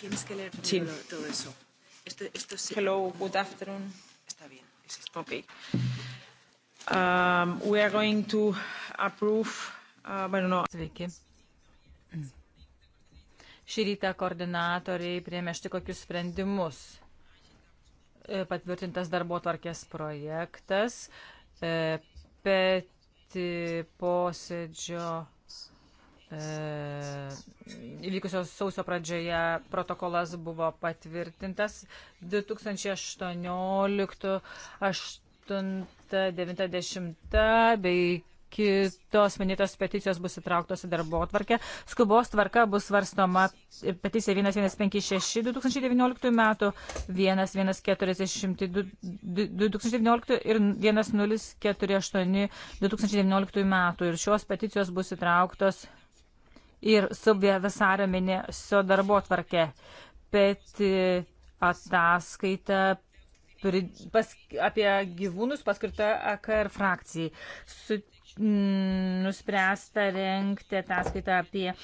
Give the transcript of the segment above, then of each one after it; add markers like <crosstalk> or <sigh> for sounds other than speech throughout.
Tienes que leer sí. todo eso. Esto, esto sí. Hello, good afternoon. Está bien. Existe. Okay. Um, we are going to approve. Uh, bueno, no. Sveiki. Šį rytą koordinatoriai priemė štai kokius sprendimus. E, patvirtintas darbo tvarkės projektas. E, peti posėdžio E, įvykusios sausio pradžioje protokolas buvo patvirtintas 2018 8.90 bei kitos minėtos peticijos bus įtrauktos į darbo atvarkę. Skubos tvarka bus svarstoma peticija 1156 2019 metų, 1140 2019 ir 1048 2019 metų. Ir šios peticijos bus įtrauktos ir subjavasarą mėnesio darbo tvarkę. Bet ataskaita pas, apie gyvūnus paskirta AKR frakcijai. Su, m, mm, nuspręsta renkti ataskaitą apie e,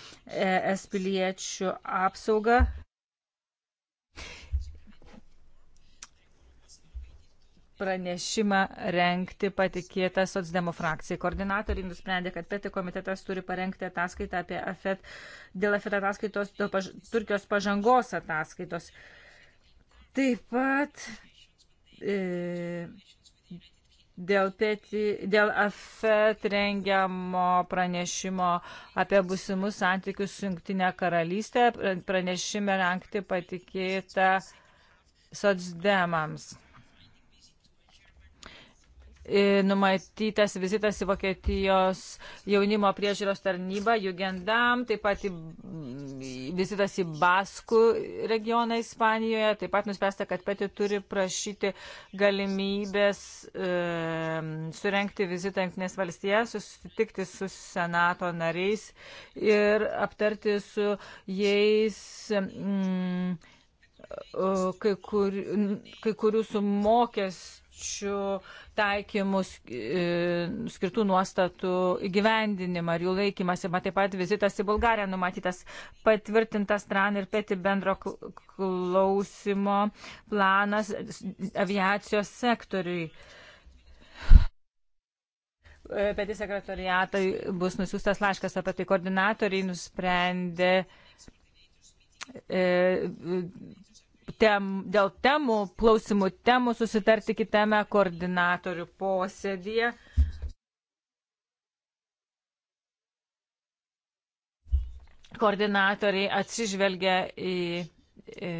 es piliečių apsaugą. pranešimą renkti patikėtą socdemo frakcijai. Koordinatoriai nusprendė, kad PETI komitetas turi parengti ataskaitą apie AFET, dėl AFET ataskaitos, dėl paž Turkijos pažangos ataskaitos. Taip pat e, dėl, PETI, dėl AFET rengiamo pranešimo apie busimus santykius su Junktinė karalystė pranešime renkti patikėtą socdemams numatytas vizitas į Vokietijos jaunimo priežiūros tarnybą, Jugendam, taip pat į, vizitas į Baskų regioną Ispanijoje, taip pat nuspręsta, kad pati turi prašyti galimybės e, surenkti vizitą Junktinės valstijas, susitikti su Senato nariais ir aptarti su jais. Mm, kai, kur, kai kurių su mokesčiu konkrečių taikymų e, skirtų nuostatų įgyvendinimą ir jų laikymasi, bet taip pat vizitas į Bulgariją numatytas patvirtintas TRAN ir PETI bendro klausimo planas aviacijos sektoriui. E, Peti sekretariatai bus nusiųstas laiškas apie tai koordinatoriai nusprendė e, tem, dėl temų, klausimų temų susitarti kitame koordinatorių posėdėje. Koordinatoriai atsižvelgia į, į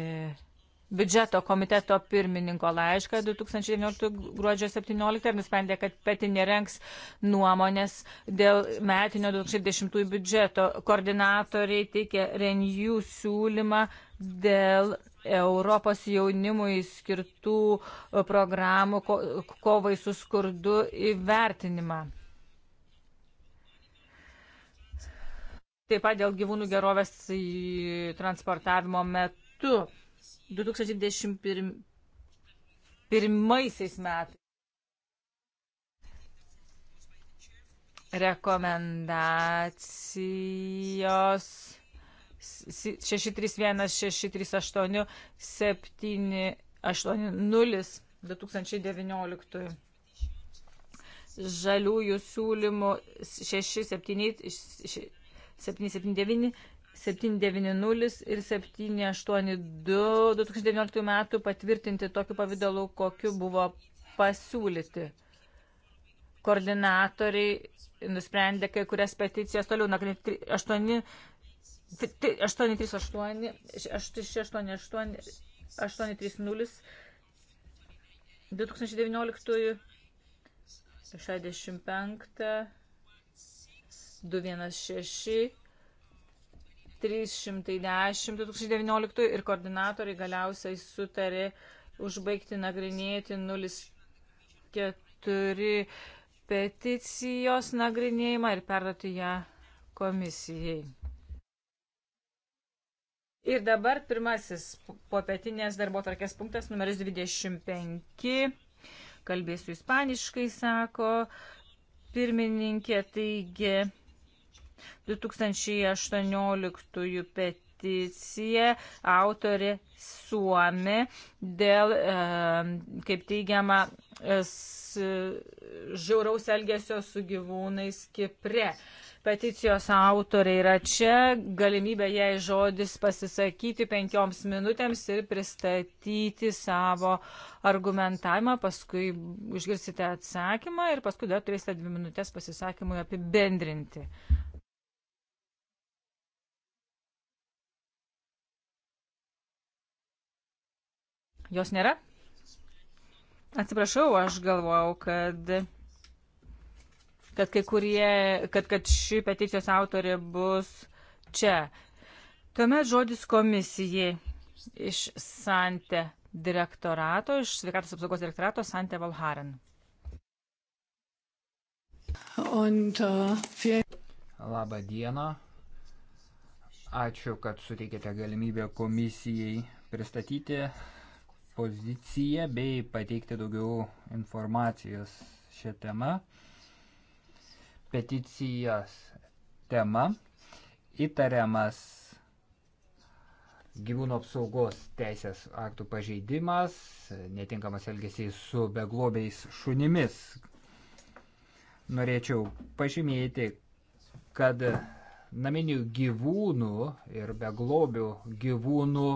biudžeto komiteto pirmininko laišką 2019 gruodžio 17 ir nusprendė, kad peti nerenks nuomonės dėl metinio 2010 biudžeto. Koordinatoriai teikė renijų siūlymą dėl Europos jaunimui skirtų e, programų ko, kovai su skurdu įvertinimą. Taip pat dėl gyvūnų gerovės transportavimo metu 2021 metais rekomendacijos 631-638-780 2019. Žaliųjų siūlymų 679 790 ir 782 2019 metų patvirtinti tokiu pavydalu, kokiu buvo pasiūlyti. Koordinatoriai nusprendė kai kurias peticijas toliau nagrinėti 8 838, 888, 830, 2019, 65, 216, 310 2019 ir koordinatoriai galiausiai sutarė užbaigti nagrinėti 04 peticijos nagrinėjimą ir perduoti ją komisijai. Ir dabar pirmasis popietinės darbo tarkės punktas, numeris 25. Kalbėsiu ispaniškai, sako pirmininkė, taigi 2018 peticija autorė Suomi dėl, kaip teigiama, žiauraus elgesio su gyvūnais Kipre. Peticijos autorė yra čia, galimybė jai žodis pasisakyti penkioms minutėms ir pristatyti savo argumentavimą, paskui išgirsite atsakymą ir paskui dar turėsite dvi minutės pasisakymui apibendrinti. Jos nėra? Atsiprašau, aš galvojau, kad, kad kai kurie, kad, kad ši peticijos autorė bus čia. Tuomet žodis komisijai iš Sante direktorato, iš sveikatos apsaugos direktorato Sante Valharen. Und, uh, Labą dieną. Ačiū, kad suteikėte galimybę komisijai pristatyti poziciją bei pateikti daugiau informacijos šią temą. Peticijos tema įtariamas gyvūnų apsaugos teisės aktų pažeidimas, netinkamas elgesys su beglobiais šunimis. Norėčiau pažymėti, kad naminių gyvūnų ir beglobių gyvūnų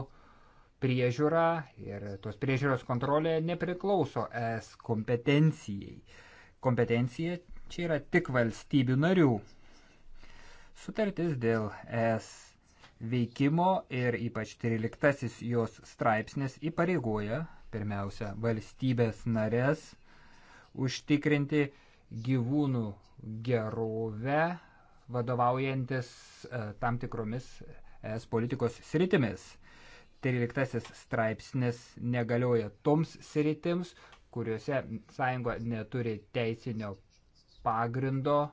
priežiūra ir tos priežiūros kontrolė nepriklauso es kompetencijai. Kompetencija čia yra tik valstybių narių. Sutartis dėl es veikimo ir ypač 13 jos straipsnis įpareigoja pirmiausia valstybės narės užtikrinti gyvūnų gerovę vadovaujantis e, tam tikromis es politikos sritimis. 13 straipsnis negalioja toms sritims, kuriuose sąjunga neturi teisinio pagrindo e,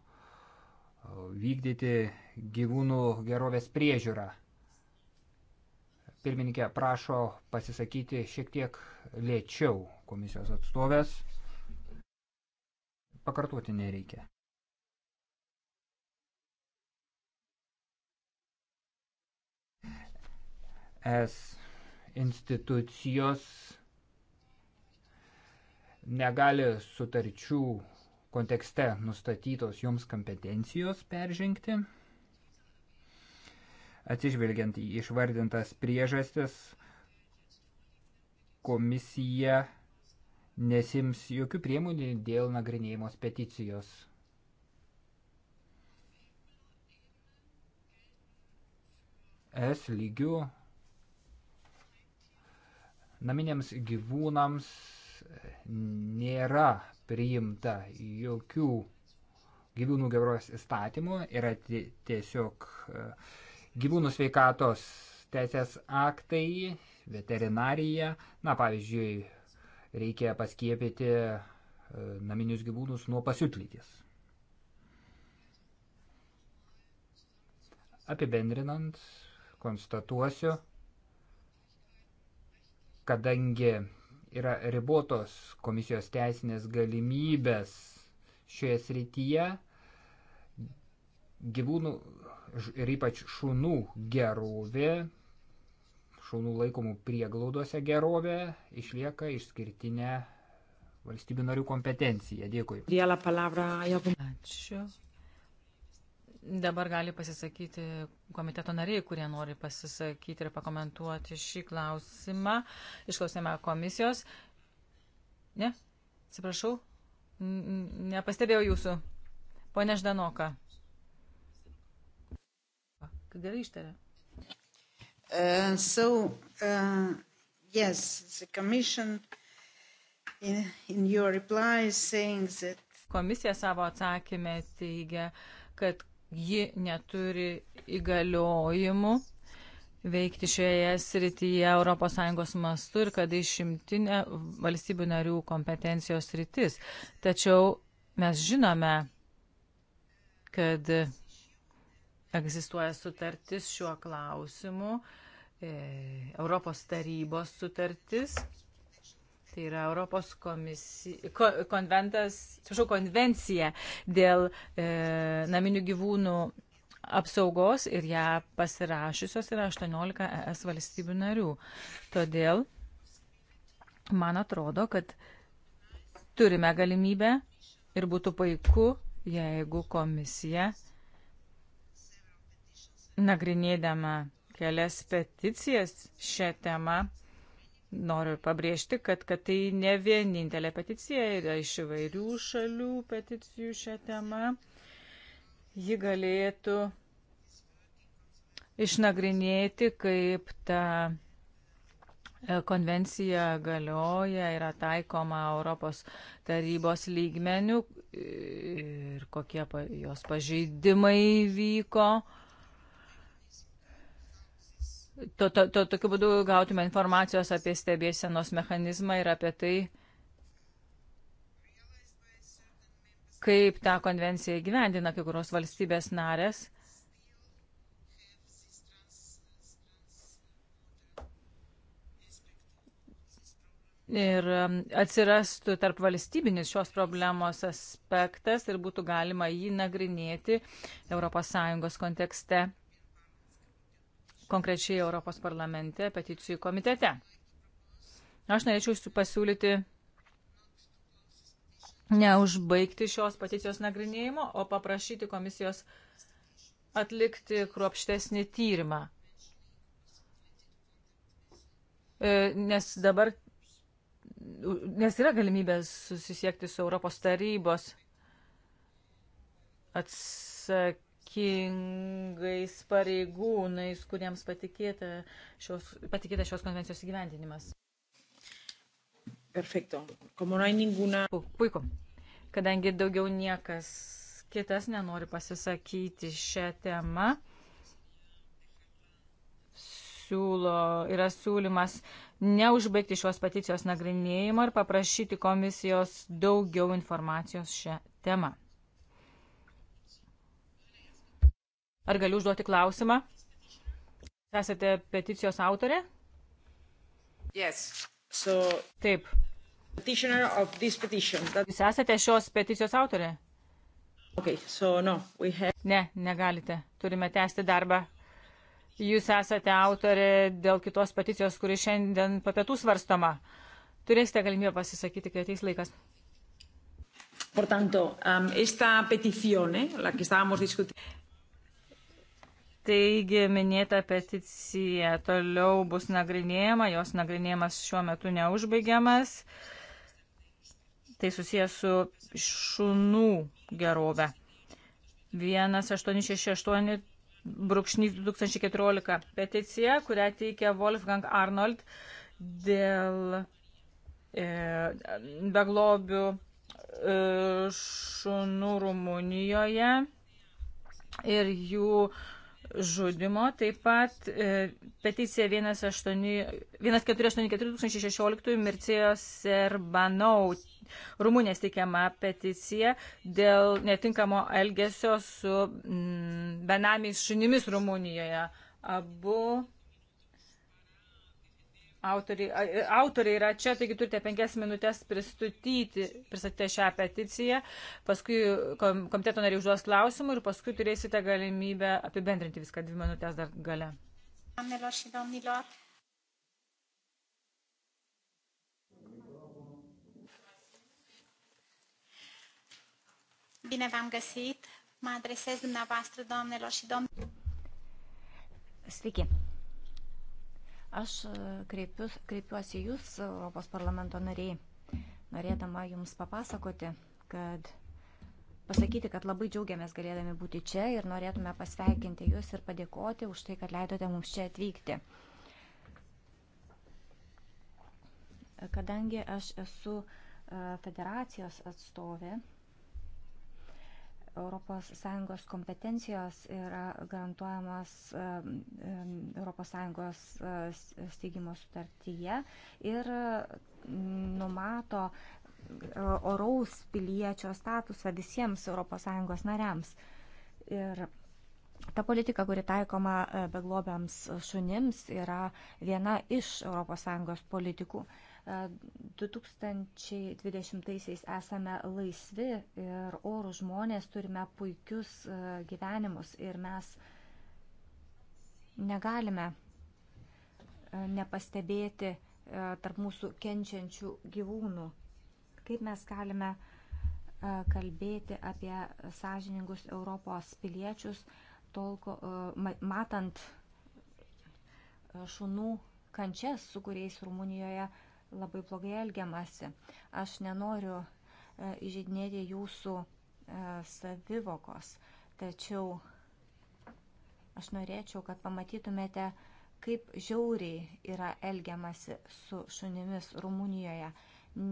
vykdyti gyvūnų gerovės priežiūrą. Pirmininkė prašo pasisakyti šiek tiek lėčiau komisijos atstovės. Pakartoti nereikia. es institucijos negali sutarčių kontekste nustatytos joms kompetencijos peržengti. Atsižvelgiant į išvardintas priežastis, komisija nesims jokių priemonių dėl nagrinėjimos peticijos. Es lygių naminiams gyvūnams nėra priimta jokių gyvūnų gerovės įstatymų, yra tiesiog e, gyvūnų sveikatos teisės aktai, veterinarija, na pavyzdžiui, reikia paskiepyti e, naminius gyvūnus nuo pasiutlytis. Apibendrinant, konstatuosiu, kadangi yra ribotos komisijos teisinės galimybės šioje srityje, gyvūnų ir ypač šunų gerovė, šunų laikomų prieglaudose gerovė išlieka išskirtinė valstybių narių kompetencija. Dėkui. Ačiū. Dabar gali pasisakyti komiteto nariai, kurie nori pasisakyti ir pakomentuoti šį klausimą. Išklausėme komisijos. Ne? Atsiprašau, nepastebėjau jūsų. Pone Ždanoka. Gerai ištarė. Uh, so, uh, yes, the commission in, in your reply saying that Komisija savo atsakymę teigia, kad ji neturi įgaliojimų veikti šioje srityje ES mastu ir kad išimtinė valstybių narių kompetencijos sritis. Tačiau mes žinome, kad egzistuoja sutartis šiuo klausimu, e, Europos tarybos sutartis Tai yra Europos komisija, ko, konventas, sužau, konvencija dėl e, naminių gyvūnų apsaugos ir ją pasirašysios yra 18 ES valstybių narių. Todėl man atrodo, kad turime galimybę ir būtų puiku, jeigu komisija nagrinėdama kelias peticijas šią temą Noriu pabrėžti, kad, kad tai ne vienintelė peticija, yra iš įvairių šalių peticijų šią temą. Ji galėtų išnagrinėti, kaip ta e, konvencija galioja, yra taikoma Europos tarybos lygmenių ir kokie jos pažeidimai vyko to, to, to, tokiu būdu gautume informacijos apie stebėsenos mechanizmą ir apie tai, kaip tą konvenciją įgyvendina kai kurios valstybės narės. Ir um, atsirastų tarp valstybinis šios problemos aspektas ir būtų galima jį nagrinėti ES kontekste konkrečiai Europos parlamente, peticijų komitete. Aš norėčiau pasiūlyti neužbaigti šios peticijos nagrinėjimo, o paprašyti komisijos atlikti kruopštesnį tyrimą. E, nes dabar, nes yra galimybė susisiekti su Europos tarybos atsakymą atsakingais pareigūnais, kuriems patikėta šios, patikėta šios konvencijos įgyvendinimas? Perfekto. Como no hay ninguna... Puiku. Kadangi daugiau niekas kitas nenori pasisakyti šią temą, siūlo, yra siūlymas neužbaigti šios peticijos nagrinėjimo ir paprašyti komisijos daugiau informacijos šią temą. Ar galiu užduoti klausimą? Esate peticijos autorė? Yes. So, Taip. Petition, that... Jūs esate šios peticijos autorė? Okay, so no, have... Ne, negalite. Turime tęsti darbą. Jūs esate autorė dėl kitos peticijos, kuri šiandien papietų svarstoma. Turėsite galimybę pasisakyti, kai ateis laikas. Por tanto, um, esta petición, eh, la que estábamos discutiendo. Taigi minėta peticija toliau bus nagrinėjama, jos nagrinėjimas šiuo metu neužbaigiamas. Tai susijęs su šunų gerove. 1868 brūkšnys 2014 peticija, kurią teikia Wolfgang Arnold dėl e, beglobių e, šunų Rumunijoje ir jų e, žudimo. Taip pat e, peticija 1484-2016 Mircijo Serbanau. Rumunės teikiama peticija dėl netinkamo elgesio su mm, benamiais šunimis Rumunijoje. Abu autoriai, e, autoriai yra čia, taigi turite penkias minutės pristatyti, pristatyti šią peticiją, paskui komiteto nariai užduos klausimų ir paskui turėsite galimybę apibendrinti viską dvi minutės dar gale. Bine v-am găsit. Mă adresez dumneavoastră, doamnelor și domnilor. Sveiki. Aš e, kreipiu, kreipiuosi jūs, Europos parlamento nariai, norėdama jums papasakoti, kad pasakyti, kad labai džiaugiamės galėdami būti čia ir norėtume pasveikinti jūs ir padėkoti už tai, kad leidote mums čia atvykti. Kadangi aš esu e, federacijos atstovė, ES kompetencijos yra garantuojamos ES e, steigimo sutartyje ir mm, numato e, oraus piliečio statusą visiems ES nariams. Ir ta politika, kuri taikoma e, beglobiams šunims, yra viena iš ES politikų. 2020-aisiais esame laisvi ir orų žmonės turime puikius e, gyvenimus ir mes negalime e, nepastebėti e, tarp mūsų kenčiančių gyvūnų. Kaip mes galime kalbėti apie sąžiningus Europos piliečius, tolko, matant šunų kančias, su kuriais Rumunijoje labai blogai elgiamasi. Aš nenoriu e, įžeidinėti jūsų e, savivokos, tačiau aš norėčiau, kad pamatytumėte, kaip žiauriai yra elgiamasi su šunimis Rumunijoje.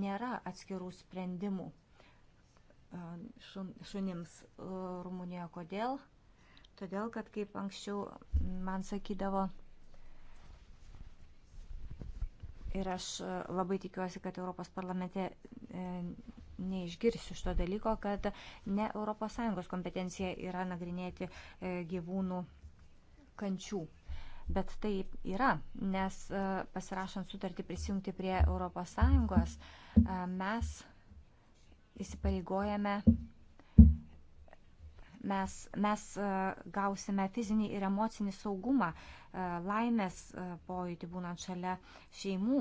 Nėra atskirų sprendimų e, šunims Rumunijoje. Kodėl? Todėl, kad kaip anksčiau man sakydavo, Ir aš e, labai tikiuosi, kad Europos parlamente e, neišgirsiu šito dalyko, kad ne ES kompetencija yra nagrinėti e, gyvūnų kančių. Bet taip yra, nes pasirašant sutartį prisijungti prie ES mes įsipareigojame mes, mes e, gausime fizinį ir emocinį saugumą, e, laimės e, pojūtį būnant šalia šeimų.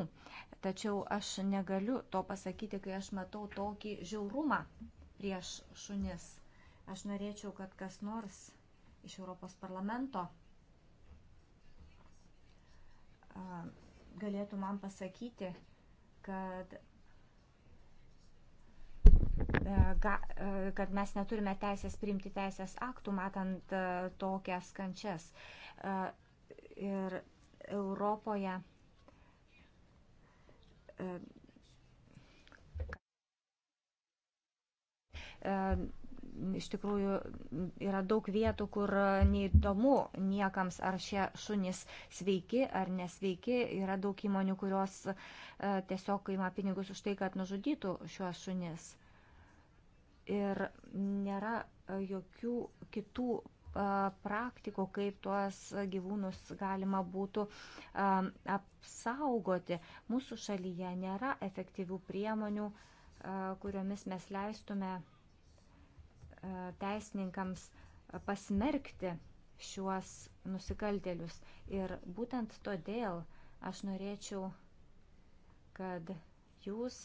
Tačiau aš negaliu to pasakyti, kai aš matau tokį žiaurumą prieš šunis. Aš norėčiau, kad kas nors iš Europos parlamento galėtų man pasakyti, kad E, e, kad mes neturime teisės priimti teisės aktų, matant e, tokias kančias. Ir Europoje iš tikrųjų yra daug vietų, kur neįdomu niekams, ar šie šunys sveiki ar nesveiki. Yra daug įmonių, kurios tiesiog ima pinigus už tai, kad nužudytų šiuos šunis ir nėra e, jokių kitų e, praktikų, kaip tuos gyvūnus galima būtų e, apsaugoti. Mūsų šalyje nėra efektyvių priemonių, kuriomis mes leistume teisininkams pasmerkti šiuos nusikaltėlius. Ir būtent todėl aš norėčiau, kad jūs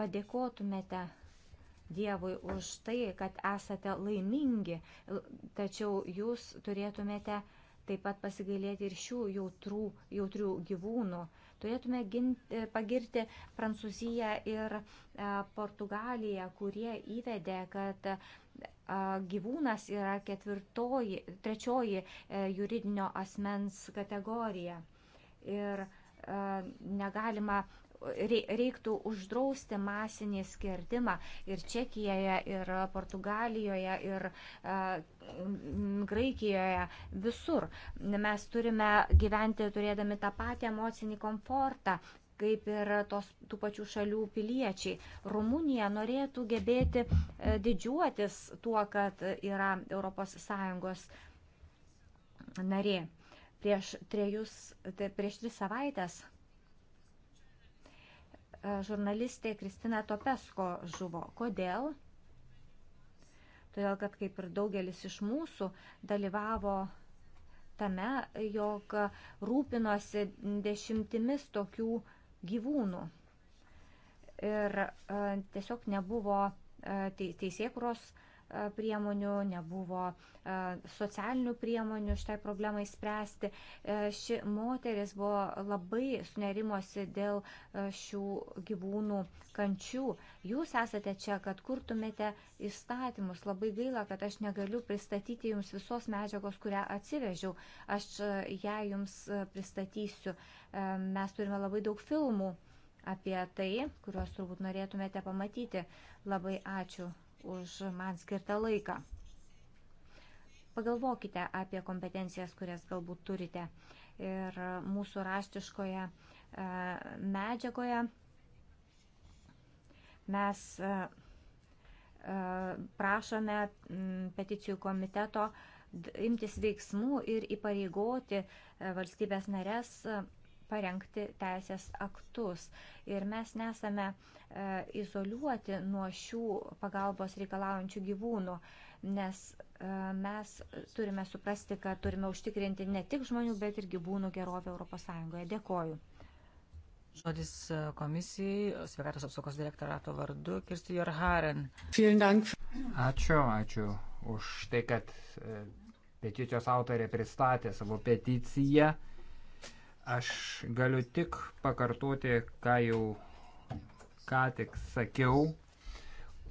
padėkotumėte Dievui už tai, kad esate laimingi, tačiau jūs turėtumėte taip pat pasigailėti ir šių jautrų, jautrių gyvūnų. Turėtume ginti, e, pagirti Prancūziją ir e, Portugaliją, kurie įvedė, kad e, gyvūnas yra ketvirtoji, trečioji e, juridinio asmens kategorija. Ir e, negalima reiktų uždrausti masinį skerdimą ir Čekijoje, ir Portugalijoje, ir e, Graikijoje, visur. Mes turime gyventi turėdami tą patį emocinį komfortą, kaip ir tos tų pačių šalių piliečiai. Rumunija norėtų gebėti e, didžiuotis tuo, kad yra ES narė. Prieš, trejus, tai prieš tris savaitės E, žurnalistė Kristina Topesko žuvo. Kodėl? Todėl, kad kaip ir daugelis iš mūsų dalyvavo tame, jog rūpinosi dešimtimis tokių gyvūnų. Ir e, tiesiog nebuvo e, teisėkros. Te E, priemonių, nebuvo e, socialinių priemonių šitai problemai spręsti. E, ši moteris buvo labai sunerimosi dėl šių gyvūnų kančių. Jūs esate čia, kad kurtumėte įstatymus. Labai gaila, kad aš negaliu pristatyti jums visos medžiagos, kurią atsivežiau. Aš ją jums pristatysiu. Mes turime labai daug filmų apie tai, kuriuos turbūt norėtumėte pamatyti. Labai ačiū už man skirtą laiką. Pagalvokite apie kompetencijas, kurias galbūt turite. Ir mūsų raštiškoje e, medžiagoje mes e, e, prašome peticijų komiteto imtis veiksmų ir įpareigoti valstybės narės parengti teisės aktus. Ir mes nesame e, izoliuoti nuo šių pagalbos reikalaujančių gyvūnų, nes e, mes turime suprasti, kad turime užtikrinti ne tik žmonių, bet ir gyvūnų gerovę ES. Dėkoju. Žodis e, komisijai, sveikatos apsaugos direktorato vardu, Kirsti Jorharen. Ačiū, ačiū už tai, kad peticijos autorė pristatė savo peticiją. Aš galiu tik pakartoti, ką jau ką tik sakiau.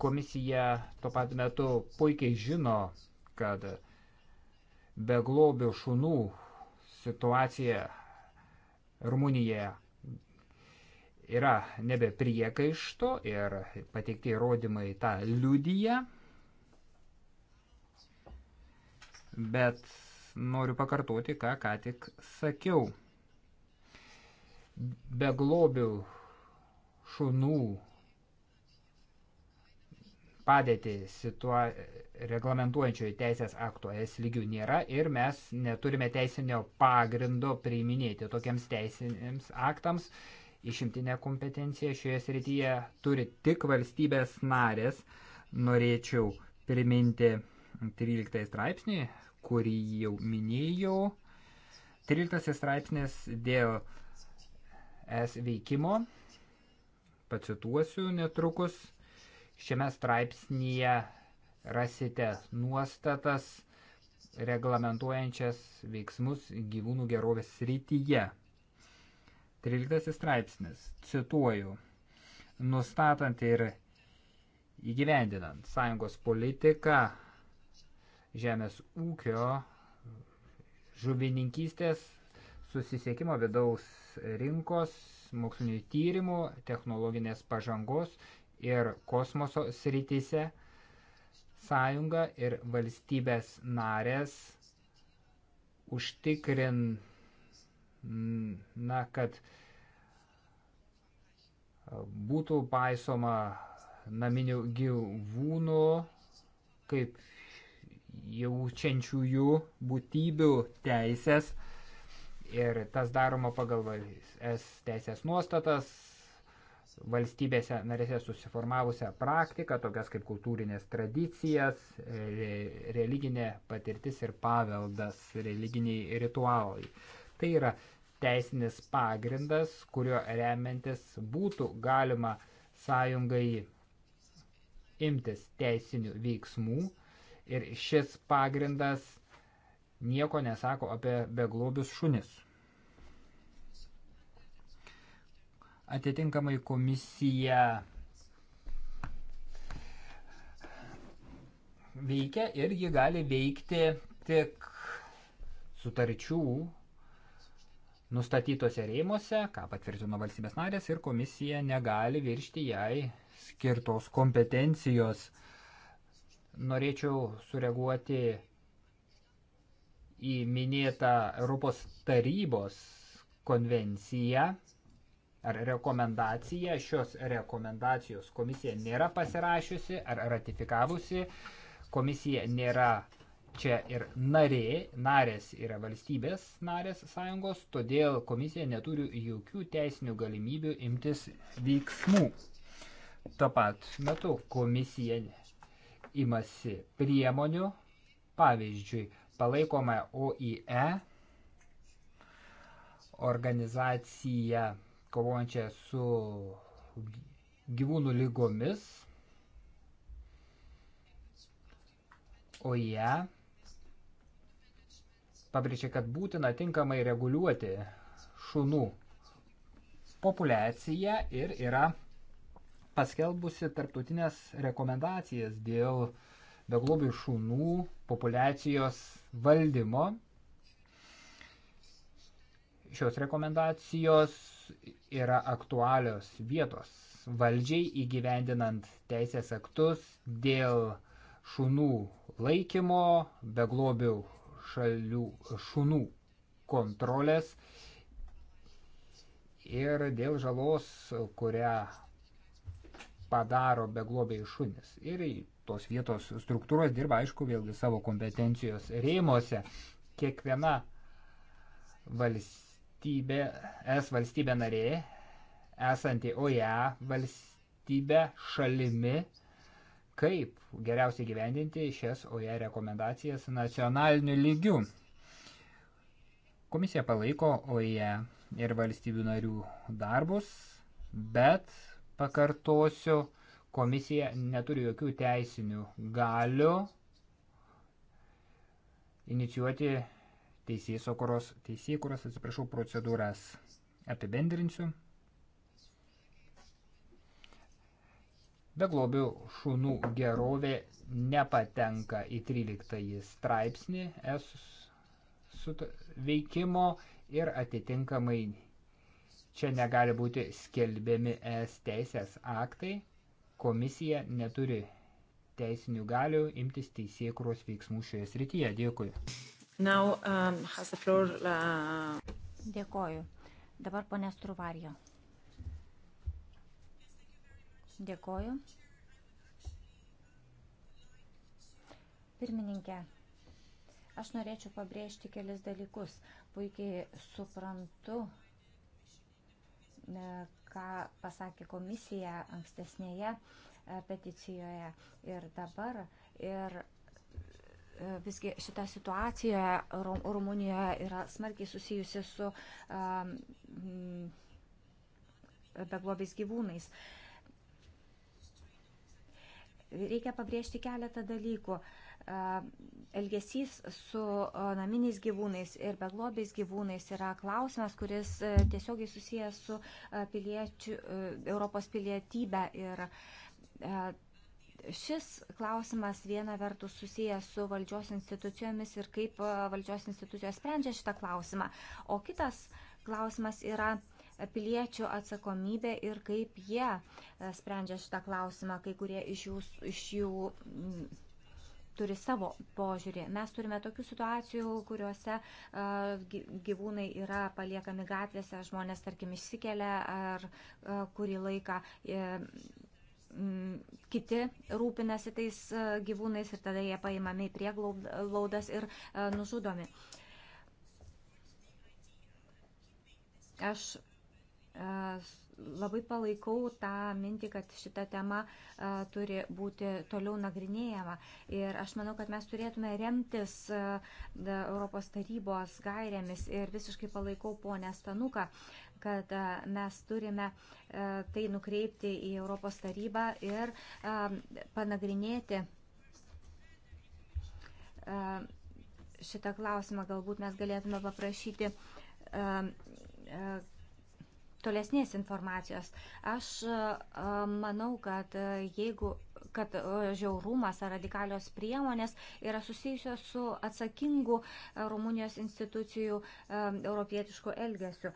Komisija tuo pat metu puikiai žino, kad beglobių šunų situacija Rumunijoje yra nebe priekaišto ir pateikti įrodymai tą liudyje. Bet noriu pakartoti, ką ką tik sakiau beglobių šunų padėtį situa reglamentuojančioje teisės akto es lygių nėra ir mes neturime teisinio pagrindo priiminėti tokiems teisiniams aktams. Išimtinę kompetenciją šioje srityje turi tik valstybės narės. Norėčiau priminti 13 straipsnį, kurį jau minėjau. 13 straipsnis dėl es veikimo. Pacituosiu netrukus. Šiame straipsnyje rasite nuostatas reglamentuojančias veiksmus gyvūnų gerovės srityje. 13 straipsnis. Cituoju. Nustatant ir įgyvendinant sąjungos politiką žemės ūkio žuvininkystės susisiekimo vidaus rinkos, mokslinių tyrimų, technologinės pažangos ir kosmoso srityse sąjunga ir valstybės narės užtikrina, kad būtų paisoma naminių gyvūnų kaip jaučiančiųjų būtybių teisės ir tas daroma pagal es teisės nuostatas, valstybėse narėse susiformavusią praktiką, tokias kaip kultūrinės tradicijas, religinė patirtis ir paveldas, religiniai ritualai. Tai yra teisinis pagrindas, kurio remiantis būtų galima sąjungai imtis teisinių veiksmų ir šis pagrindas nieko nesako apie beglobius šunis. Atitinkamai komisija veikia ir ji gali veikti tik sutarčių nustatytose rėmose, ką patvirtino valstybės narės ir komisija negali viršti jai skirtos kompetencijos. Norėčiau sureaguoti į minėtą Europos tarybos konvenciją ar rekomendaciją. Šios rekomendacijos komisija nėra pasirašiusi ar ratifikavusi. Komisija nėra čia ir narė, narės yra valstybės narės sąjungos, todėl komisija neturi jokių teisinių galimybių imtis veiksmų. Tuo pat metu komisija imasi priemonių, pavyzdžiui, palaikome OIE, organizaciją kovojančią su gyvūnų lygomis. OIE pabrėžė, kad būtina tinkamai reguliuoti šunų populiaciją ir yra paskelbusi tarptautinės rekomendacijas dėl beglobių šunų populiacijos valdymo. Šios rekomendacijos yra aktualios vietos valdžiai įgyvendinant teisės aktus dėl šunų laikymo, beglobių šalių šunų kontrolės ir dėl žalos, kurią padaro beglobiai šunis. Ir tos vietos struktūros dirba, aišku, vėlgi savo kompetencijos rėmose. Kiekviena valstybė, es valstybė narė, esanti OEA valstybė šalimi, kaip geriausiai gyvendinti šias OEA rekomendacijas nacionaliniu lygiu. Komisija palaiko OEA ir valstybių narių darbus, bet pakartosiu, Komisija neturi jokių teisinių galių inicijuoti teisėsakuros, teisėkuros, atsiprašau, procedūras. Apibendrinsiu. Beglobių šunų gerovė nepatenka į 13 straipsnį S veikimo ir atitinkamai čia negali būti skelbiami es teisės aktai komisija neturi teisinių galių imtis teisėkuros veiksmų šioje srityje. Dėkui. Now, um, floor, la... Uh, Dėkoju. Dabar ponė Struvarijo. Dėkoju. Pirmininkė, aš norėčiau pabrėžti kelis dalykus. Puikiai suprantu, e, ką pasakė komisija ankstesnėje e, peticijoje ir dabar. Ir e, visgi šita situacija Rumunijoje yra smarkiai susijusi su um, beglobiais gyvūnais. Reikia pabrėžti keletą dalykų. Elgesys su naminiais gyvūnais ir beglobiais gyvūnais yra klausimas, kuris e, tiesiogiai susijęs su e, piliečių, e, Europos pilietybė ir šis klausimas viena vertus susijęs su valdžios institucijomis ir kaip valdžios institucijos sprendžia šitą klausimą, o kitas klausimas yra piliečių atsakomybė ir kaip jie sprendžia šitą klausimą, kai kurie iš jų, iš jų turi savo požiūrį. Mes turime tokių situacijų, kuriuose gyvūnai yra paliekami gatvėse, žmonės, tarkim, išsikelia ar kurį laiką e, kiti rūpinasi tais gyvūnais ir tada jie paimami į prieglaudas ir nužudomi. Aš labai palaikau tą mintį, kad šita tema a, turi būti toliau nagrinėjama. Ir aš manau, kad mes turėtume remtis a, da, Europos tarybos gairėmis ir visiškai palaikau ponę Stanuką kad a, mes turime a, tai nukreipti į Europos tarybą ir a, panagrinėti a, šitą klausimą. Galbūt mes galėtume paprašyti a, a, tolesnės informacijos. Aš e, manau, kad e, jeigu kad e, žiaurumas ar radikalios priemonės yra susijusios su atsakingu Rumunijos institucijų europietišku elgesiu.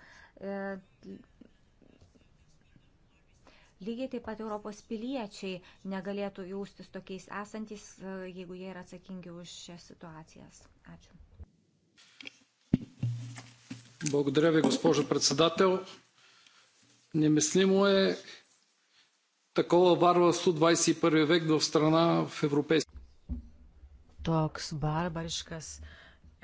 Lygiai taip pat Europos piliečiai negalėtų jaustis tokiais esantis, jeigu jie yra atsakingi už šias situacijas. Ačiū. Благодаря ви, госпожо председател. Немислимо е такова varvarstvo 21 век в страна в Европейския. Toks barbariškas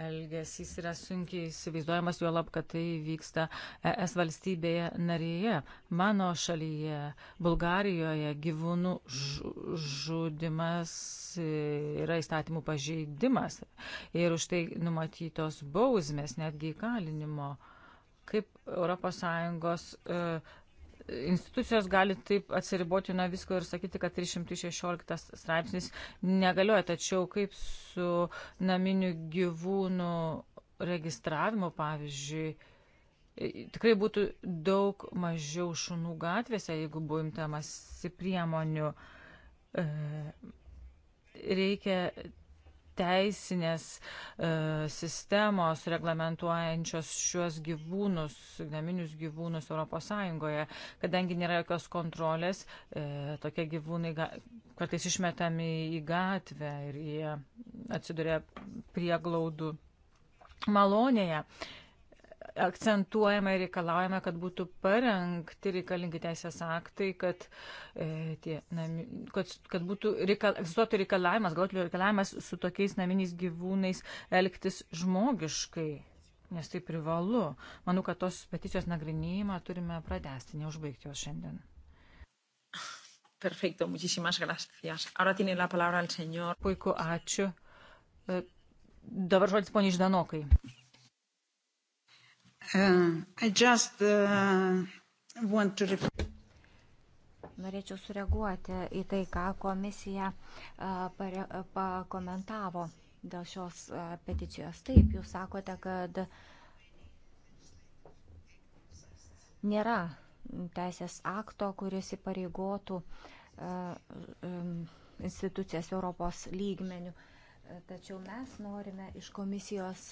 elgesys yra sunkiai įsivaizduojamas, juolab, kad tai vyksta ES valstybėje narėje. Mano šalyje, Bulgarijoje, gyvūnų žudimas yra įstatymų pažeidimas ir už tai numatytos bausmės, netgi įkalinimo. Uh, Kaip ES e, institucijos gali taip atsiriboti nuo visko ir sakyti, kad 316 straipsnis negalioja, tačiau kaip su naminių gyvūnų registravimu, pavyzdžiui, e, tikrai būtų daug mažiau šunų gatvėse, jeigu būtų imtamasi priemonių. E, reikia teisinės e, sistemos reglamentuojančios šiuos gyvūnus, naminius gyvūnus ES, kadangi nėra jokios kontrolės, e, tokie gyvūnai ga, kartais išmetami į gatvę ir jie atsiduria prieglaudų malonėje. E, akcentuojame ir reikalaujame, kad būtų parengti reikalingi teisės aktai, kad, e, tie, nami, kad, kad būtų reikal, egzistuotų reikalavimas, gautlių reikalavimas su tokiais naminiais gyvūnais elgtis žmogiškai, nes tai privalu. Manau, kad tos peticijos nagrinėjimą turime pradėsti, neužbaigti jos šiandien. Perfecto, muchísimas gracias. Ahora tiene la palabra el señor. Puiku, ačiū. E, dabar žodis poniai Ždanokai. Uh, just, uh, to... Norėčiau sureaguoti į tai, ką komisija uh, uh, pakomentavo dėl šios uh, peticijos. Taip, jūs sakote, kad nėra teisės akto, kuris įpareigotų uh, um, institucijas Europos lygmenių. Tačiau mes norime iš komisijos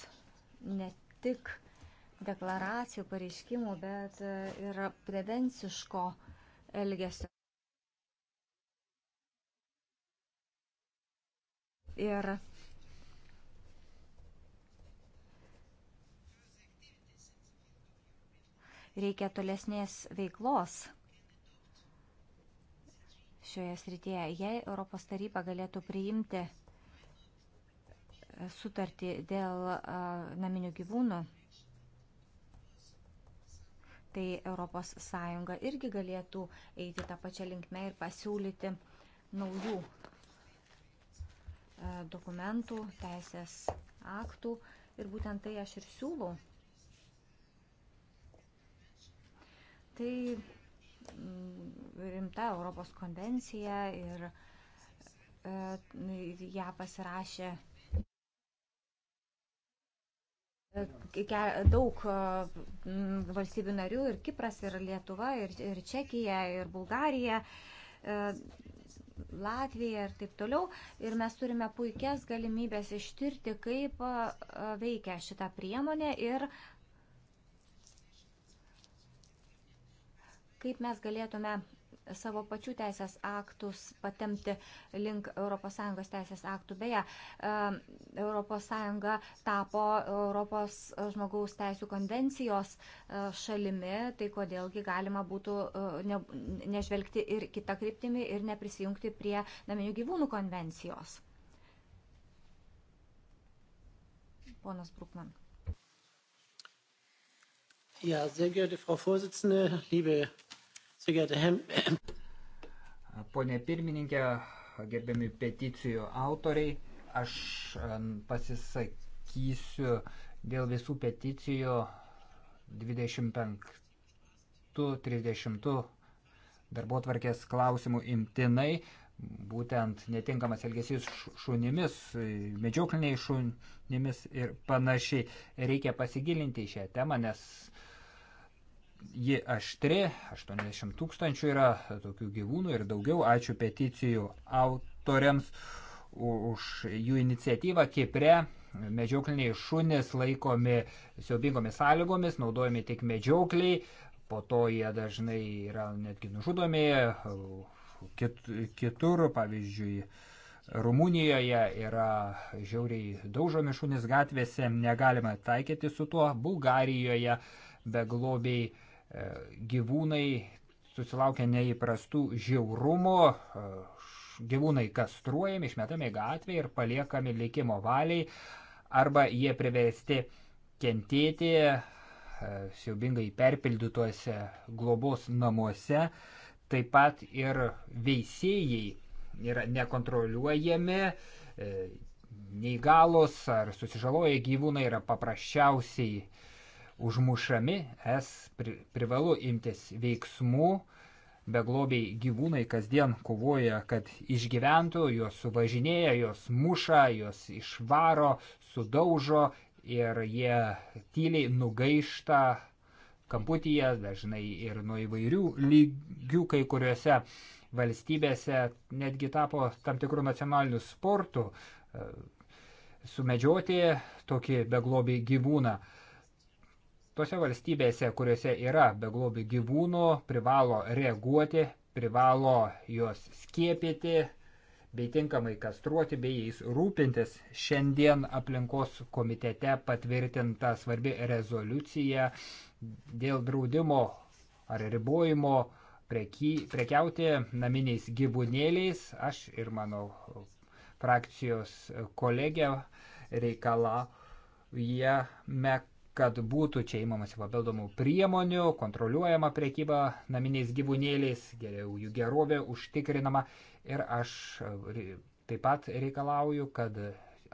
ne tik uh, deklaracijų, pareiškimų, bet e, ir prevenciško elgesio. Ir reikia tolesnės veiklos šioje srityje. Jei Europos taryba galėtų priimti sutartį dėl e, naminių gyvūnų, tai ES irgi galėtų eiti tą pačią linkmę ir pasiūlyti naujų e, dokumentų, teisės aktų ir būtent tai aš ir siūlau. Tai mm, rimta Europos konvencija ir e, ją pasirašė daug valstybių narių ir Kipras, ir Lietuva, ir, ir Čekija, ir Bulgarija, e, Latvija ir taip toliau. Ir mes turime puikias galimybės ištirti, kaip veikia šita priemonė ir kaip mes galėtume savo pačių teisės aktus patemti link ES teisės aktų. Beje, ES tapo Europos žmogaus teisų konvencijos e, šalimi, tai kodėlgi galima būtų e, ne, nežvelgti ir kitą kryptimį ir neprisijungti prie naminių gyvūnų konvencijos. Ponas Brukman. Ja, sehr geehrte Frau Vorsitzende, liebe Pone pirmininkė, gerbiami peticijų autoriai, aš e, pasisakysiu dėl visų peticijų 25-30 darbo tvarkės klausimų imtinai. Būtent netinkamas elgesys šunimis, medžiokliniai šunimis ir panašiai. Reikia pasigilinti į šią temą, nes ji aštri, 80 tūkstančių yra tokių gyvūnų ir daugiau. Ačiū peticijų autoriams už jų iniciatyvą Kipre. Medžiokliniai šunys laikomi siaubingomis sąlygomis, naudojami tik medžiokliai, po to jie dažnai yra netgi nužudomi kit, kitur, pavyzdžiui, Rumunijoje yra žiauriai daužomi šunys gatvėse, negalima taikyti su tuo, Bulgarijoje beglobiai E, gyvūnai susilaukia neįprastų žiaurumo, e, gyvūnai kastruojami, išmetami gatvėje ir paliekami likimo valiai, arba jie priversti kentėti e, siaubingai perpildytuose globos namuose. Taip pat ir veisėjai yra nekontroliuojami, neįgalus ar susižaloję gyvūnai yra paprasčiausiai užmušami, es pri, privalu imtis veiksmų, beglobiai gyvūnai kasdien kovoja, kad išgyventų, juos suvažinėja, juos muša, juos išvaro, sudaužo ir jie tyliai nugaišta kamputyje, dažnai ir nuo įvairių lygių kai kuriuose valstybėse netgi tapo tam tikrų nacionalinių sportų e, sumedžioti tokį beglobį gyvūną. Tose valstybėse, kuriuose yra beglobių gyvūnų, privalo reaguoti, privalo juos skiepyti, bei tinkamai kastruoti, bei jais rūpintis. Šiandien aplinkos komitete patvirtinta svarbi rezoliucija dėl draudimo ar ribojimo preky, prekiauti naminiais gyvūnėliais. Aš ir mano frakcijos kolegė reikalaujame, kad būtų čia įmamas papildomų priemonių, kontroliuojama priekyba naminiais gyvūnėliais, geriau jų gerovė užtikrinama. Ir aš e, taip pat reikalauju, kad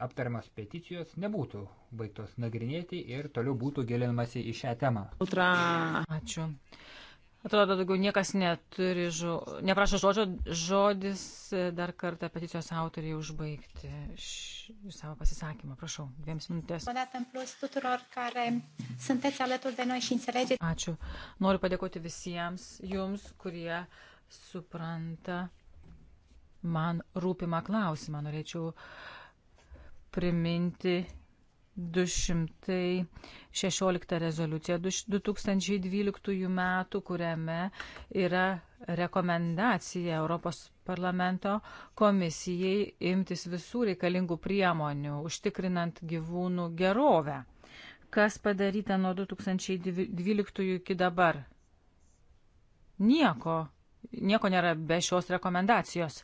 aptariamos peticijos nebūtų baigtos nagrinėti ir toliau būtų gilinamasi į šią temą. Ultra. Ačiū. Atrodo, daugiau niekas neturi, žo... neprašo žodžio, žodis e, dar kartą peticijos autoriai užbaigti š... savo pasisakymą. Prašau, dviems minutės. Ačiū. Noriu padėkoti visiems jums, kurie supranta man rūpimą klausimą. Norėčiau priminti 216 rezoliucija 2012 metų, kuriame yra rekomendacija Europos parlamento komisijai imtis visų reikalingų priemonių, užtikrinant gyvūnų gerovę. Kas padaryta nuo 2012 iki dabar? Nieko nieko nėra be šios rekomendacijos.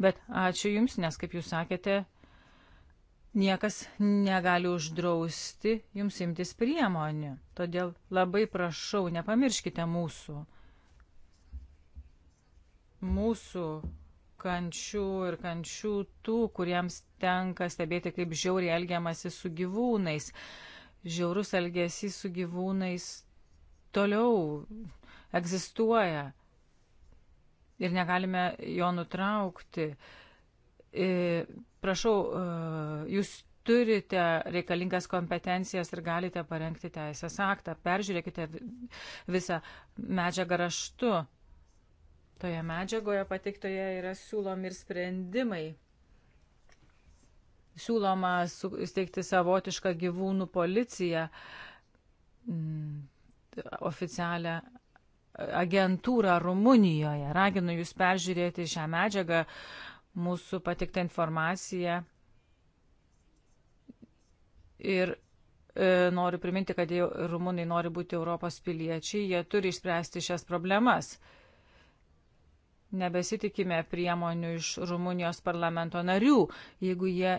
Bet ačiū Jums, nes, kaip Jūs sakėte, niekas negali uždrausti jums imtis priemonių. Todėl labai prašau, nepamirškite mūsų. Mūsų kančių ir kančių tų, kuriems tenka stebėti, kaip žiauriai elgiamasi su gyvūnais. Žiaurus elgesys su gyvūnais toliau egzistuoja ir negalime jo nutraukti. Uh, E, prašau, e, jūs turite reikalingas kompetencijas ir galite parengti teisės aktą. Peržiūrėkite visą medžiagą raštu. Toje medžiagoje patiktoje yra siūlomi ir sprendimai. Siūloma įsteigti savotišką gyvūnų policiją, mm, oficialią agentūrą Rumunijoje. Raginu jūs peržiūrėti šią medžiagą, uh, mūsų patiktą informaciją. Ir e, noriu priminti, kad rumunai nori būti Europos piliečiai, jie turi išspręsti šias problemas. Nebesitikime priemonių iš Rumunijos parlamento narių, jeigu jie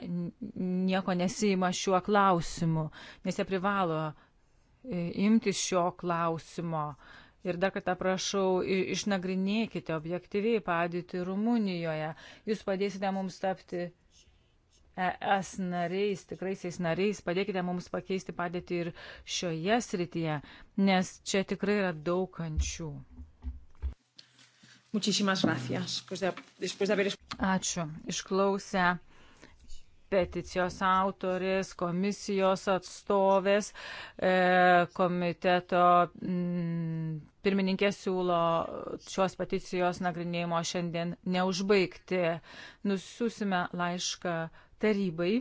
nieko nesima šiuo klausimu, nes jie privalo e, imtis šio klausimo. E, Ir dar kartą prašau, išnagrinėkite objektyviai padėtį Rumunijoje. Jūs padėsite mums tapti ES nariais, tikraisiais nariais, padėkite mums pakeisti padėtį ir šioje srityje, nes čia tikrai yra daug kančių. Ačiū. Išklausę peticijos autorės, komisijos atstovės, e, komiteto mm, pirmininkė siūlo šios peticijos nagrinėjimo šiandien neužbaigti. Nusiusime laišką tarybai,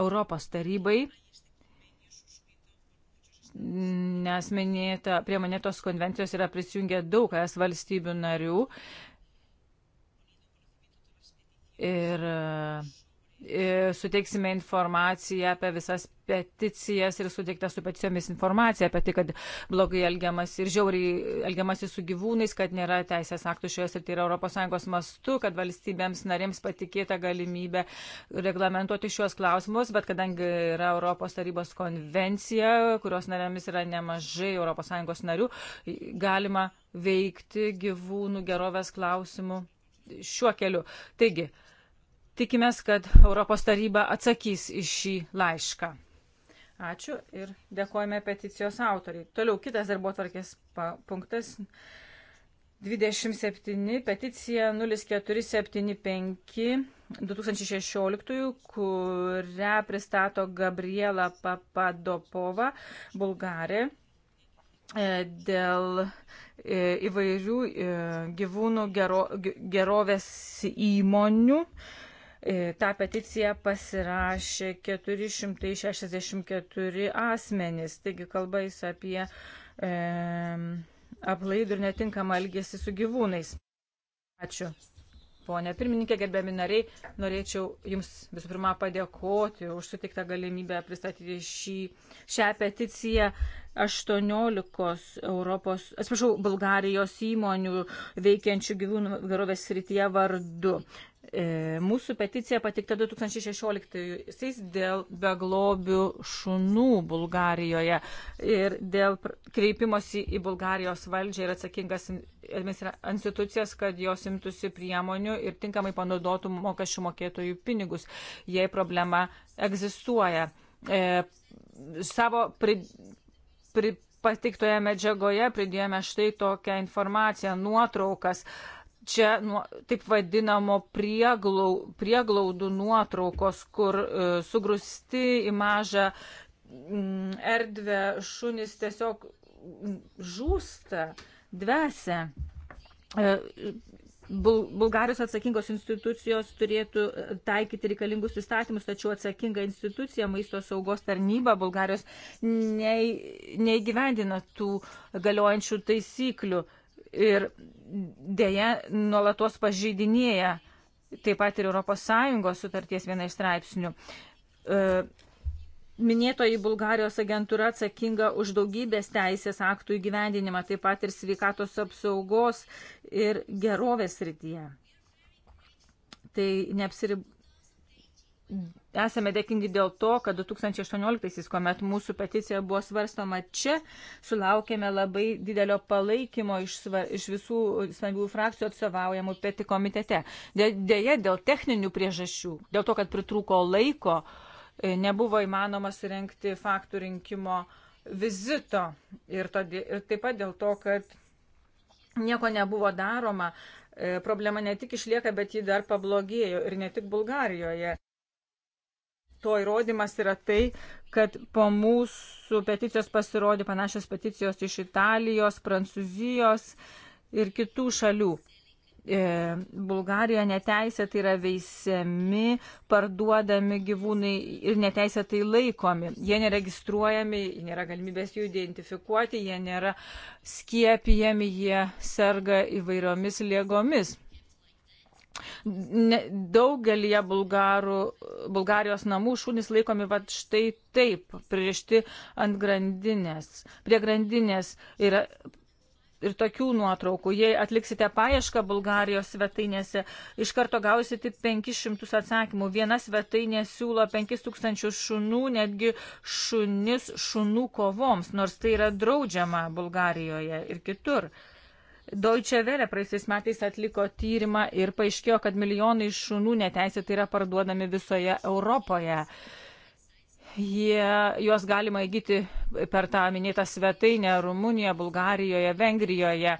Europos tarybai. Nes minėta, prie manėtos konvencijos yra prisijungę daug es valstybių narių. Ir uh, E, suteiksime informaciją apie visas peticijas ir suteiktas su peticijomis informacija apie tai, kad blogai elgiamasi ir žiauriai elgiamasi su gyvūnais, kad nėra teisės aktų šioje srityje ir ES mastu, kad valstybėms narėms patikėta galimybė reglamentuoti šios klausimus, bet kadangi yra Europos tarybos konvencija, kurios narėmis yra nemažai ES narių, galima veikti gyvūnų gerovės klausimų šiuo keliu. Taigi, Tikimės, kad Europos taryba atsakys į šį laišką. Ačiū ir dėkojame peticijos autoriai. Toliau kitas darbo tvarkės punktas 27, peticija 0475 2016, kurią pristato Gabriela Papadopova, bulgarė, e, dėl e, įvairių e, gyvūnų gero, gerovės įmonių E, tą peticiją pasirašė 464 asmenys, taigi kalba jis apie e, aplaidų ir netinkamą elgesį su gyvūnais. Ačiū. Pone pirmininkė, gerbiami nariai, norėčiau Jums visų pirma padėkoti už sutiktą galimybę pristatyti šį, šią peticiją 18 Europos, atsiprašau, Bulgarijos įmonių veikiančių gyvūnų gerovės srityje vardu. E, mūsų peticija patikta 2016-aisiais dėl beglobių šunų Bulgarijoje ir dėl kreipimosi į Bulgarijos valdžią ir atsakingas institucijas, kad jos imtųsi priemonių ir tinkamai panaudotų mokesčių mokėtojų pinigus, jei problema egzistuoja. E, savo pri, pri, pateiktoje medžiagoje pridėjome štai tokią informaciją, nuotraukas. E, čia nuo, taip vadinamo prieglau, prieglaudų nuotraukos, kur e, sugrusti į mažą m, mm, erdvę šunis tiesiog mm, žūsta, dvesia. E, Bul Bulgarijos atsakingos institucijos turėtų e, taikyti reikalingus įstatymus, tačiau atsakinga institucija, maisto saugos tarnyba Bulgarijos neįgyvendina tų galiojančių taisyklių ir dėja nuolatos pažeidinėja taip pat ir ES sutarties viena iš straipsnių. E, minėtoji Bulgarijos agentūra atsakinga už daugybės teisės aktų įgyvendinimą, taip pat ir sveikatos apsaugos ir gerovės rytyje. Tai neapsirib... Esame dėkingi dėl to, kad 2018-aisiais, kuomet mūsų peticija buvo svarstoma čia, sulaukėme labai didelio palaikymo iš, iš visų stambių frakcijų atstovaujamų peti komitete. Deja, dėl techninių priežasčių, dėl to, kad pritrūko laiko, e, nebuvo įmanoma surenkti faktų rinkimo vizito ir, todė, ir taip pat dėl to, kad nieko nebuvo daroma, e, problema ne tik išlieka, bet ji dar pablogėjo ir ne tik Bulgarijoje to įrodymas yra tai, kad po mūsų peticijos pasirodė panašios peticijos iš Italijos, Prancūzijos ir kitų šalių. E, Bulgarijoje neteisėtai yra veisiami, parduodami gyvūnai ir neteisėtai laikomi. Jie neregistruojami, nėra galimybės jų identifikuoti, jie nėra skiepijami, jie serga įvairiomis liegomis. Daugelį bulgarų, Bulgarijos namų šunys laikomi va štai taip, pririšti ant grandinės, prie grandinės yra ir tokių nuotraukų. Jei atliksite paiešką Bulgarijos svetainėse, iš karto gausite 500 atsakymų. Viena svetainė siūlo 5000 šunų, netgi šunis šunų kovoms, nors tai yra draudžiama Bulgarijoje ir kitur. Uh, Deutsche Welle praeisiais metais atliko tyrimą ir paaiškėjo, kad milijonai šunų neteisėtai yra parduodami visoje Europoje. Jie, juos galima įgyti per tą minėtą svetainę Rumunijoje, Bulgarijoje, Vengrijoje.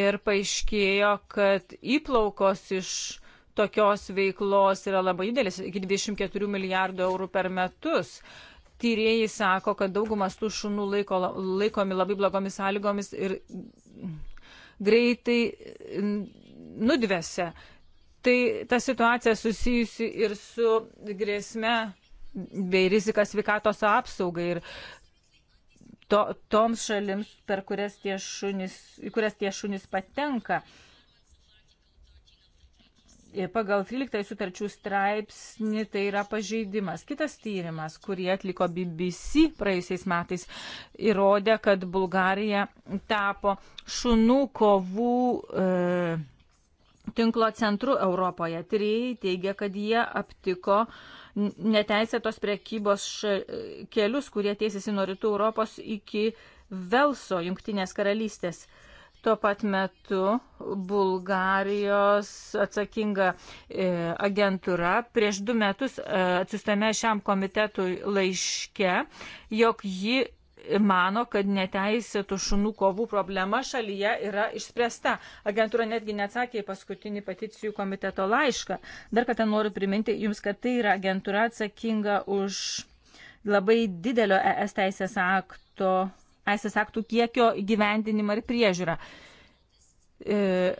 Ir paaiškėjo, kad įplaukos iš tokios veiklos yra labai didelis, iki 24 milijardų eurų per metus. Tyrėjai sako, kad daugumas tų šunų laiko, laikomi labai blogomis sąlygomis ir greitai nudvėse. Tai ta situacija susijusi ir su grėsme bei rizika sveikatos apsaugai ir to, toms šalims, per kurias tie šunys, į kurias tie šunys patenka. Uh, pagal 13 sutarčių straipsnį tai yra pažeidimas. Kitas tyrimas, kurį atliko BBC praėjusiais metais, įrodė, kad Bulgarija tapo šunų kovų e, tinklo centru Europoje. Tyrėjai teigia, kad jie aptiko neteisėtos prekybos š... kelius, kurie tiesėsi nuo rytų Europos iki Velso, Junktinės karalystės. E, Tuo pat metu Bulgarijos atsakinga e, agentūra prieš du metus e, atsistame šiam komitetui laiške, jog ji mano, kad neteisėtų šunų kovų problema šalyje yra išspręsta. Agentūra netgi neatsakė į paskutinį peticijų komiteto laišką. Dar kartą noriu priminti Jums, kad tai yra agentūra atsakinga už labai didelio ES teisės akto teisės aktų kiekio gyvendinimą ir priežiūrą. E,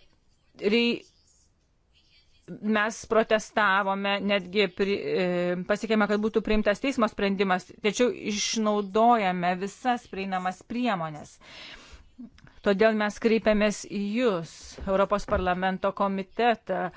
mes protestavome, netgi e, pasiekėme, kad būtų priimtas teismo sprendimas, tačiau išnaudojame visas prieinamas priemonės. Todėl mes kreipiamės į Jūs, Europos parlamento komitetą,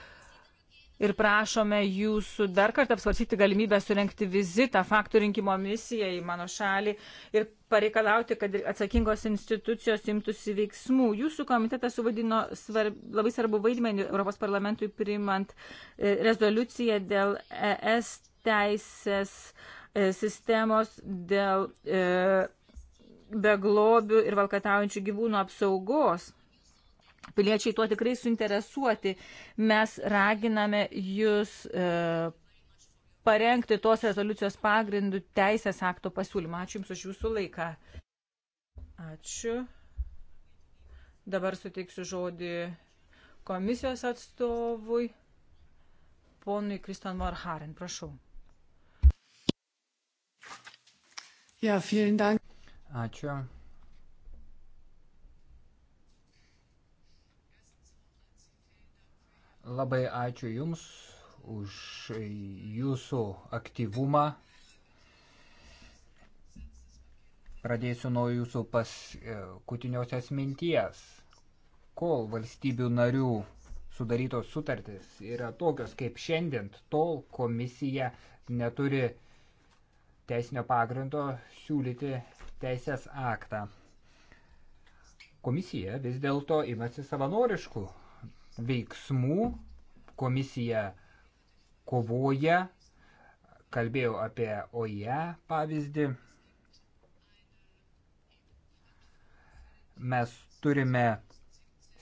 ir prašome jūsų dar kartą apsvarsyti galimybę surenkti vizitą faktų rinkimo misiją į mano šalį ir pareikalauti, kad atsakingos institucijos imtųsi veiksmų. Jūsų komitetas suvadino svarb, labai svarbu vaidmenį Europos parlamentui primant e, rezoliuciją dėl ES teisės e, sistemos, dėl e, beglobių ir valkataujančių gyvūnų apsaugos. Piliečiai tuo tikrai suinteresuoti. Mes raginame jūs e, parengti tos rezoliucijos pagrindų teisės akto pasiūlymą. Ačiū Jums už Jūsų laiką. Ačiū. Dabar suteiksiu žodį komisijos atstovui, ponui Kristan Morharen. Prašau. Ja, Ačiū. Labai ačiū Jums už Jūsų aktyvumą. Pradėsiu nuo Jūsų paskutiniosios minties. Kol valstybių narių sudarytos sutartys yra tokios kaip šiandien, tol komisija neturi teisinio pagrindo siūlyti teisės aktą. Komisija vis dėlto imasi savanoriškų veiksmų. Komisija kovoja, kalbėjau apie OIE pavyzdį. Mes turime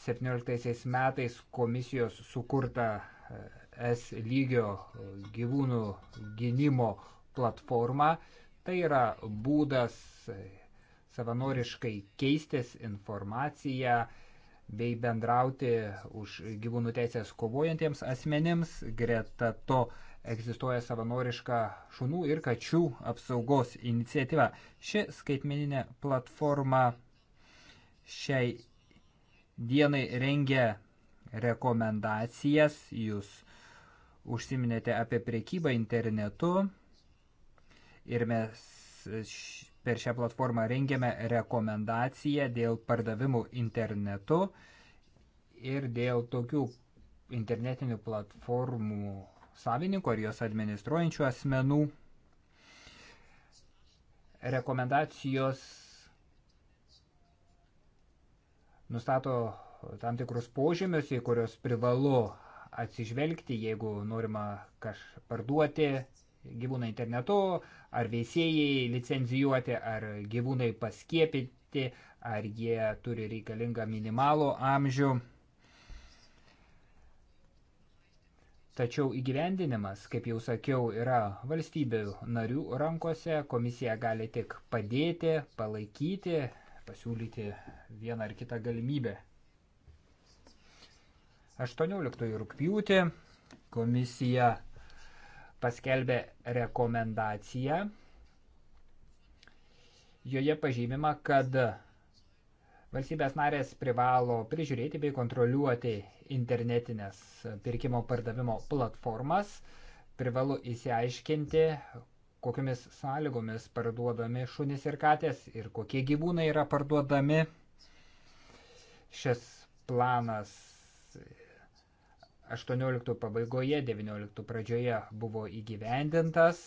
17 metais komisijos sukurtą e, S lygio gyvūnų gynimo platformą. Tai yra būdas e, savanoriškai keistis informaciją, bei bendrauti už gyvūnų teisės kovojantiems asmenims. Greta to egzistuoja savanoriška šunų ir kačių apsaugos iniciatyva. Ši skaitmeninė platforma šiai dienai rengia rekomendacijas. Jūs užsiminėte apie priekybą internetu ir mes Per šią platformą rengiame rekomendaciją dėl pardavimų internetu ir dėl tokių internetinių platformų savininko ar jos administruojančių asmenų. Rekomendacijos nustato tam tikrus požymius, į kuriuos privalu atsižvelgti, jeigu norima kaž parduoti gyvūnai internetu, ar veisėjai licenzijuoti, ar gyvūnai paskiepyti, ar jie turi reikalingą minimalų amžių. Tačiau įgyvendinimas, kaip jau sakiau, yra valstybių narių rankose, komisija gali tik padėti, palaikyti, pasiūlyti vieną ar kitą galimybę. 18 rūpjūtį komisija paskelbė rekomendaciją. Joje pažymima, kad valstybės narės privalo prižiūrėti bei kontroliuoti internetinės pirkimo pardavimo platformas, privalu įsiaiškinti, kokiamis sąlygomis parduodami šunys ir katės ir kokie gyvūnai yra parduodami. Šis planas 18 pabaigoje, 19 pradžioje buvo įgyvendintas.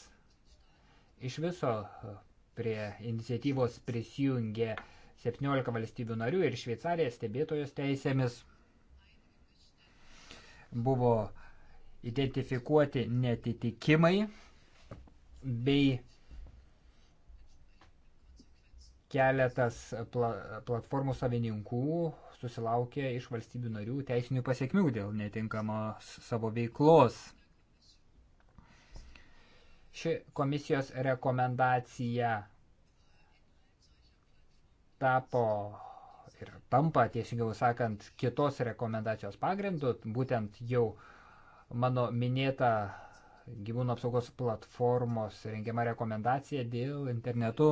Iš viso e, prie iniciatyvos prisijungė 17 valstybių narių ir Šveicarija stebėtojos teisėmis. Buvo identifikuoti netitikimai bei keletas pla platformų savininkų susilaukia iš valstybių narių teisinių pasiekmių dėl netinkamos savo veiklos. Ši komisijos rekomendacija tapo ir tampa, tiesiogiau sakant, kitos rekomendacijos pagrindu, būtent jau mano minėta gyvūnų apsaugos platformos rengiama rekomendacija dėl internetu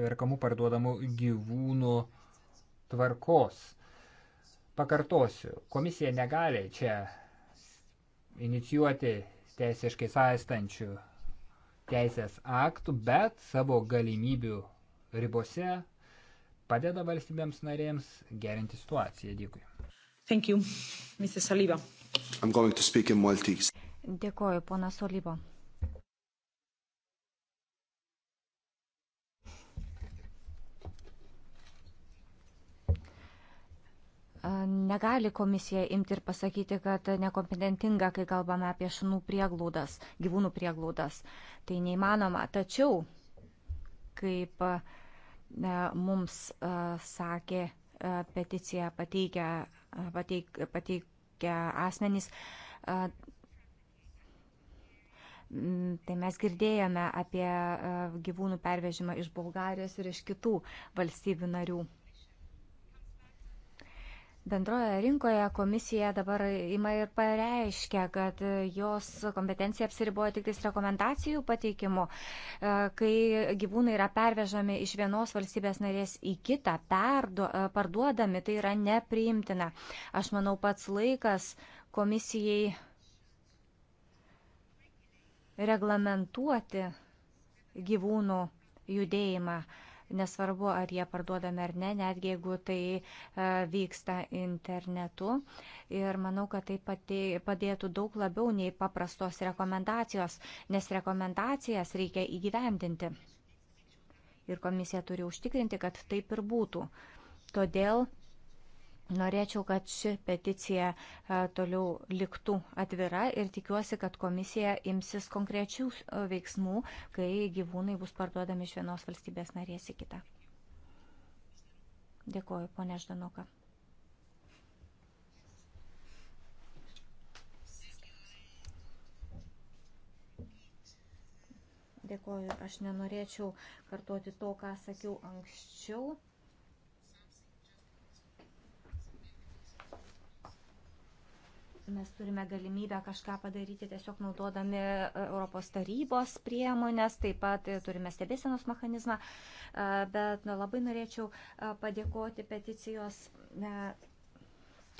perkamų parduodamų gyvūnų tvarkos. Pakartosiu, komisija negali čia inicijuoti teisiškai sąstančių teisės aktų, bet savo galimybių ribose padeda valstybėms narėms gerinti situaciją. Dėkui. Thank you, Mrs. Oliva. I'm going to speak in Maltese. Dėkoju, ponas Oliva. Negali komisija imti ir pasakyti, kad nekompetentinga, kai kalbame apie šunų prieglūdas, gyvūnų prieglūdas. Tai neįmanoma. Tačiau, kaip e, mums e, sakė e, peticiją pateikę, pateik, pateikę asmenys, Tai mes girdėjome apie gyvūnų pervežimą iš Bulgarijos ir iš kitų valstybių narių. Bendroje rinkoje komisija dabar ima ir pareiškia, kad jos kompetencija apsiriboja tik tais rekomendacijų pateikimu, e, kai gyvūnai yra pervežami iš vienos valstybės narės į kitą, perdu, e, parduodami, tai yra nepriimtina. Aš manau, pats laikas komisijai reglamentuoti gyvūnų judėjimą nesvarbu, ar jie parduodami ar ne, netgi jeigu tai e, vyksta internetu. Ir manau, kad tai padėtų daug labiau nei paprastos rekomendacijos, nes rekomendacijas reikia įgyvendinti. Ir komisija turi užtikrinti, kad taip ir būtų. Todėl Norėčiau, kad ši peticija e, toliau liktų atvira ir tikiuosi, kad komisija imsis konkrečių e, veiksmų, kai gyvūnai bus parduodami iš vienos valstybės narės į kitą. Dėkuoju, ponė Ždanoka. Dėkuoju, aš nenorėčiau kartuoti to, ką sakiau anksčiau. mes turime galimybę kažką padaryti tiesiog naudodami e, Europos tarybos priemonės, taip pat e, turime stebėsenos mechanizmą, e, bet nu, labai norėčiau padėkoti peticijos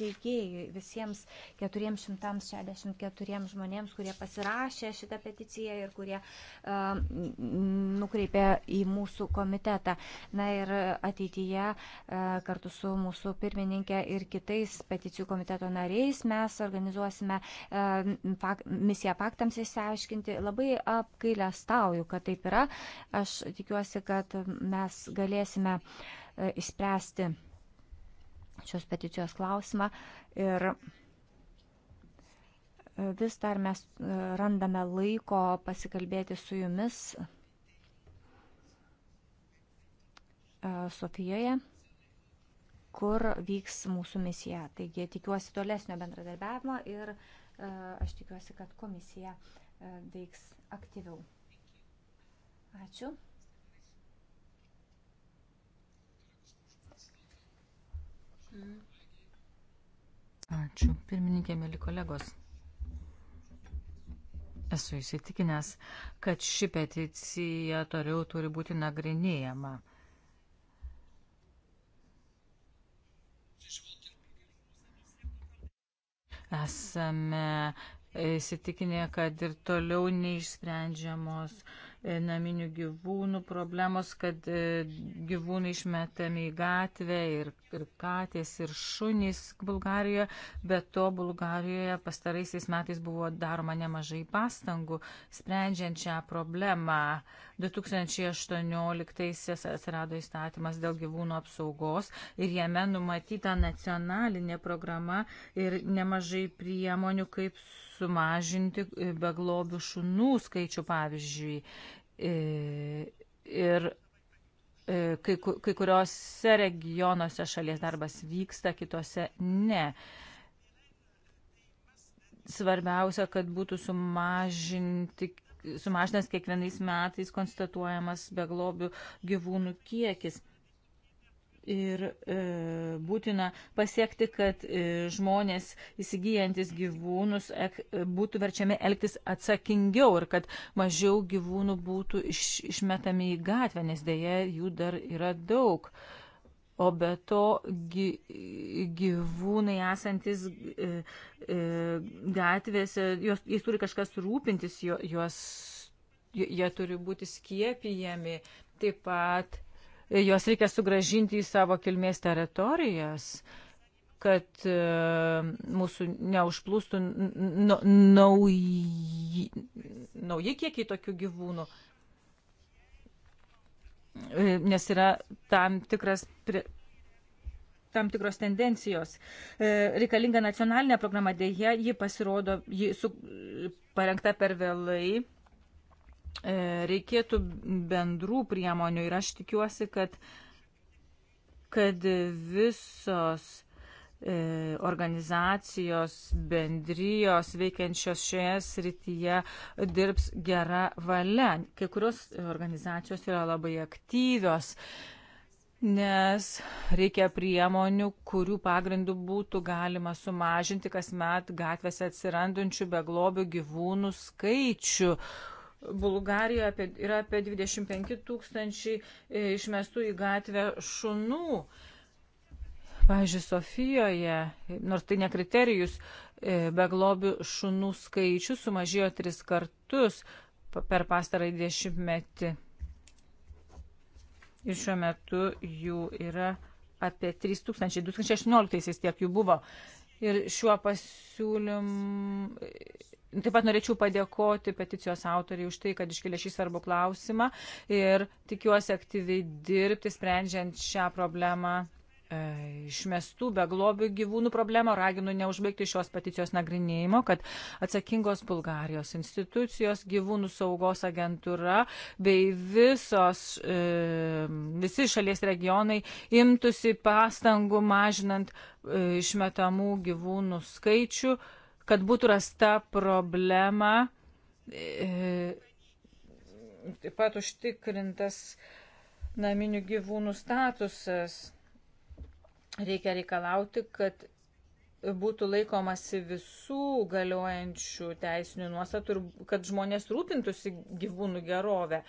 teikėjui, visiems 464 žmonėms, kurie pasirašė šitą peticiją ir kurie uh, nukreipė į mūsų komitetą. Na ir ateityje uh, kartu su mūsų pirmininkė ir kitais peticijų komiteto nariais mes organizuosime uh, fak, misiją faktams įsiaiškinti. Labai apkailę stauju, kad taip yra. Aš tikiuosi, kad mes galėsime uh, išspręsti šios peticijos klausimą ir e, vis dar mes e, randame laiko pasikalbėti su jumis e, Sofijoje, kur vyks mūsų misija. Taigi tikiuosi tolesnio bendradarbiavimo ir aš tikiuosi, kad komisija veiks aktyviau. Ačiū. Ačiū. Pirmininkė, mėly kolegos. Esu įsitikinęs, kad ši peticija toliau turi būti nagrinėjama. Esame įsitikinę, kad ir toliau neišsprendžiamos uh, E, naminių gyvūnų problemos, kad e, gyvūnai išmetami į gatvę ir, ir katės, ir šunys Bulgarijoje, bet to Bulgarijoje pastaraisiais metais buvo daroma nemažai pastangų sprendžiant šią problemą. 2018 atsirado įstatymas dėl gyvūnų apsaugos ir jame numatyta nacionalinė programa ir nemažai priemonių, kaip sumažinti e, beglobių šunų skaičių, pavyzdžiui. E, ir e, kai, kai kuriuose regionuose šalies darbas vyksta, kitose ne. Svarbiausia, kad būtų sumažinti sumažinęs kiekvienais metais konstatuojamas beglobių gyvūnų kiekis. Ir e, būtina pasiekti, kad e, žmonės įsigyjantis gyvūnus ek, e, būtų verčiami elgtis atsakingiau ir kad mažiau gyvūnų būtų iš, išmetami į gatvę, nes dėja jų dar yra daug. O be to gy, gyvūnai esantis e, e, gatvėse, jos, jais turi kažkas rūpintis, jo, jos, jie turi būti skiepijami. Taip pat juos reikia sugražinti į savo kilmės teritorijas kad e, mūsų neužplūstų nauji, nauji kiekiai tokių gyvūnų. E, nes yra tam, tikras, tam tikros tendencijos. E, reikalinga nacionalinė programa dėje, ji pasirodo, ji su, parengta per vėlai E, reikėtų bendrų priemonių ir aš tikiuosi, kad, kad visos e, organizacijos, bendrijos veikiančios šioje srityje dirbs gera valia. Kai kurios organizacijos yra labai aktyvios, nes reikia priemonių, kurių pagrindų būtų galima sumažinti kasmet gatvėse atsirandančių beglobių gyvūnų skaičių. Uh, Bulgarijoje apie, yra apie 25 tūkstančiai e, išmestų į gatvę šunų. Pavyzdžiui, Sofijoje, nors tai ne kriterijus, e, beglobių šunų skaičius sumažėjo tris kartus per pastarąjį dešimtmetį. Ir šiuo metu jų yra apie 3000, 2018 tiek jų buvo. Ir šiuo pasiūlymu. Taip pat norėčiau padėkoti peticijos autoriai už tai, kad iškėlė šį svarbų klausimą ir tikiuosi aktyviai dirbti, sprendžiant šią problemą E, išmestų beglobių gyvūnų problemą, raginu neužbaigti šios peticijos nagrinėjimo, kad atsakingos Bulgarijos institucijos, gyvūnų saugos agentūra bei visos, e, visi šalies regionai imtųsi pastangų mažinant e, išmetamų gyvūnų skaičių, kad būtų rasta problema. Taip pat užtikrintas naminių gyvūnų statusas. Reikia reikalauti, kad būtų laikomasi visų galiojančių teisinių nuostatų ir kad žmonės rūpintųsi gyvūnų gerovę.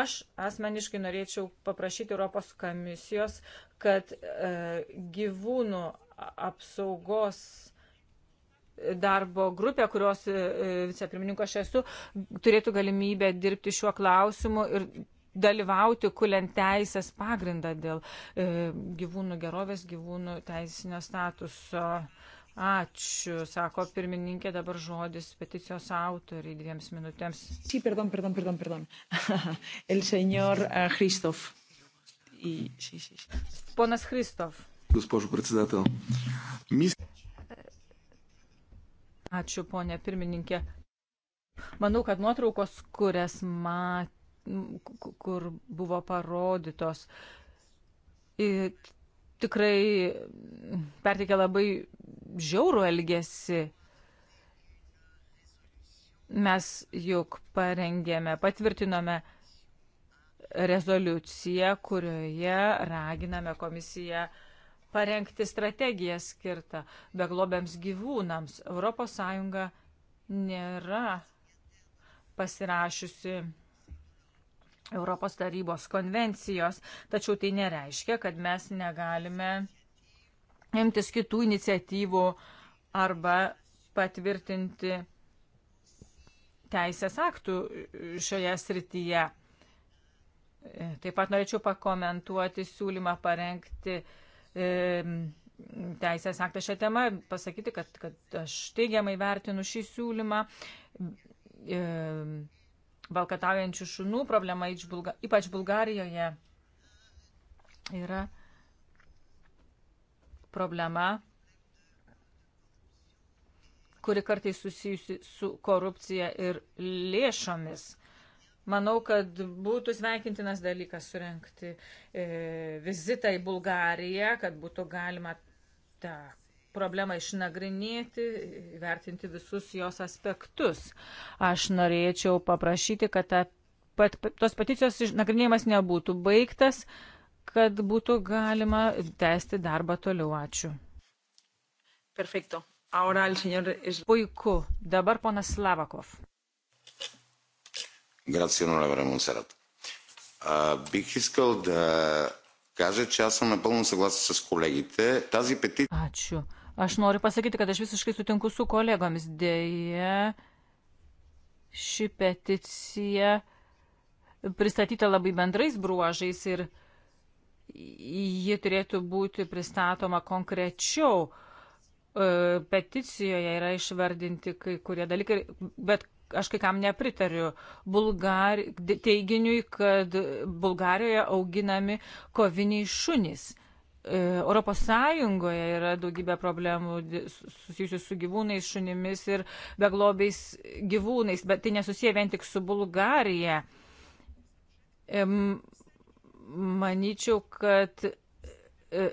Aš asmeniškai norėčiau paprašyti Europos komisijos, kad e, gyvūnų apsaugos darbo grupė, kurios e, e vicepirmininko aš esu, turėtų galimybę dirbti šiuo klausimu ir dalyvauti, kuliant teisės pagrindą dėl e, gyvūnų gerovės, gyvūnų teisinio statuso. Ačiū, sako pirmininkė, dabar žodis peticijos autoriai dviems minutėms. Sí, perdón, perdón, perdón, perdón. <laughs> El señor uh, Christoph. Y, sí, sí, sí. Ponas Christoph. Госпожо председател. Мис... Ačiū, ponė pirmininkė. Manau, kad nuotraukos, kurias matė kur buvo parodytos. Ir tikrai pertikė labai žiaurų elgesį. Mes juk parengėme, patvirtinome rezoliuciją, kurioje raginame komisiją parengti strategiją skirtą beglobiams gyvūnams. ES nėra pasirašiusi Europos tarybos konvencijos, tačiau tai nereiškia, kad mes negalime imtis kitų iniciatyvų arba patvirtinti teisės aktų šioje srityje. Taip pat norėčiau pakomentuoti siūlymą parengti e, teisės aktą šią temą, pasakyti, kad, kad aš teigiamai vertinu šį siūlymą. E, valkataujančių šunų problema, ypač Bulgarijoje, yra problema, kuri kartais susijusi su korupcija ir lėšomis. Manau, kad būtų sveikintinas dalykas surenkti e, vizitą į Bulgariją, kad būtų galima tą problemą išnagrinėti, vertinti visus jos aspektus. Aš norėčiau paprašyti, kad ta, pat, tos peticijos išnagrinėjimas nebūtų baigtas, kad būtų galima tęsti darbą toliau. Ačiū. Perfekto. Ahora el señor es... Puiku. Dabar ponas Slavakov. Grazie, onorevole Monserrat. Uh, bih iskal da кажа, че аз съм напълно съгласен с колегите. Тази петиция... Ačiū. Aš noriu pasakyti, kad aš visiškai sutinku su kolegomis. Dėja, ši peticija pristatyta labai bendrais bruožais ir ji turėtų būti pristatoma konkrečiau e, peticijoje yra išvardinti kai kurie dalykai, bet aš kai kam nepritariu Bulgar, teiginiui, kad Bulgarijoje auginami koviniai šunys. E, Europos Sąjungoje yra daugybė problemų susijusių su gyvūnais, šunimis ir beglobiais gyvūnais, bet tai nesusiję vien tik su Bulgarija. E, manyčiau, kad, e,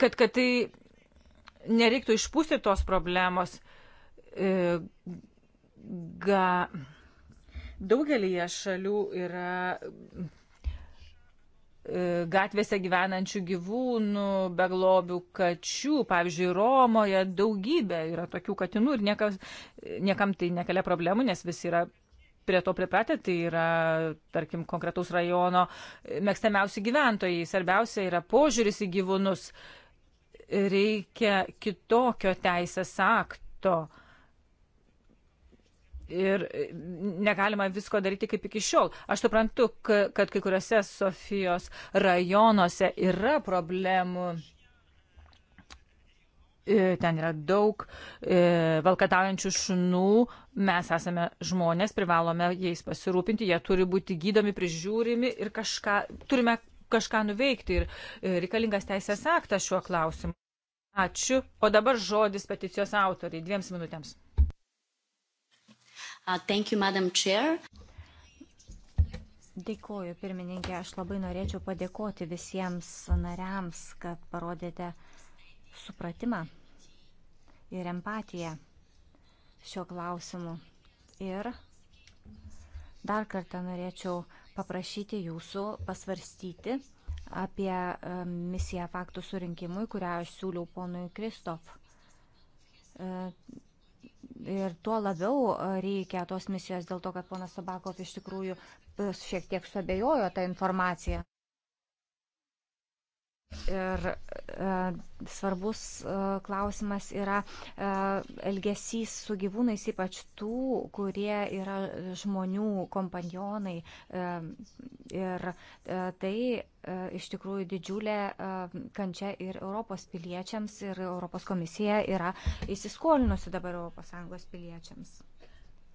kad, kad tai nereiktų išpūsti tos problemos ga, daugelįje šalių yra e, gatvėse gyvenančių gyvūnų, beglobių kačių, pavyzdžiui, Romoje daugybė yra tokių katinų ir niekas, niekam tai nekelia problemų, nes visi yra prie to pripratę, tai yra, tarkim, konkretaus rajono mėgstamiausi gyventojai. Svarbiausia yra požiūris į gyvūnus. Reikia kitokio teisės akto ir e, negalima visko daryti kaip iki šiol. Aš suprantu, kad kai kuriuose Sofijos rajonuose yra problemų. E, ten yra daug e, valkataujančių šunų, mes esame žmonės, privalome jais pasirūpinti, jie turi būti gydomi, prižiūrimi ir kažką, turime kažką nuveikti ir e, reikalingas teisės aktas šiuo klausimu. Ačiū. O dabar žodis peticijos autoriai dviems minutėms. Uh, thank you, Madam Chair. Dėkuoju, pirmininkė. Aš labai norėčiau padėkoti visiems nariams, kad parodėte supratimą ir empatiją šio klausimu. Ir dar kartą norėčiau paprašyti jūsų pasvarstyti apie um, misiją faktų surinkimui, kurią aš siūliau ponui Kristof uh, ir tuo labiau e, reikia tos misijos dėl to, kad ponas Sabakov iš tikrųjų e, šiek tiek suabejojo tą informaciją. Ir e, svarbus e, klausimas yra e, elgesys su gyvūnais, ypač tų, kurie yra žmonių kompanionai. E, ir e, tai e, iš tikrųjų didžiulė e, kančia ir Europos piliečiams, ir Europos komisija yra įsiskolinusi dabar ES piliečiams.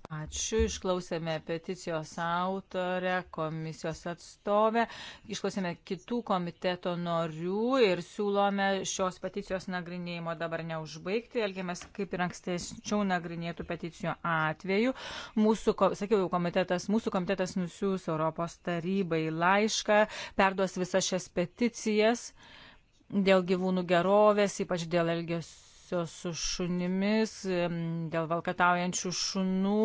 Ačiū, išklausėme peticijos autorę, komisijos atstovę, išklausėme kitų komiteto norių ir siūlome šios peticijos nagrinėjimo dabar neužbaigti, elgiamės kaip ir ankstesčiau nagrinėtų peticijų atveju. Mūsų, sakiau, jau komitetas, mūsų komitetas nusiūs Europos tarybai laišką, perduos visas šias peticijas dėl gyvūnų gerovės, ypač dėl elgesio situacijos su šunimis, dėl valkataujančių šunų,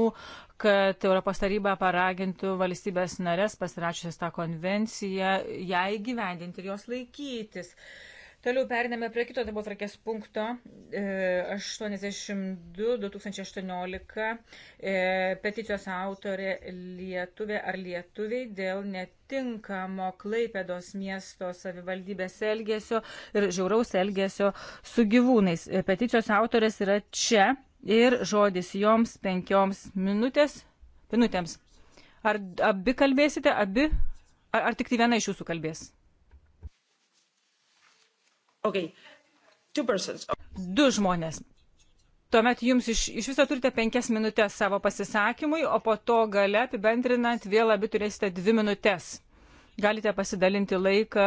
kad Europos taryba paragintų valstybės narės pasirašęs tą konvenciją, ją įgyvendinti ir jos laikytis. Uh, Toliau periname prie kito darbo tvarkės punkto 82-2018 e, e, peticijos autorė Lietuvė ar Lietuviai dėl netinkamo Klaipėdos miesto savivaldybės elgesio ir žiauraus elgesio su gyvūnais. E, peticijos autorės yra čia ir žodis joms penkioms minutės, minutėms. Ar abi kalbėsite, abi? Ar, ar tik tai viena iš jūsų kalbės? Okay. Du žmonės. Tuomet jums iš, iš viso turite penkias minutės savo pasisakymui, o po to gale apibendrinant vėl abi turėsite dvi minutės. Galite pasidalinti laiką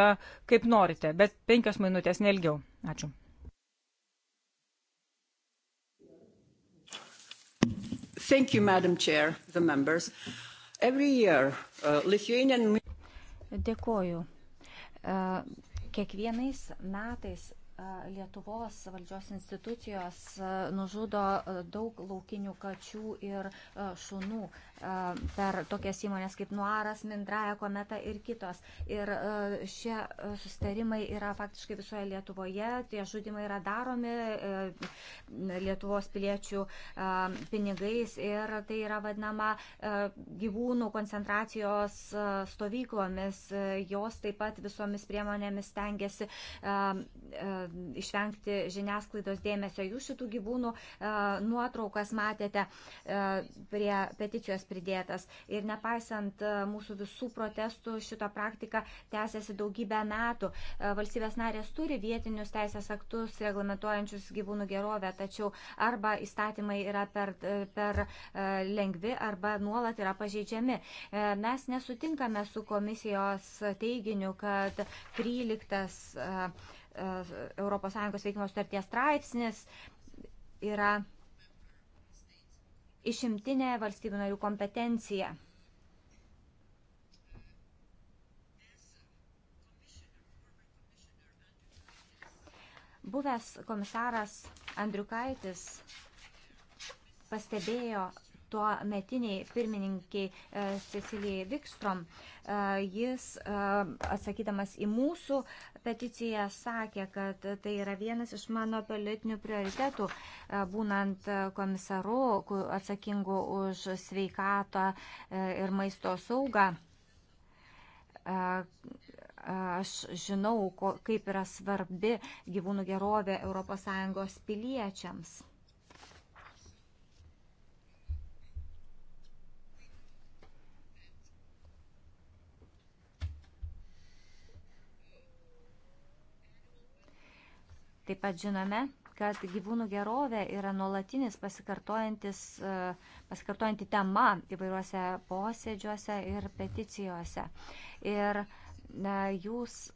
kaip norite, bet penkios minutės nelgiau. Ačiū. Thank you, Madam Chair, the members. Every year, uh, Lithuanian... Dėkoju. Uh, Kiekvienais metais Lietuvos valdžios institucijos nužudo daug laukinių kačių ir šunų per tokias įmonės kaip Nuaras, Mindraja, Kometa ir kitos. Ir šie sustarimai yra faktiškai visoje Lietuvoje, tie žudimai yra daromi Lietuvos piliečių pinigais ir tai yra vadinama gyvūnų koncentracijos stovyklomis. Jos taip pat visomis priemonėmis tengiasi išvengti žiniasklaidos dėmesio. Jūs šitų gyvūnų nuotraukas matėte prie peticijos pridėtas. Ir nepaisant e, mūsų visų protestų, šito praktika tęsiasi daugybę metų. E, valstybės narės turi vietinius teisės aktus reglamentuojančius gyvūnų gerovę, tačiau arba įstatymai yra per, e, per lengvi, arba nuolat yra pažeidžiami. Mes nesutinkame su komisijos teiginiu, kad 13 ES veikimo sutarties straipsnis yra išimtinė valstybių narių kompetencija. Buvęs komisaras Andriukaitis pastebėjo, tuo metiniai pirmininkiai e, Cecilijai Vikstrom. E, jis, e, atsakydamas į mūsų peticiją, sakė, kad tai yra vienas iš mano politinių prioritetų, būnant komisaru atsakingu už sveikatą ir maisto saugą aš žinau, ko, kaip yra svarbi gyvūnų gerovė ES piliečiams. Taip pat žinome, kad gyvūnų gerovė yra nuolatinis e, pasikartojanti tema įvairiuose posėdžiuose ir peticijuose. Ir Na, jūs e,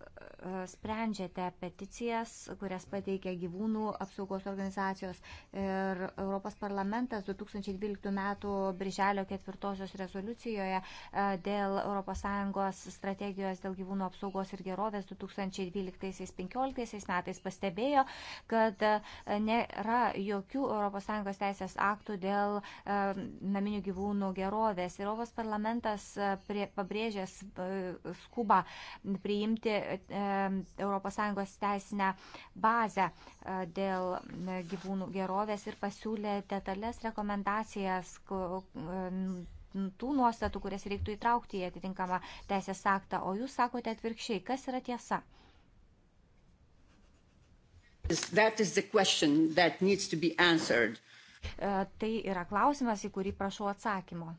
sprendžiate peticijas, kurias pateikia gyvūnų apsaugos organizacijos ir Europos parlamentas 2012 m. birželio 4 rezoliucijoje e, dėl ES strategijos dėl gyvūnų apsaugos ir gerovės 2012-2015 metais pastebėjo, kad e, nėra jokių ES teisės aktų dėl naminių gyvūnų gerovės. Ir Europos parlamentas pabrėžė skubą priimti ES teisinę bazę e, dėl gyvūnų gerovės ir pasiūlė detalės rekomendacijas e, tų nuostatų, kurias reiktų įtraukti į atitinkamą teisės aktą, o jūs sakote atvirkščiai, kas yra tiesa? E, tai yra klausimas, į kurį prašau atsakymo.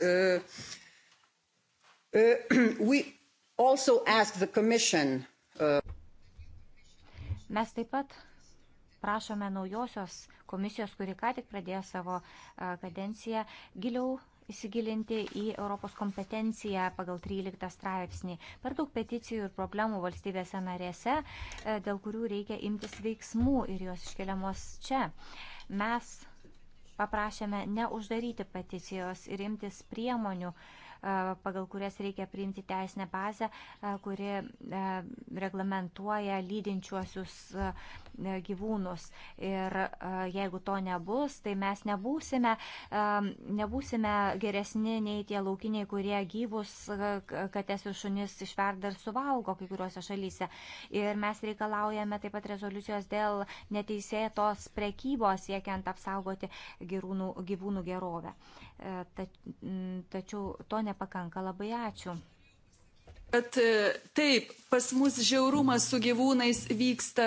uh, uh, <clears throat> we also ask the Commission. Uh, Mes taip pat prašome naujosios komisijos, kuri ką tik pradėjo savo uh, kadenciją, giliau įsigilinti į Europos kompetenciją pagal 13 straipsnį. Per daug peticijų ir problemų valstybėse narėse, uh, dėl kurių reikia imtis veiksmų ir jos iškeliamos čia. Mes paprašėme neuždaryti peticijos ir imtis priemonių, e, pagal kurias reikia priimti teisinę bazę, e, kuri e, reglamentuoja lydinčiuosius E, gyvūnus. Ir e, jeigu to nebus, tai mes nebūsime, e, nebūsime geresni nei tie laukiniai, kurie gyvus kates ir šunis išverda ir suvalgo kai kuriuose šalyse. Ir mes reikalaujame taip pat rezoliucijos dėl neteisėtos prekybos siekiant apsaugoti gyvūnų, gyvūnų gerovę. Tačiau to nepakanka. Labai ačiū. Bet taip, pas mus žiaurumas su gyvūnais vyksta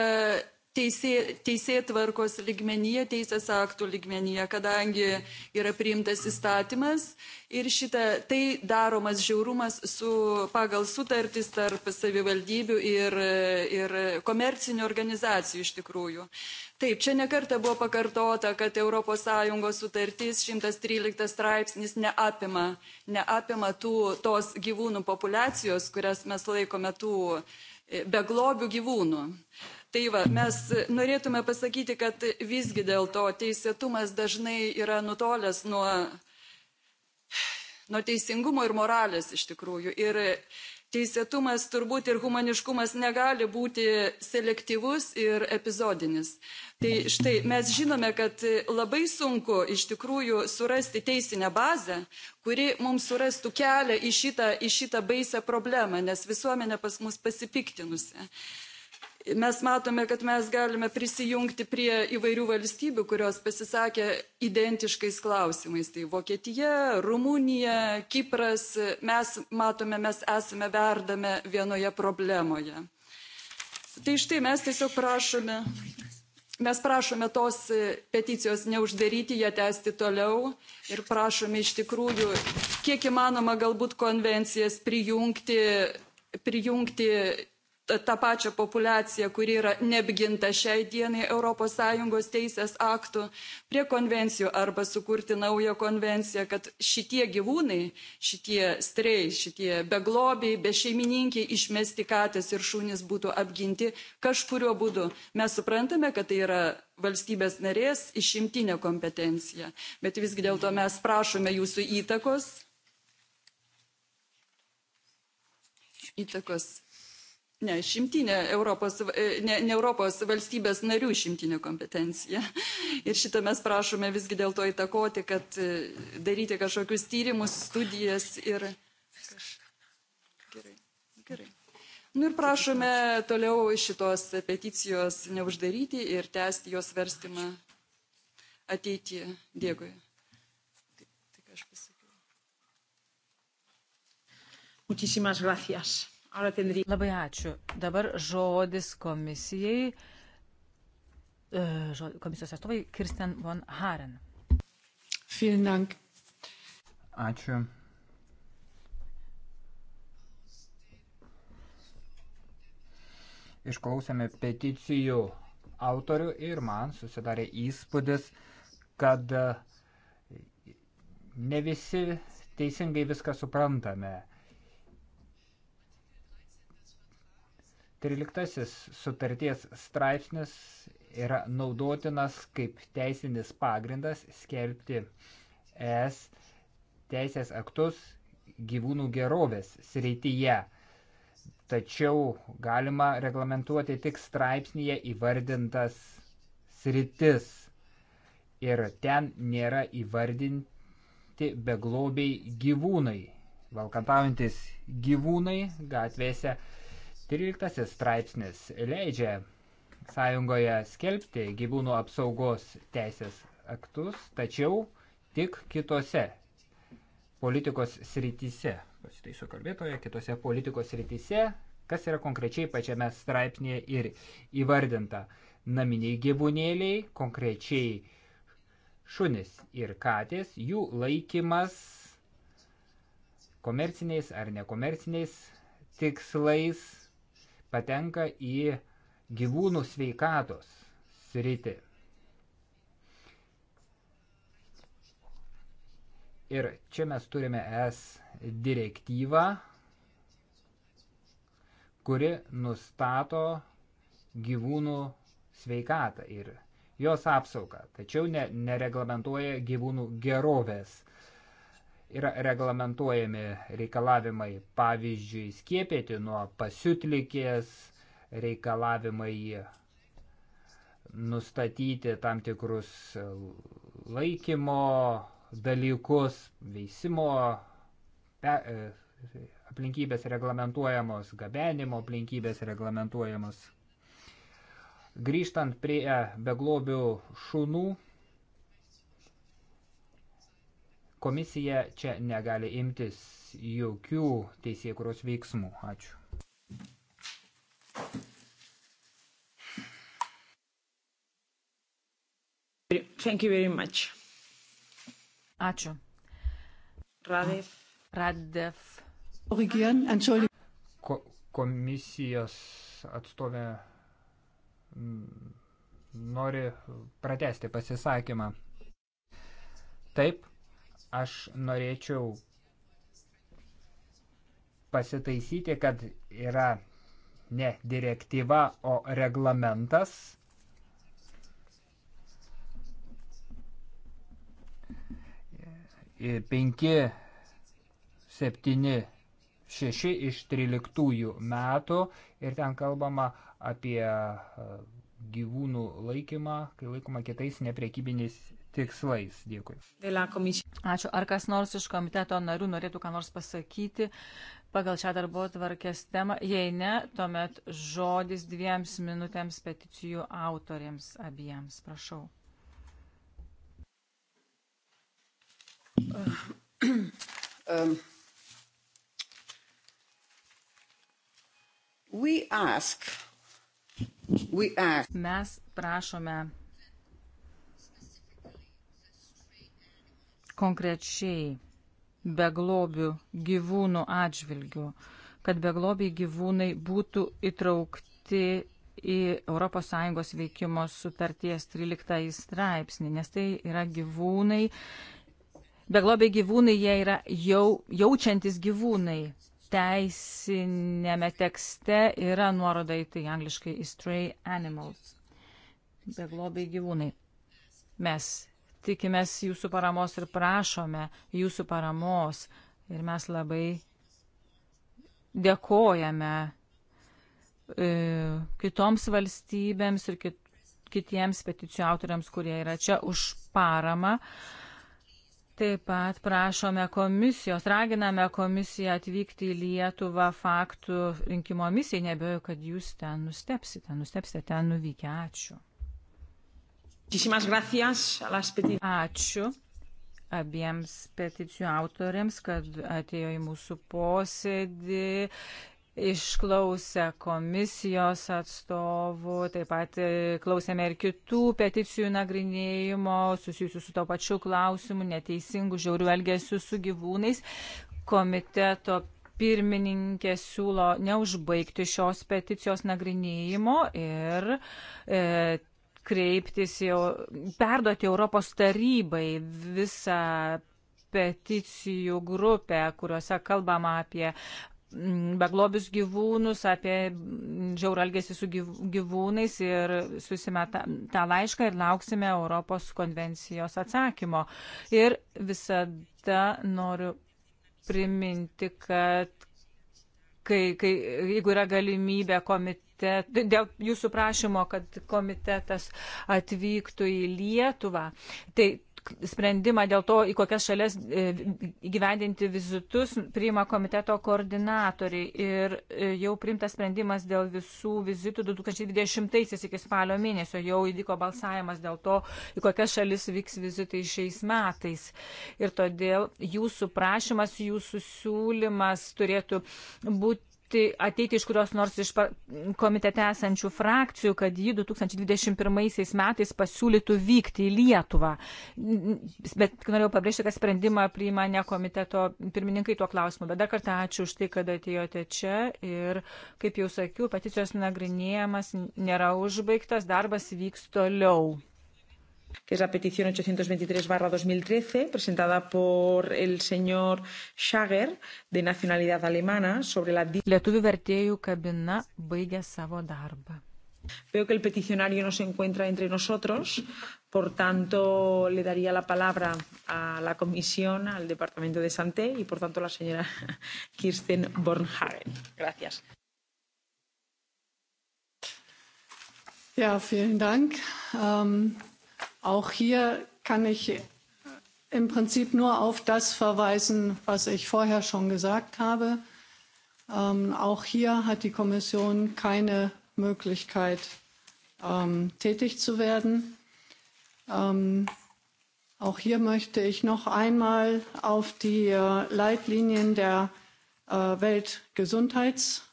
teisė, teisėtvarkos ligmenyje, teisės aktų ligmenyje, kadangi yra priimtas įstatymas ir šita, tai daromas žiaurumas su, pagal sutartis tarp savivaldybių ir, ir komercinių organizacijų iš tikrųjų. Taip, čia nekarta buvo pakartota, kad ES sutartis 113 straipsnis neapima, neapima tų, tos gyvūnų populacijos, kurias mes laikome tų e, beglobių gyvūnų tai va mes norėtume pasakyti kad visgi dėl to teisėtumas dažnai yra nutolęs nuo nuo teisingumo ir moralės iš tikrųjų ir teisėtumas turbūt ir humaniškumas negali būti selektyvus ir epizodinis. Tai štai mes žinome, kad labai sunku iš tikrųjų surasti teisinę bazę, kuri mums surastų kelią į šitą, į šitą baisę problemą, nes visuomenė pas mus pasipiktinusi mes matome kad mes galime prisijungti prie įvairių valstybių kurios pasisakė identiškais klausimais tai vokietija rumunija kipras mes matome mes esame verdame vienoje problemoje tai štai mes tiesiog prašome mes prašome tos peticijos neuždaryti ją tęsti toliau ir prašome iš tikrųjų kiek įmanoma galbūt konvencijas prijungti prijungti tą pačią populiaciją, kuri yra neapginta šiai dienai ES teisės aktų, prie konvencijų arba sukurti naują konvenciją, kad šitie gyvūnai, šitie strei, šitie beglobiai, be šeimininkiai išmesti katės ir šunys būtų apginti kažkurio būdu. Mes suprantame, kad tai yra valstybės narės išimtinė kompetencija, bet visgi dėl to mes prašome jūsų įtakos. Įtakos ne išimtinė europos e, ne ne europos valstybės narių išimtinė kompetencija <laughs> ir šitą mes prašome visgi dėl to įtakoti kad e, daryti kažkokius tyrimus studijas ir gerai gerai nu ir prašome toliau šitos peticijos neuždaryti ir tęsti jos svarstymą ateityje dėkui tai, tai Muchísimas gracias. Labai ačiū. Dabar žodis komisijai. E, komisijos atstovai Kirsten von Haren. Dank. Ačiū. Išklausėme peticijų autorių ir man susidarė įspūdis, kad e, ne visi teisingai viską suprantame 13 sutarties straipsnis yra naudotinas kaip teisinis pagrindas skelbti ES teisės aktus gyvūnų gerovės srityje. Tačiau galima reglamentuoti tik straipsnėje įvardintas sritis. Ir ten nėra įvardinti beglobiai gyvūnai, valkataujantis gyvūnai gatvėse 13 straipsnis leidžia sąjungoje skelbti gyvūnų apsaugos teisės aktus, tačiau tik kitose politikos srityse. Pasitaisiu kalbėtoje, kitose politikos srityse, kas yra konkrečiai pačiame straipsnėje ir įvardinta naminiai gyvūnėliai, konkrečiai šunis ir katės, jų laikymas komerciniais ar nekomerciniais tikslais patenka į gyvūnų sveikatos sritį. Ir čia mes turime S direktyvą, kuri nustato gyvūnų sveikatą ir jos apsaugą, tačiau ne, nereglamentuoja gyvūnų gerovės yra reglamentuojami reikalavimai, pavyzdžiui, skiepėti nuo pasiutlikės, reikalavimai nustatyti tam tikrus laikymo dalykus, veisimo pe, e, aplinkybės reglamentuojamos, gabenimo aplinkybės reglamentuojamos. Grįžtant prie beglobių šunų, Komisija čia negali imtis jokių teisėkuros veiksmų. Ačiū. Thank you very much. Ačiū. Radev. Radev. Ko, komisijos atstovė mm, nori pratesti pasisakymą. Taip, Aš norėčiau pasitaisyti, kad yra ne direktyva, o reglamentas. E, penki, septyni, šeši iš tryliktųjų metų ir ten kalbama apie e, gyvūnų laikymą, kai laikoma kitais neprekybiniais tikslais. Dėkui. Ačiū. Ar kas nors iš komiteto narių norėtų ką nors pasakyti pagal šią darbo tvarkės temą? Jei ne, tuomet žodis dviems minutėms peticijų autoriams abiems. Prašau. Uh, <clears throat> um, we ask, we ask. Mes prašome konkrečiai beglobių gyvūnų atžvilgių, kad beglobiai gyvūnai būtų įtraukti į ES veikimo sutarties 13 straipsnį, nes tai yra gyvūnai, beglobiai gyvūnai, jie yra jau, jaučiantis gyvūnai. Teisinėme tekste yra nuoroda į tai angliškai stray animals, beglobiai gyvūnai. Mes Tikimės jūsų paramos ir prašome jūsų paramos. Ir mes labai dėkojame e, kitoms valstybėms ir kit, kitiems peticijų autoriams, kurie yra čia už paramą. Taip pat prašome komisijos, raginame komisiją atvykti į Lietuvą faktų rinkimo misijai, nebejoju, kad jūs ten nustepsite, nustepsite ten nuvykę. Ačiū. Ačiū abiems peticijų autoriams, kad atėjo į mūsų posėdį, išklausę komisijos atstovų, taip pat klausėme ir kitų peticijų nagrinėjimo susijusių su to pačiu klausimu, neteisingų žiaurių elgesių su gyvūnais. Komiteto pirmininkė siūlo neužbaigti šios peticijos nagrinėjimo ir e, kreiptis jau, perduoti Europos tarybai visą peticijų grupę, kuriuose kalbama apie mm, beglobius gyvūnus, apie žiauralgėsi su gyvūnais ir susime tą, tą laišką ir lauksime Europos konvencijos atsakymo. Ir visada noriu priminti, kad kai, kai, jeigu yra galimybė komite komitet, dėl jūsų prašymo, kad komitetas atvyktų į Lietuvą. Tai sprendimą dėl to, į kokias šalias e, gyvendinti vizitus, priima komiteto koordinatoriai. Ir e, jau primtas sprendimas dėl visų vizitų 2020-aisiais iki spalio mėnesio. Jau įvyko balsavimas dėl to, į kokias šalis vyks vizitai šiais metais. Ir todėl jūsų prašymas, jūsų siūlymas turėtų būti ateiti, ateiti iš kurios nors iš komitete esančių frakcijų, kad ji 2021 metais pasiūlytų vykti į Lietuvą. Bet norėjau pabrėžti, kad sprendimą priima ne komiteto pirmininkai tuo klausimu. Bet dar kartą ačiū už tai, kad atėjote čia ir, kaip jau sakiau, peticijos nagrinėjimas nėra užbaigtas, darbas vyks toliau que es la petición 823-2013, presentada por el señor Schager, de nacionalidad alemana, sobre la... Lietuvių vertėjų kabina baigė savo darbą. Veo que el peticionario no se encuentra entre nosotros, por tanto le daría la palabra a la comisión, al departamento de Santé y por tanto a la señora <laughs> Kirsten Bornhagen. Gracias. Ja, vielen Dank. Ähm, um... Auch hier kann ich äh, im Prinzip nur auf das verweisen, was ich vorher schon gesagt habe. Ähm, auch hier hat die Kommission keine Möglichkeit, ähm, tätig zu werden. Ähm, auch hier möchte ich noch einmal auf die äh, Leitlinien der äh, Weltgesundheits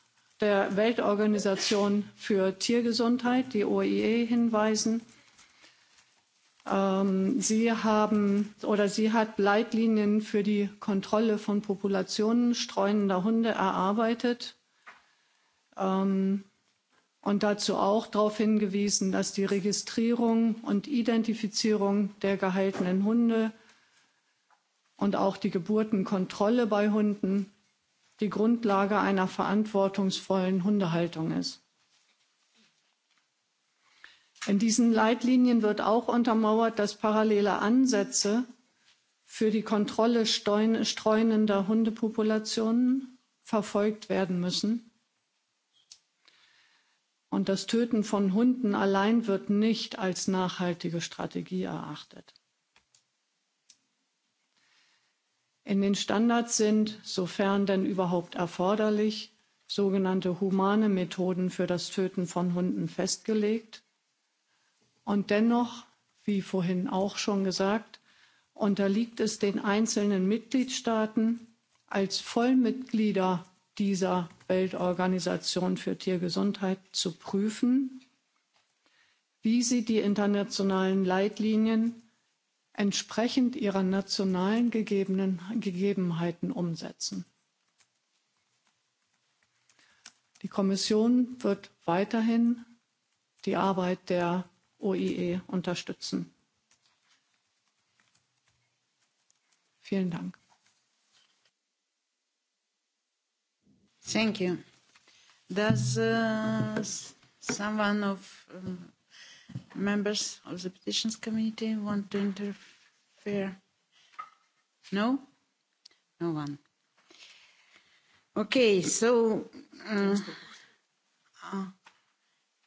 der Weltorganisation für Tiergesundheit, die OIE, hinweisen. Ähm, sie haben oder sie hat Leitlinien für die Kontrolle von Populationen streunender Hunde erarbeitet ähm, und dazu auch darauf hingewiesen, dass die Registrierung und Identifizierung der gehaltenen Hunde und auch die Geburtenkontrolle bei Hunden die Grundlage einer verantwortungsvollen Hundehaltung ist. In diesen Leitlinien wird auch untermauert, dass parallele Ansätze für die Kontrolle streunender Hundepopulationen verfolgt werden müssen. Und das Töten von Hunden allein wird nicht als nachhaltige Strategie erachtet. In den Standards sind, sofern denn überhaupt erforderlich, sogenannte humane Methoden für das Töten von Hunden festgelegt. Und dennoch, wie vorhin auch schon gesagt, unterliegt es den einzelnen Mitgliedstaaten als Vollmitglieder dieser Weltorganisation für Tiergesundheit zu prüfen, wie sie die internationalen Leitlinien entsprechend ihrer nationalen gegebenen Gegebenheiten umsetzen. Die Kommission wird weiterhin die Arbeit der OIE unterstützen. Vielen Dank. Thank you. Does uh, someone of uh, members of the petitions committee want to interfere? No? No one. Okay, so uh, uh,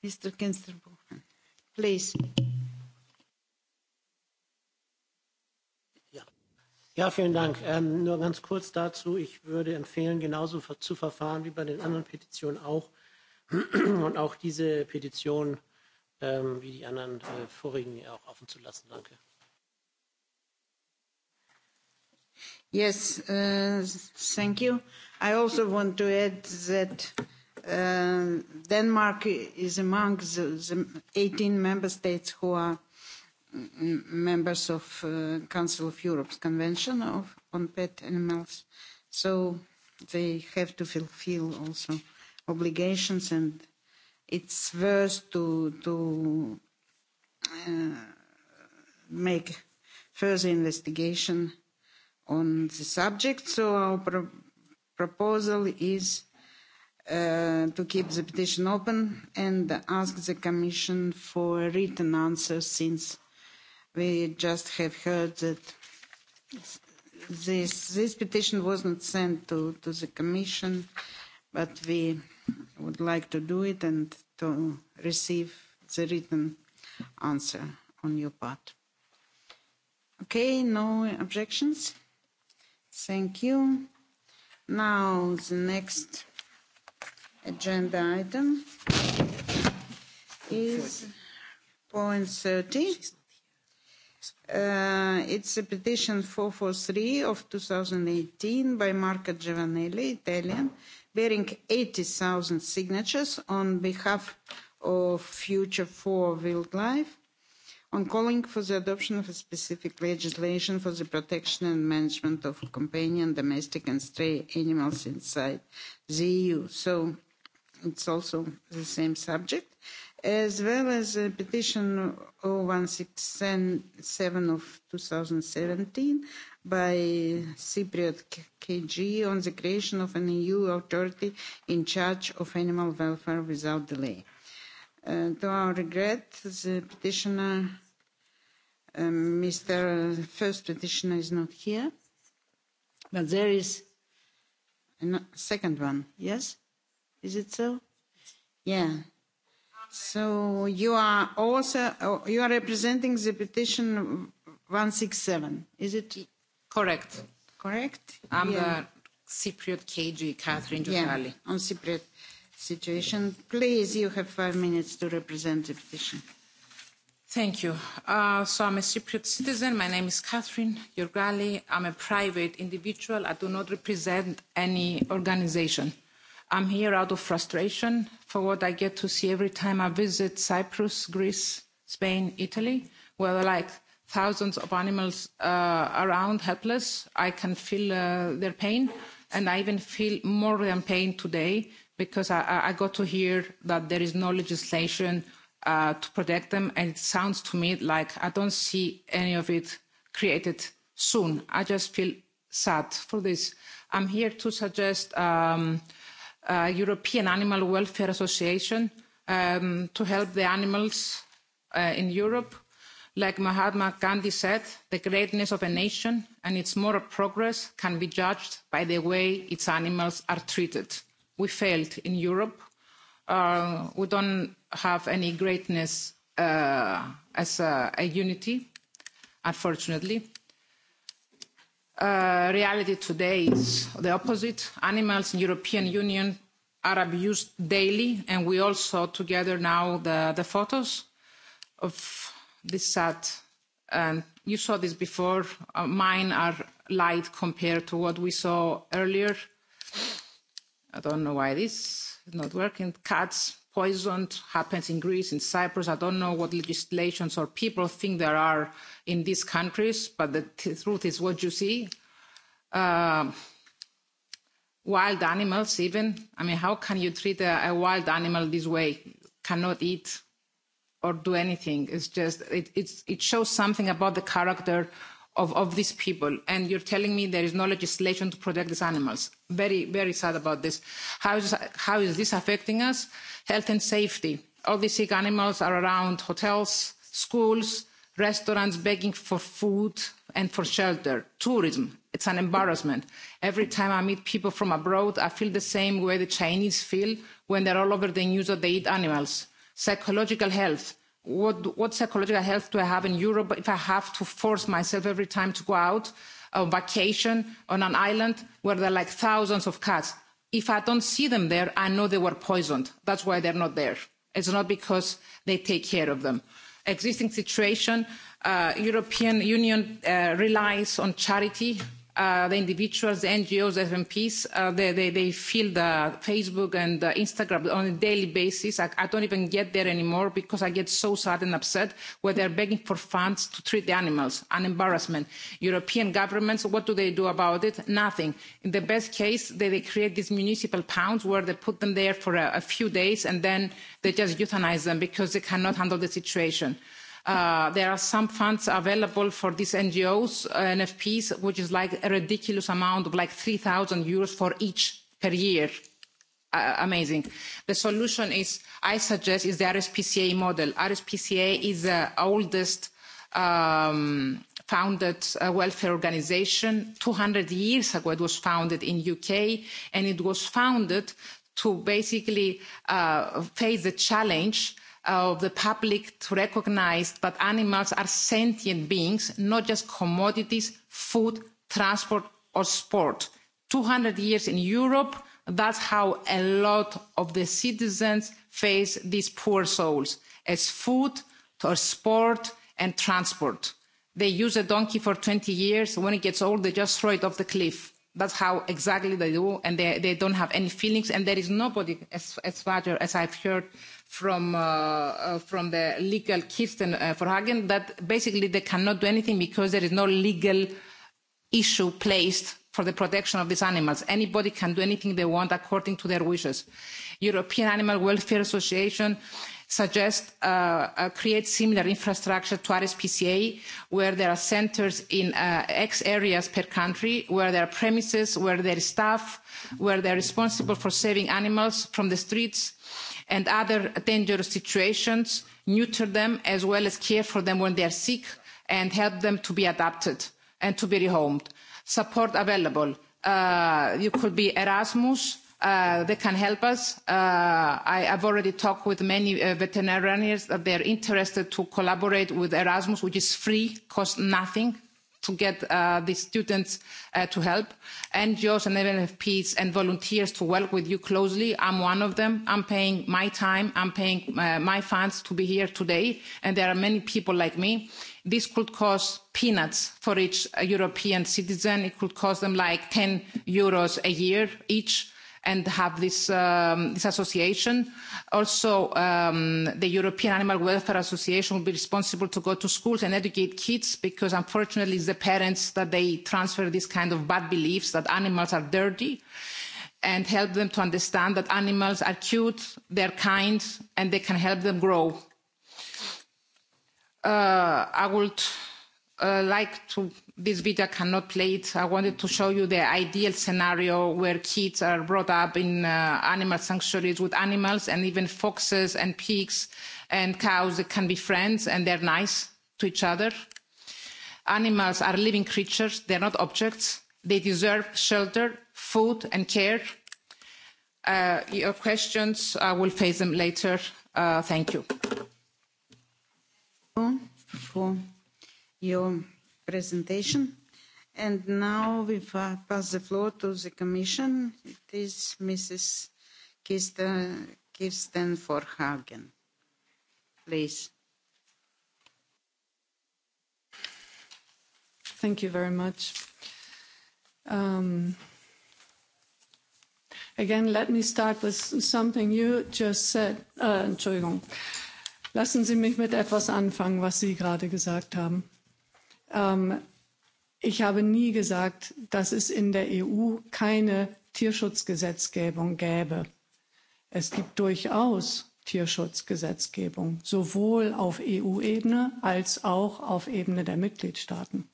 Mr. Kinsterbrook please. Ja, ja vielen Dank. Ähm, nur ganz kurz dazu. Ich würde empfehlen, genauso zu verfahren wie bei den anderen Petitionen auch. <clears throat> Und auch diese Petition ähm, wie die anderen äh, vorigen auch offen zu lassen. Danke. Yes, uh, thank you. I also want to add that uh, Uh, Denmark is among the, the 18 member states who are members of uh, Council of Europe's Convention of, on Pet Animals. So they have to fulfill also obligations and it's worse to, to uh, make further investigation on the subject. So our pro proposal is uh, to keep the petition open and ask the Commission for a written answer since we just have heard that this, this petition was not sent to, to the Commission, but we would like to do it and to receive the written answer on your part. Okay, no objections. Thank you. Now the next agenda item is point 30. Uh, it's a petition 443 of 2018 by Marco Giovanelli, Italian, bearing 80,000 signatures on behalf of Future for Wildlife on calling for the adoption of a specific legislation for the protection and management of companion domestic and stray animals inside the EU. So it's also the same subject, as well as uh, petition 0167 of 2017 by Cypriot KG on the creation of an EU authority in charge of animal welfare without delay. Uh, to our regret, the petitioner, uh, Mr. First petitioner is not here, but there is a second one, yes? Is it so? Yeah. So you are also oh, you are representing the petition 167. Is it correct? Correct. I'm yeah. the Cypriot KG, Catherine Giuffali. Yeah, on Cypriot situation. Please, you have five minutes to represent the petition. Thank you. Uh, so I'm a Cypriot citizen. My name is Catherine Yorgali. I'm a private individual. I do not represent any organization. Uh, i'm here out of frustration for what i get to see every time i visit cyprus greece spain italy where there are like thousands of animals uh, around helpless i can feel uh, their pain and i even feel more than pain today because i, I got to hear that there is no legislation uh, to protect them and it sounds to me like i don't see any of it created soon i just feel sad for this i'm here to suggest um, uh, uh, European Animal Welfare Association um, to help the animals uh, in Europe. Like Mahatma Gandhi said, the greatness of a nation and its moral progress can be judged by the way its animals are treated. We failed in Europe. Uh, we don't have any greatness uh, as a, a unity, unfortunately uh, reality today is the opposite. Animals in European Union are abused daily, and we all saw together now the, the photos of this sad. And you saw this before. Uh, mine are light compared to what we saw earlier. I don't know why this is not working. Cats poisoned happens in greece in cyprus i don't know what legislations or people think there are in these countries but the t- truth is what you see uh, wild animals even i mean how can you treat a, a wild animal this way cannot eat or do anything it's just it, it's, it shows something about the character of, of these people and you're telling me there is no legislation to protect these animals. Very, very sad about this. How is, how is this affecting us? Health and safety. All these sick animals are around hotels, schools, restaurants begging for food and for shelter. Tourism. It's an embarrassment. Every time I meet people from abroad, I feel the same way the Chinese feel when they're all over the news that they eat animals. Psychological health what, what psychological health do I have in Europe if I have to force myself every time to go out on vacation on an island where there are like thousands of cats? If I don't see them there, I know they were poisoned. That's why they're not there. It's not because they take care of them. Existing situation, uh, European Union uh, relies on charity uh, the individuals, the NGOs, FMPs, uh, they, they, they fill the Facebook and the Instagram on a daily basis. I, I don't even get there anymore because I get so sad and upset where they're begging for funds to treat the animals, an embarrassment. European governments, what do they do about it? Nothing. In the best case, they, they create these municipal pounds where they put them there for a, a few days and then they just euthanize them because they cannot handle the situation. Uh, Uh, there are some funds available for these NGOs, uh, NFPs, which is like a ridiculous amount of like 3,000 euros for each per year. Uh, amazing. The solution is, I suggest, is the RSPCA model. RSPCA is the oldest um, founded a uh, welfare organization 200 years ago. It was founded in UK and it was founded to basically uh, face the challenge uh, of the public to recognize that animals are sentient beings, not just commodities, food, transport or sport. 200 years in Europe, that's how a lot of the citizens face these poor souls, as food or sport and transport. They use a donkey for 20 years. When it gets old, they just throw it off the cliff. That's how exactly they do, and they, they don't have any feelings, and there is nobody, as, as far as I've heard, from uh, uh, from the legal Kirsten uh, Verhagen that basically they cannot do anything because there is no legal issue placed for the protection of these animals. Anybody can do anything they want according to their wishes. European Animal Welfare Association suggest uh, uh, create similar infrastructure to RSPCA, where there are centers in uh, X areas per country, where there are premises, where there is staff, where they're responsible for saving animals from the streets, uh, and other dangerous situations nurture them as well as care for them when they are sick and help them to be adapted and to be rehomed. support available uh, it could be erasmus uh, they can help us. Uh, I, I've already talked with many uh, veterinarians that they're interested to collaborate with Erasmus, which is free, costs nothing to get uh, the students uh, to help. NGOs and NFPs and volunteers to work with you closely. I'm one of them. I'm paying my time. I'm paying uh, my funds to be here today. And there are many people like me. This could cost peanuts for each uh, European citizen. It could cost them like 10 euros a year each and have this, um, this association. Also, um, the European Animal Welfare Association will be responsible to go to schools and educate kids because unfortunately it's the parents that they transfer this kind of bad beliefs that animals are dirty and help them to understand that animals are cute, they're kind, and they can help them grow. Uh, I would uh, like to, this video cannot play it. I wanted to show you the ideal scenario where kids are brought up in uh, animal sanctuaries with animals and even foxes and pigs and cows that can be friends and they're nice to each other. Animals are living creatures. They're not objects. They deserve shelter, food and care. Uh, your questions, I will face them later. Uh, thank you. Four. Four your presentation. And now we pass the floor to the Commission. It is Mrs. Kirsten Forhagen. Please. Thank you very much. Um, again, let me start with something you just said. Uh, Entschuldigung. Lassen Sie mich mit etwas anfangen, was Sie gerade gesagt haben. Ähm, ich habe nie gesagt, dass es in der EU keine Tierschutzgesetzgebung gäbe. Es gibt durchaus Tierschutzgesetzgebung, sowohl auf EU-Ebene als auch auf Ebene der Mitgliedstaaten.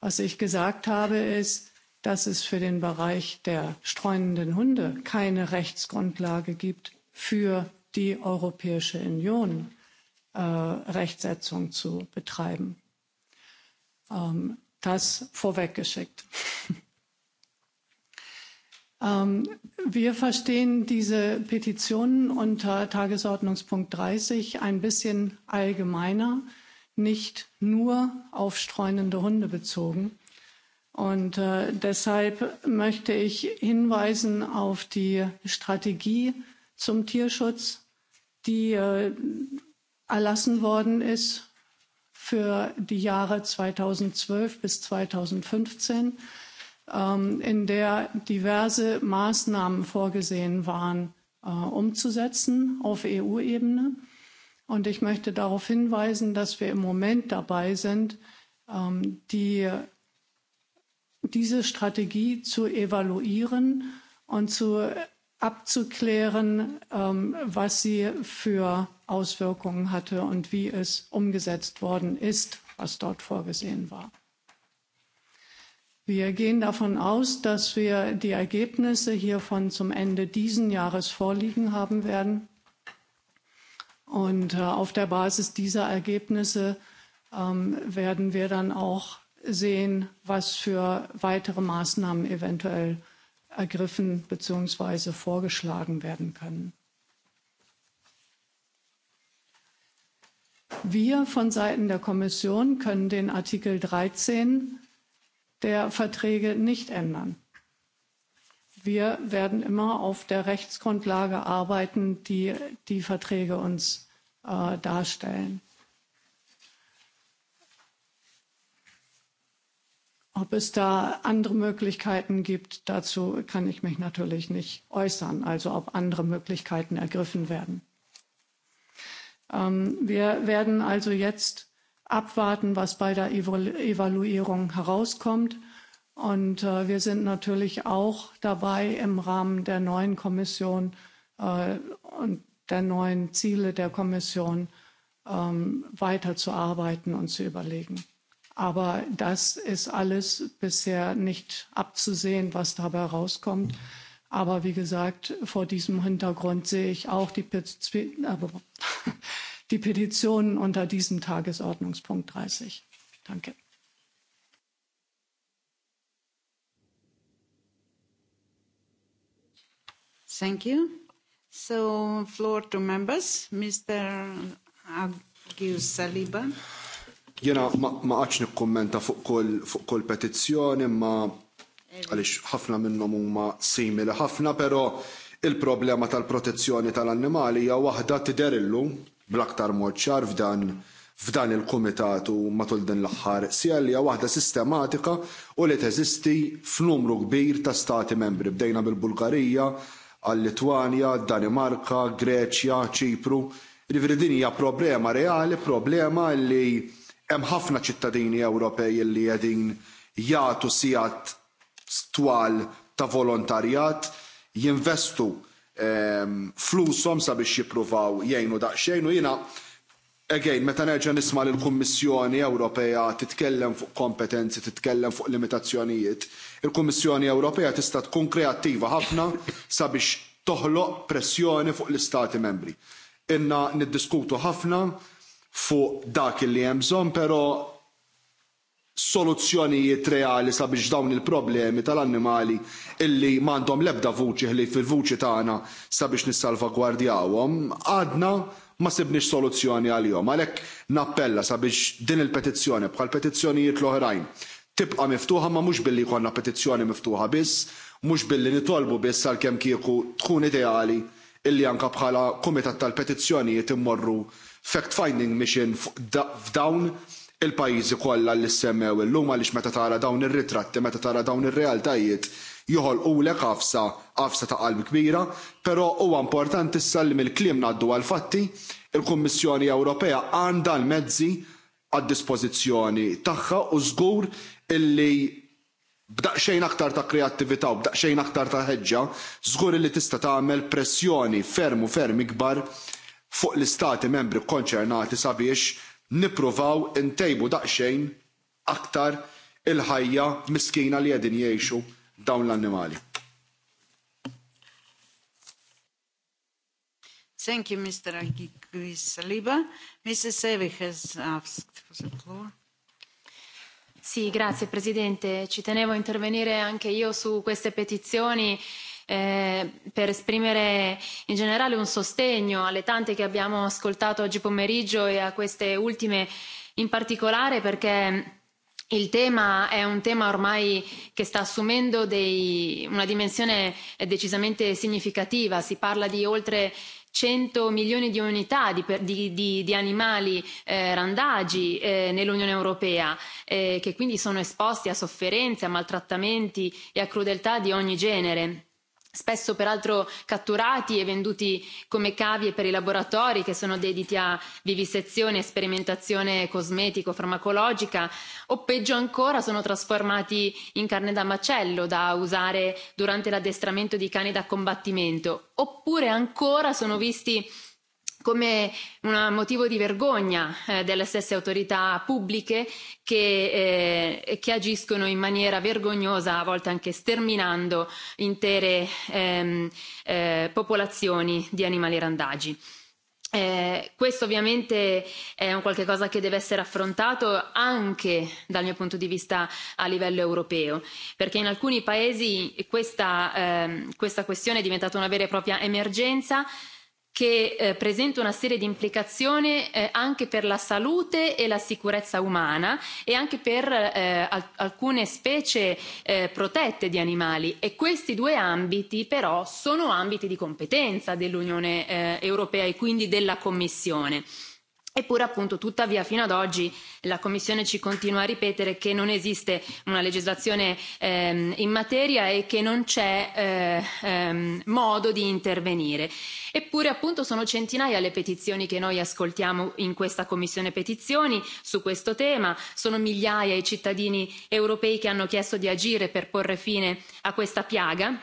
Was ich gesagt habe, ist, dass es für den Bereich der streunenden Hunde keine Rechtsgrundlage gibt für die Europäische Union äh, Rechtsetzung zu betreiben. Ähm, das vorweggeschickt. <laughs> ähm, wir verstehen diese Petitionen unter Tagesordnungspunkt 30 ein bisschen allgemeiner, nicht nur auf streunende Hunde bezogen. Und äh, deshalb möchte ich hinweisen auf die Strategie zum Tierschutz, die äh, erlassen worden ist für die Jahre 2012 bis 2015, ähm, in der diverse Maßnahmen vorgesehen waren, äh, umzusetzen auf EU-Ebene. Und ich möchte darauf hinweisen, dass wir im Moment dabei sind, ähm, die, diese Strategie zu evaluieren und zu abzuklären, ähm, was sie für Auswirkungen hatte und wie es umgesetzt worden ist, was dort vorgesehen war. Wir gehen davon aus, dass wir die Ergebnisse hiervon zum Ende diesen Jahres vorliegen haben werden. Und äh, auf der Basis dieser Ergebnisse ähm, werden wir dann auch sehen, was für weitere Maßnahmen eventuell ergriffen bzw. vorgeschlagen werden können. Wir von Seiten der Kommission können den Artikel 13 der Verträge nicht ändern. Wir werden immer auf der Rechtsgrundlage arbeiten, die die Verträge uns äh, darstellen. Ob es da andere Möglichkeiten gibt, dazu kann ich mich natürlich nicht äußern, also ob andere Möglichkeiten ergriffen werden. Ähm, wir werden also jetzt abwarten, was bei der Evalu Evaluierung herauskommt. Und äh, wir sind natürlich auch dabei, im Rahmen der neuen Kommission äh, und der neuen Ziele der Kommission ähm, weiterzuarbeiten und zu überlegen. Aber das ist alles bisher nicht abzusehen, was dabei rauskommt. Aber wie gesagt, vor diesem Hintergrund sehe ich auch die Perspekt die Petitionen unter diesem Tagesordnungspunkt 30. Danke. Thank you. So, floor to members. Mr. Agius Saliba. Jena ma, ma għax nikkommenta fuq kol, fuq kol petizzjoni, ma għalix ħafna minnhom huma simili ħafna, però il-problema tal-protezzjoni tal-annimali hija waħda tidher illum bl-aktar mod ċar f'dan f'dan il-kumitat u matul din l-aħħar sjalja waħda sistematika u li teżisti f'numru kbir ta' stati membri. Bdejna bil-Bulgarija, għal-Litwanja, Danimarka, Greċja, Ċipru. Ġifieri din hija problema reali, problema li hemm ħafna ċittadini Ewropej li qegħdin jagħtu sigħat twal ta' volontarjat jinvestu Ehm, flushom sabiex jippruvaw jgħinu daqsxejn u jiena again meta nerġa' nisma' lil kummissjoni Ewropea titkellem fuq kompetenzi, titkellem fuq limitazzjonijiet, il-Kummissjoni Ewropea tista' tkun kreattiva ħafna sabiex toħloq pressjoni fuq l-Istati membri. Inna niddiskutu ħafna fuq dak li hemm bżonn, però soluzzjonijiet reali sabiex dawn il-problemi tal-annimali illi m'għandhom l-ebda vuċi ħli fil-vuċi tagħna sabiex nissalvagwardjawhom għadna ma sibniex soluzzjoni għalihom għalhekk nappella sabiex din il-petizzjoni bħal petizzjonijiet l-oħrajn tibqa' miftuħa ma mhux billi jkollna petizzjoni miftuħa biss mhux billi nitolbu biss għalkemm kieku tkun ideali illi anka bħala kumitat tal-petizzjonijiet immorru fact finding mission f'dawn il-pajjiżi kollha li semmew illum għaliex meta tara dawn ir-ritratti meta tara dawn ir-realtajiet joħolqulek għafsa għafsa ta' qalb kbira, però huwa importanti issa li mill-kliem ngħaddu għal fatti il-Kummissjoni Ewropea għandha l-mezzi għad-dispożizzjoni tagħha u żgur illi b'daqsxejn aktar ta' kreattività u b'daqsxejn aktar ta' ħeġġa, żgur li tista' tagħmel pressjoni ferm u ferm ikbar fuq l-istati membri konċernati sabiex nippruvaw intejbu daqsxejn aktar il-ħajja miskina li qegħdin jgħixu dawn l-annimali. Thank you, Mr. Agigris Saliba. Mrs. Sevi has asked for the floor. Sì, grazie Presidente. Ci tenevo a intervenire anche io su queste petizioni eh, per esprimere in generale un sostegno alle tante che abbiamo ascoltato oggi pomeriggio e a queste ultime in particolare perché il tema è un tema ormai che sta assumendo dei, una dimensione decisamente significativa. Si parla di oltre 100 milioni di unità di, di, di, di animali eh, randagi eh, nell'Unione Europea, eh, che quindi sono esposti a sofferenze, a maltrattamenti e a crudeltà di ogni genere spesso peraltro catturati e venduti come cavie per i laboratori che sono dediti a vivisezione e sperimentazione cosmetico farmacologica o peggio ancora sono trasformati in carne da macello da usare durante l'addestramento di cani da combattimento oppure ancora sono visti come un motivo di vergogna eh, delle stesse autorità pubbliche che, eh, che agiscono in maniera vergognosa, a volte anche sterminando intere ehm, eh, popolazioni di animali randagi. Eh, questo ovviamente è un qualche cosa che deve essere affrontato anche dal mio punto di vista a livello europeo, perché in alcuni paesi questa, ehm, questa questione è diventata una vera e propria emergenza che eh, presenta una serie di implicazioni eh, anche per la salute e la sicurezza umana e anche per eh, al- alcune specie eh, protette di animali e questi due ambiti però sono ambiti di competenza dell'Unione eh, Europea e quindi della Commissione. Eppure, appunto, tuttavia, fino ad oggi la Commissione ci continua a ripetere che non esiste una legislazione ehm, in materia e che non c'è eh, ehm, modo di intervenire. Eppure, appunto, sono centinaia le petizioni che noi ascoltiamo in questa Commissione petizioni su questo tema, sono migliaia i cittadini europei che hanno chiesto di agire per porre fine a questa piaga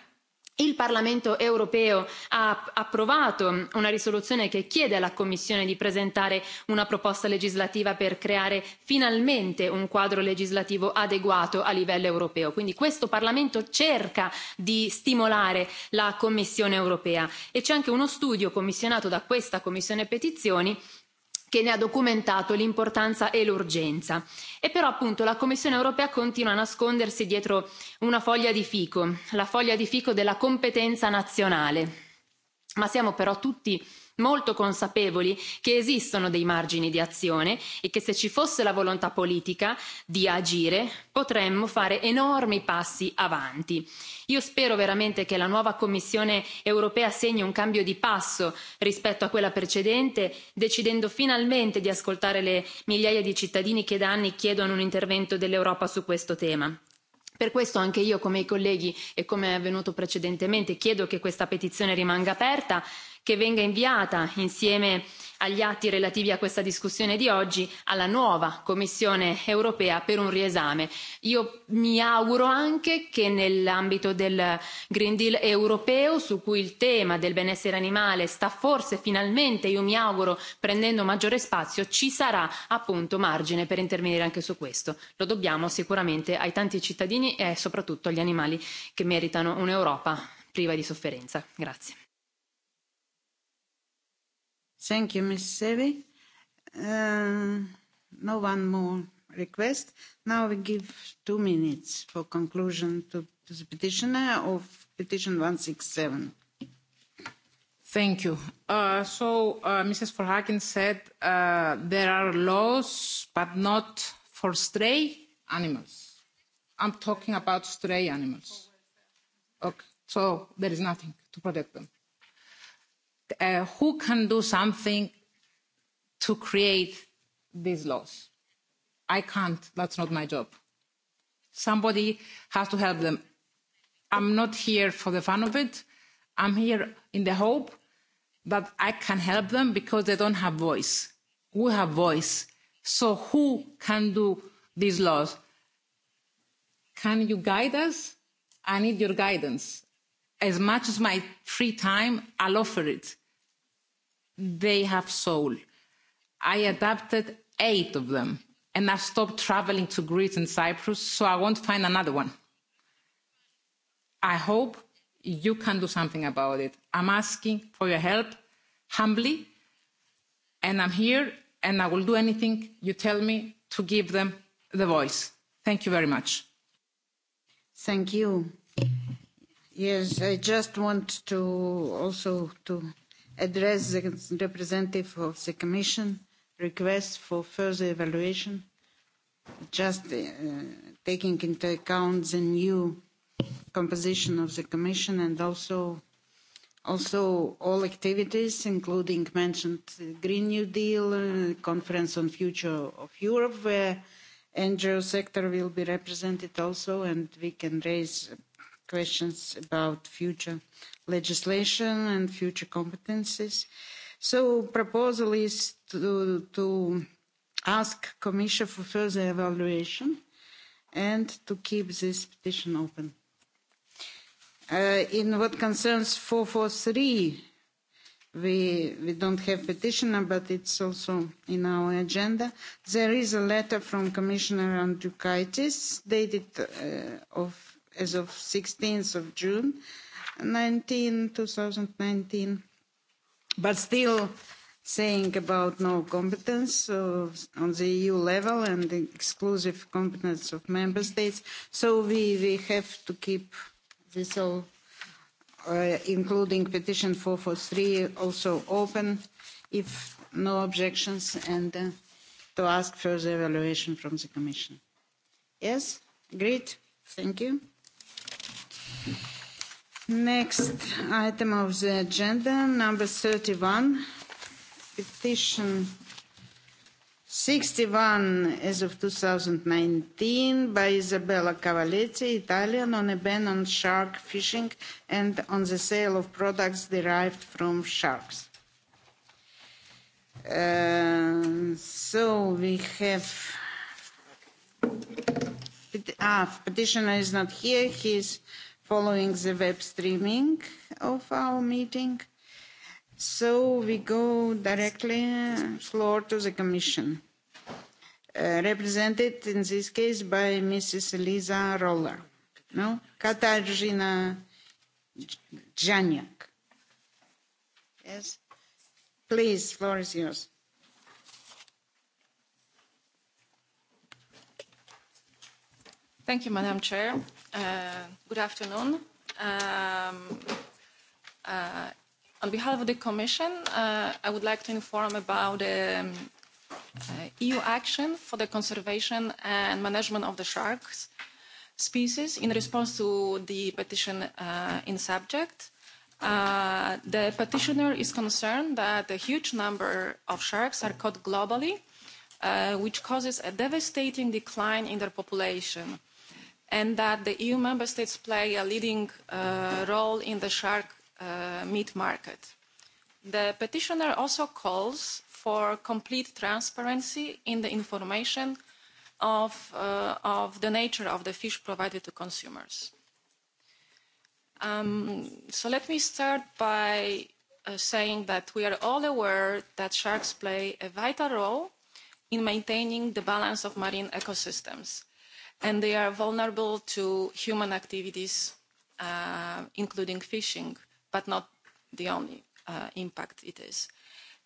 il parlamento europeo ha approvato una risoluzione che chiede alla commissione di presentare una proposta legislativa per creare finalmente un quadro legislativo adeguato a livello europeo quindi questo parlamento cerca di stimolare la commissione europea e c'è anche uno studio commissionato da questa commissione petizioni che ne ha documentato l'importanza e l'urgenza e però appunto la commissione europea continua a nascondersi dietro una foglia di fico la foglia di fico della competenza nazionale ma siamo però tutti molto consapevoli che esistono dei margini di azione e che se ci fosse la volontà politica di agire potremmo fare enormi passi avanti. io spero veramente che la nuova commissione europea segni un cambio di passo rispetto a quella precedente decidendo finalmente di ascoltare le migliaia di cittadini che da anni chiedono un intervento dell'europa su questo tema. per questo anche io come i colleghi e come è avvenuto precedentemente chiedo che questa petizione rimanga aperta che venga inviata insieme agli atti relativi a questa discussione di oggi alla nuova Commissione europea per un riesame. Io mi auguro anche che nell'ambito del Green Deal europeo, su cui il tema del benessere animale sta forse finalmente, io mi auguro, prendendo maggiore spazio, ci sarà appunto margine per intervenire anche su questo. Lo dobbiamo sicuramente ai tanti cittadini e soprattutto agli animali che meritano un'Europa priva di sofferenza. Grazie. Thank you, Ms. Sevi. Uh, no one more request. Now we give two minutes for conclusion to, to the petitioner of petition 167. Thank you. Uh, so, uh, Mrs. Verhagen said uh, there are laws, but not for stray animals. I'm talking about stray animals. Okay, so there is nothing to protect them uh, who can do something to create these laws? I can't. That's not my job. Somebody has to help them. I'm not here for the fun of it. I'm here in the hope that I can help them because they don't have voice. We have voice. So who can do these laws? Can you guide us? I need your guidance as much as my free time, I'll offer it. They have soul. I adapted eight of them, and I've stopped traveling to Greece and Cyprus, so I won't find another one. I hope you can do something about it. I'm asking for your help humbly, and I'm here, and I will do anything you tell me to give them the voice. Thank you very much. Thank you. Yes, I just want to also to address the representative of the Commission request for further evaluation, just uh, taking into account the new composition of the Commission and also also all activities, including mentioned Green New Deal, uh, Conference on Future of Europe, where NGO sector will be represented also, and we can raise questions about future legislation and future competencies. So proposal is to, to ask Commission for further evaluation and to keep this petition open. Uh, in what concerns 443, we, we don't have petitioner, but it's also in our agenda. There is a letter from Commissioner Andriukaitis dated uh, of as of 16th of June 19, 2019, but still saying about no competence of, on the EU level and the exclusive competence of member states. So we, we have to keep this all, uh, including petition 443, also open if no objections and uh, to ask further evaluation from the Commission. Yes? Great. Thank you. Next item of the agenda, number 31, petition 61 as of 2019 by Isabella Cavaletti, Italian, on a ban on shark fishing and on the sale of products derived from sharks. Uh, so we have ah, petitioner is not here. He's following the web streaming of our meeting. So we go directly floor to the Commission, uh, represented in this case by Mrs. Elisa Roller, no? Katarzyna Janiak. Yes, please, floor is yours. Thank you, Madam Chair. Uh, good afternoon. Um, uh, on behalf of the Commission, uh, I would like to inform about um, uh, EU action for the conservation and management of the sharks species in response to the petition uh, in subject. Uh, the petitioner is concerned that a huge number of sharks are caught globally, uh, which causes a devastating decline in their population. Uh, and that the EU member states play a leading uh, role in the shark uh, meat market. The petitioner also calls for complete transparency in the information of, uh, of the nature of the fish provided to consumers. Um, so let me start by uh, saying that we are all aware that sharks play a vital role in maintaining the balance of marine ecosystems and they are vulnerable to human activities, uh, including fishing, but not the only uh, impact it is.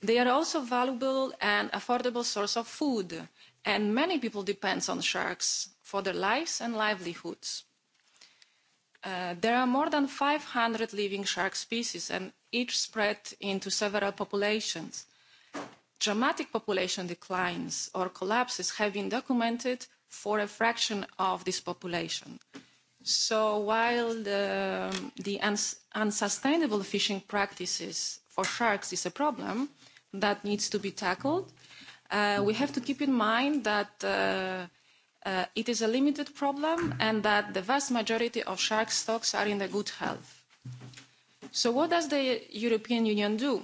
They are also valuable and affordable source of food, and many people depend on sharks for their lives and livelihoods. Uh, there are more than 500 living shark species, and each spread into several populations. Dramatic population declines or collapses have been documented for a fraction of this population. So while the, the uns unsustainable fishing practices for sharks is a problem that needs to be tackled, uh, we have to keep in mind that uh, uh, it is a limited problem and that the vast majority of shark stocks are in the good health. So what does the European Union do?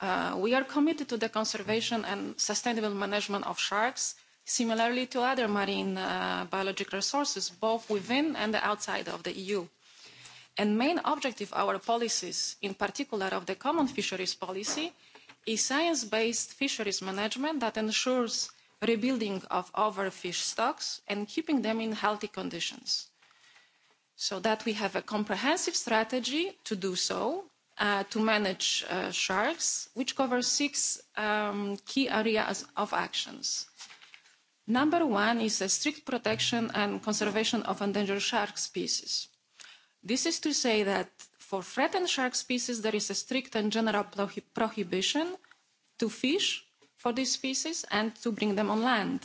Uh, we are committed to the conservation and sustainable management of sharks uh, similarly to other marine uh, biological resources, both within and outside of the EU. And main objective of our policies, in particular of the common fisheries policy, is science-based fisheries management that ensures rebuilding of overfished stocks and keeping them in healthy conditions. So that we have a comprehensive strategy to do so, uh, to manage uh, sharks, which covers six um, key areas of actions. Uh, Number one is a strict protection and conservation of endangered shark species. This is to say that for threatened shark species, there is a strict and general prohi prohibition to fish for these species and to bring them on land.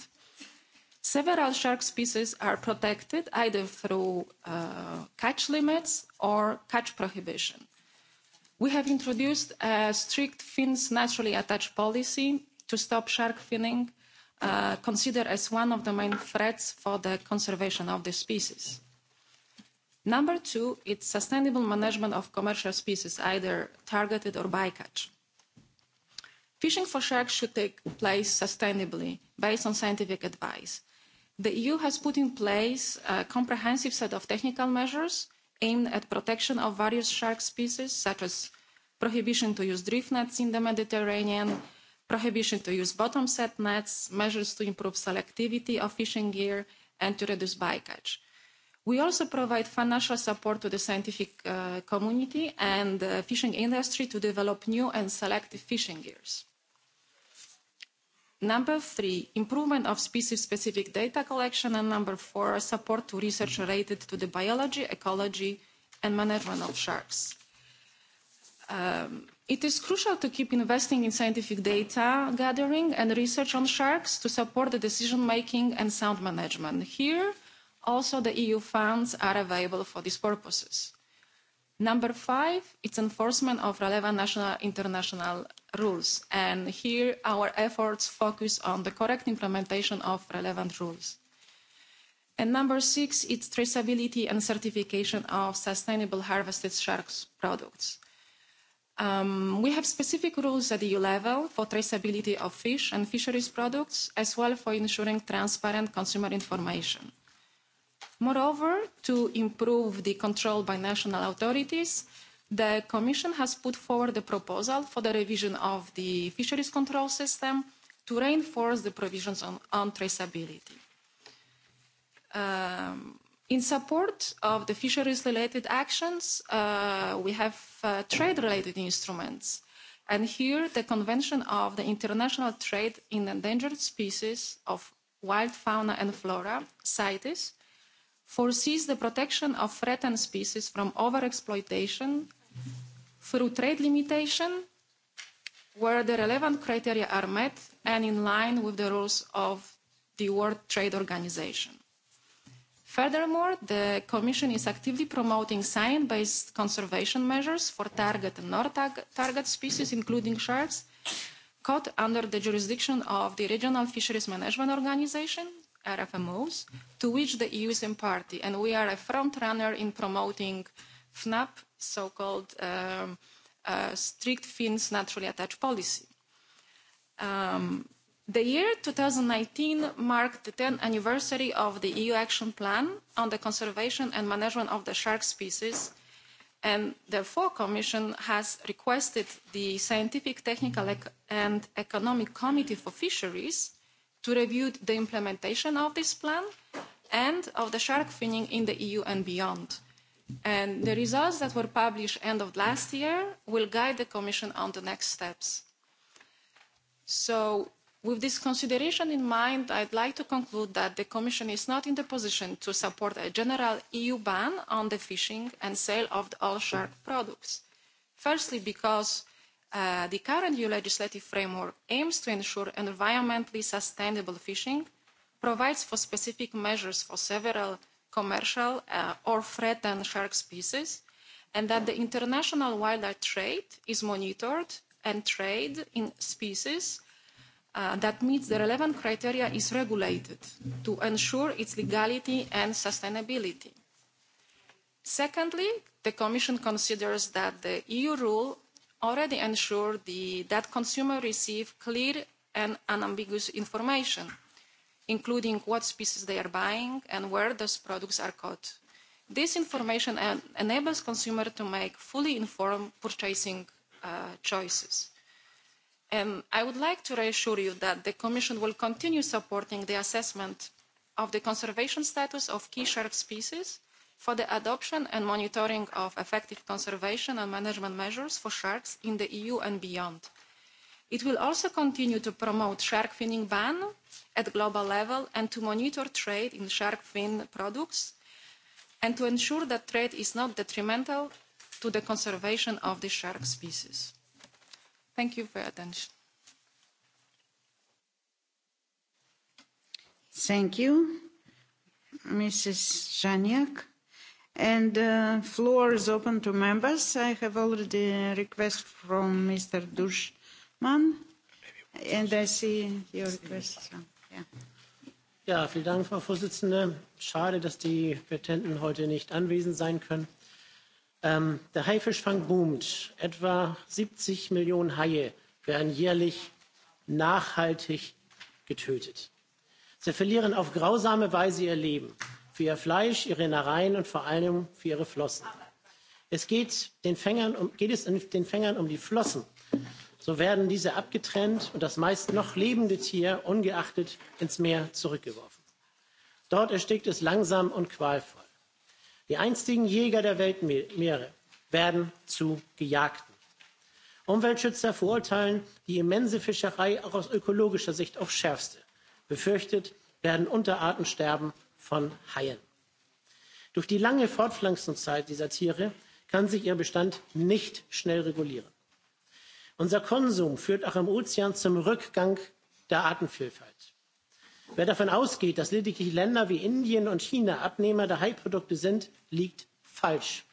Several shark species are protected either through uh, catch limits or catch prohibition. We have introduced a strict fins naturally attached policy to stop shark finning uh, uh, considered as one of the main threats for the conservation of the species. Number two, it's sustainable management of commercial species, either targeted or bycatch. Fishing for sharks should take place sustainably, based on scientific advice. The EU has put in place a comprehensive set of technical measures aimed at protection of various shark species, such as prohibition to use drift nets in the Mediterranean, prohibition to use bottom set nets, measures to improve selectivity of fishing gear, and to reduce bycatch. We also provide financial support to the scientific uh, community and the uh, fishing industry to develop new and selective fishing gears. Number three, improvement of species-specific data collection. And number four, support to research related to the biology, ecology, and management of sharks. Um, It is crucial to keep investing in scientific data gathering and research on sharks to support the decision making and sound management. Here, also the EU funds are available for these purposes. Number five, it's enforcement of relevant national international rules. And here our efforts focus on the correct implementation of relevant rules. And number six, it's traceability and certification of sustainable harvested sharks products. Um, we have specific rules at EU level for traceability of fish and fisheries products, as well for ensuring transparent consumer information. Moreover, to improve the control by national authorities, the Commission has put forward a proposal for the revision of the fisheries control system to reinforce the provisions on, on traceability. Um, In support of the fisheries-related actions, uh, we have uh, trade-related instruments. And here, the Convention of the International Trade in Endangered Species of Wild Fauna and Flora, CITES, foresees the protection of threatened species from overexploitation through trade limitation where the relevant criteria are met and in line with the rules of the World Trade Organization. Furthermore, the Commission is actively promoting science-based conservation measures for target and non-target species, including sharks, caught under the jurisdiction of the Regional Fisheries Management Organization, RFMOs, to which the EU is a party, and we are a front-runner in promoting FNAP, so-called um, uh, strict fins naturally attached policy. Um, The year 2019 marked the 10th anniversary of the EU Action Plan on the Conservation and Management of the Shark Species, and therefore Commission has requested the Scientific, Technical Ec and Economic Committee for Fisheries to review the implementation of this plan and of the shark finning in the EU and beyond. And the results that were published end of last year will guide the Commission on the next steps. So With this consideration in mind, I'd like to conclude that the Commission is not in the position to support a general EU ban on the fishing and sale of all shark products. Firstly, because uh, the current EU legislative framework aims to ensure environmentally sustainable fishing, provides for specific measures for several commercial uh, or threatened shark species, and that the international wildlife trade is monitored and trade in species uh, that meets the relevant criteria is regulated to ensure its legality and sustainability. Secondly, the Commission considers that the EU rule already ensures the, that consumers receive clear and unambiguous information, including what species they are buying and where those products are caught. This information en enables consumers to make fully informed purchasing uh, choices. Um, I would like to reassure you that the Commission will continue supporting the assessment of the conservation status of key shark species for the adoption and monitoring of effective conservation and management measures for sharks in the EU and beyond. It will also continue to promote shark finning ban at global level and to monitor trade in shark fin products and to ensure that trade is not detrimental to the conservation of the shark species. Thank you for your attention. Thank you, Mrs. Janiak. And uh, floor is open to members. I have already a request from Mr. Duschmann. And I see your request. So, yeah. Ja, vielen Dank, Frau Vorsitzende. Schade, dass die Petenten heute nicht anwesend sein können. Ähm, der Haifischfang boomt. Etwa 70 Millionen Haie werden jährlich nachhaltig getötet. Sie verlieren auf grausame Weise ihr Leben, für ihr Fleisch, ihre Innereien und vor allem für ihre Flossen. Es geht, den Fängern um, geht es den Fängern um die Flossen. So werden diese abgetrennt und das meist noch lebende Tier ungeachtet ins Meer zurückgeworfen. Dort erstickt es langsam und qualvoll die einstigen jäger der weltmeere werden zu gejagten. umweltschützer verurteilen die immense fischerei auch aus ökologischer sicht aufs schärfste befürchtet werden unterarten sterben von haien. durch die lange fortpflanzungszeit dieser tiere kann sich ihr bestand nicht schnell regulieren. unser konsum führt auch im ozean zum rückgang der artenvielfalt wer davon ausgeht dass lediglich länder wie indien und china abnehmer der hypeprodukte sind liegt falsch.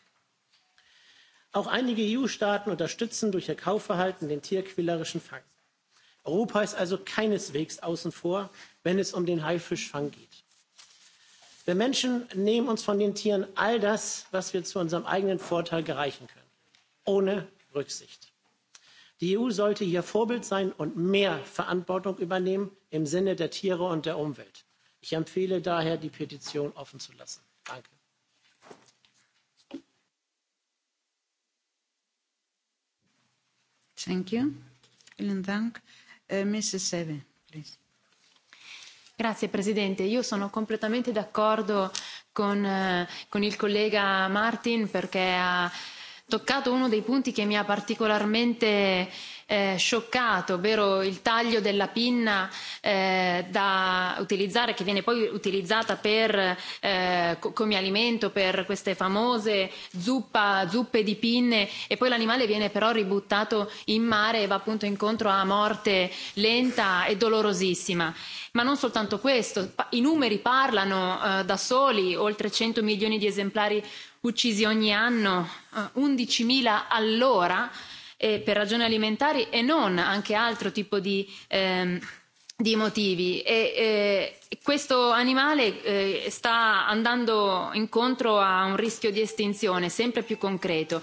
auch einige eu staaten unterstützen durch ihr kaufverhalten den tierquälerischen fang. europa ist also keineswegs außen vor wenn es um den haifischfang geht. wir menschen nehmen uns von den tieren all das was wir zu unserem eigenen vorteil erreichen können ohne rücksicht die eu sollte hier vorbild sein und mehr verantwortung übernehmen im sinne der tiere und der umwelt. ich empfehle daher die petition offen zu lassen. danke. Thank you. Vielen Dank. Uh, Mrs. Seve, please. Grazie Presidente, io sono completamente d'accordo con, eh, con il collega Martin perché ha toccato uno dei punti che mi ha particolarmente eh, scioccato ovvero il taglio della pinna eh, da utilizzare che viene poi utilizzata eh, come alimento per queste famose zuppe di pinne e poi l'animale viene però ributtato in mare e va appunto incontro a morte lenta e dolorosissima. ma non soltanto questo i numeri parlano da soli oltre cento milioni di esemplari uccisi ogni anno eh, undicimila all'ora eh, per ragioni alimentari e non anche altro tipo di, ehm, di motivi. E, eh, questo animale eh, sta andando incontro a un rischio di estinzione sempre più concreto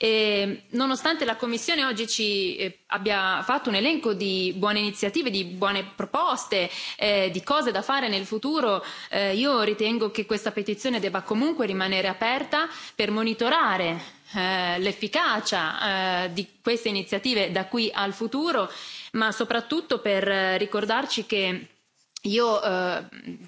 E, nonostante la Commissione oggi ci eh, abbia fatto un elenco di buone iniziative, di buone proposte, eh, di cose da fare nel futuro, eh, io ritengo che questa petizione debba comunque rimanere aperta per monitorare eh, l'efficacia eh, di queste iniziative da qui al futuro, ma soprattutto per eh, ricordarci che io eh,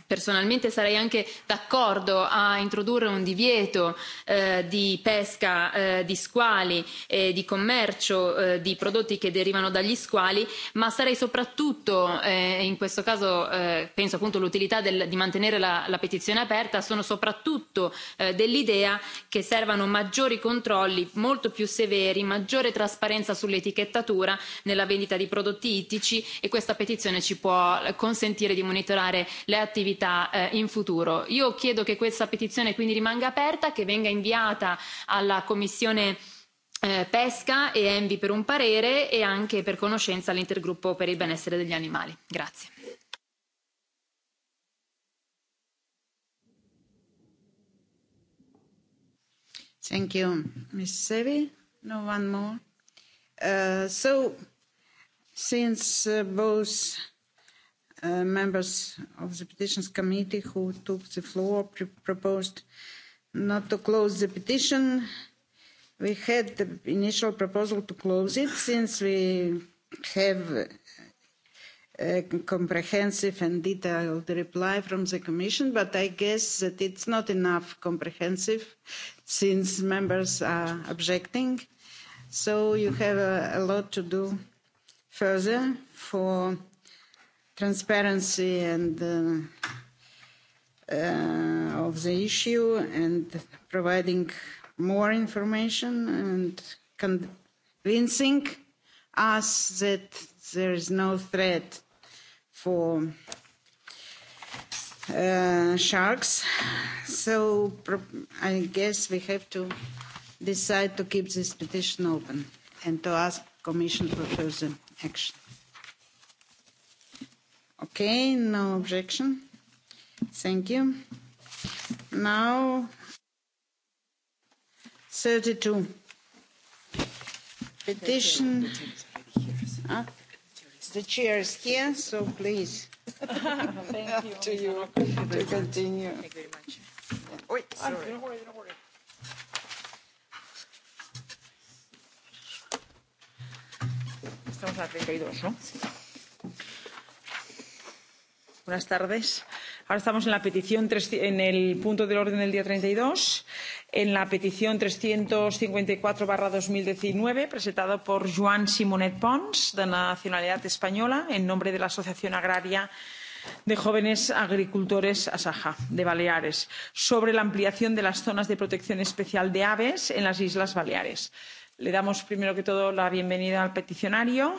personalmente sarei anche d'accordo a introdurre un divieto eh, di pesca eh, di squali e di commercio eh, di prodotti che derivano dagli squali ma sarei soprattutto e in questo caso eh, penso appunto all'utilità del, di mantenere la, la petizione aperta sono soprattutto dell'idea che servano maggiori controlli molto più severi maggiore trasparenza sull'etichettatura nella vendita di prodotti ittici e questa petizione ci può consentire di monitorare le attività eh, in futuro. Io chiedo che questa petizione quindi rimanga aperta, che venga inviata alla Commissione eh, pesca e Envi per un parere e anche per conoscenza all'intergruppo per il benessere degli animali. Grazie. Thank you, Ms. Sevi. No one more. Uh, so, since uh, both uh, members of the petitions committee who took the floor pr proposed not to close the petition. We had the initial proposal to close it since we have uh, a comprehensive and detailed reply from the Commission, but I guess that it's not enough comprehensive since members are objecting. So you have a, a lot to do further for transparency and uh, uh, of the issue and providing more information and convincing us that there is no threat for uh, sharks. So I guess we have to decide to keep this petition open and to ask Commission for further action. Okay, no objection. Thank you. Now, 32. Petition. Uh, the chair is here, so please. Thank Up you. <laughs> to you to continue. Thank you very much. Yeah. Oi, ah, sorry. Ah, don't worry, don't worry. Estamos al 32, ¿no? Sí. Buenas tardes. Ahora estamos en la petición en el punto del orden del día 32, en la petición 354/2019 presentado por Joan Simonet Pons, de nacionalidad española, en nombre de la Asociación Agraria de jóvenes agricultores Asaja de Baleares sobre la ampliación de las zonas de protección especial de aves en las Islas Baleares. Le damos primero que todo la bienvenida al peticionario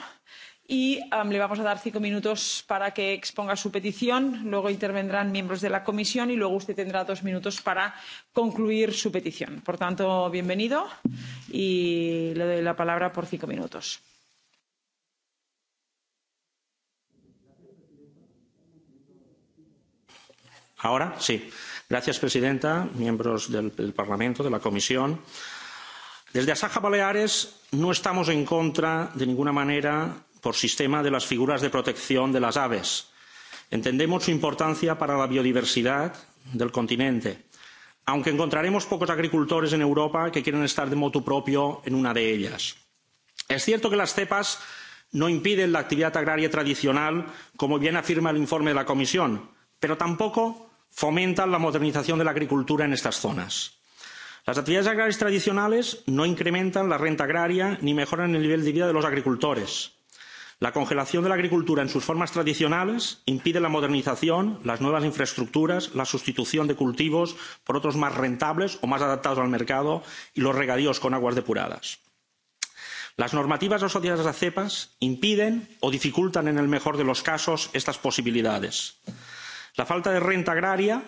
y y um, le vamos a dar cinco minutos para que exponga su petición. Luego intervendrán miembros de la comisión y luego usted tendrá dos minutos para concluir su petición. Por tanto, bienvenido y le doy la palabra por cinco minutos. Ahora sí. Gracias, presidenta, miembros del, del Parlamento, de la Comisión. Desde Asaja Baleares no estamos en contra de ninguna manera por sistema de las figuras de protección de las aves. entendemos su importancia para la biodiversidad del continente aunque encontraremos pocos agricultores en europa que quieran estar de motu propio en una de ellas. es cierto que las cepas no impiden la actividad agraria tradicional como bien afirma el informe de la comisión pero tampoco fomentan la modernización de la agricultura en estas zonas. las actividades agrarias tradicionales no incrementan la renta agraria ni mejoran el nivel de vida de los agricultores la congelación de la agricultura en sus formas tradicionales impide la modernización las nuevas infraestructuras la sustitución de cultivos por otros más rentables o más adaptados al mercado y los regadíos con aguas depuradas. las normativas asociadas a cepas impiden o dificultan en el mejor de los casos estas posibilidades. la falta de renta agraria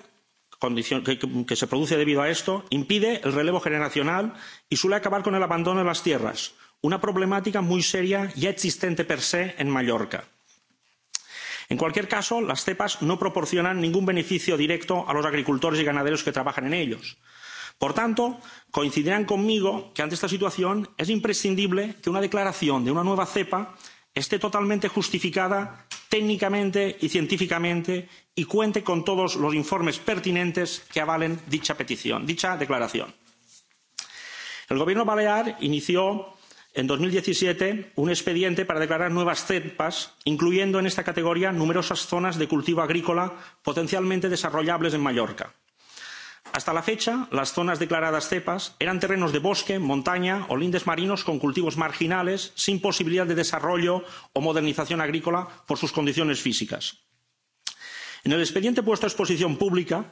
que se produce debido a esto impide el relevo generacional y suele acabar con el abandono de las tierras una problemática muy seria ya existente per se en mallorca. en cualquier caso las cepas no proporcionan ningún beneficio directo a los agricultores y ganaderos que trabajan en ellas. por tanto coincidirán conmigo en que ante esta situación es imprescindible que una declaración de una nueva cepa esté totalmente justificada técnicamente y científicamente y cuente con todos los informes pertinentes que avalen dicha declaración. el gobierno balear inició en dos mil diecisiete un expediente para declarar nuevas cepas incluyendo en esta categoría numerosas zonas de cultivo agrícola potencialmente desarrollables en mallorca. hasta la fecha las zonas declaradas cepas eran terrenos de bosque montaña o lindes marinos con cultivos marginales sin posibilidad de desarrollo o modernización agrícola por sus condiciones físicas. en el expediente puesto a exposición pública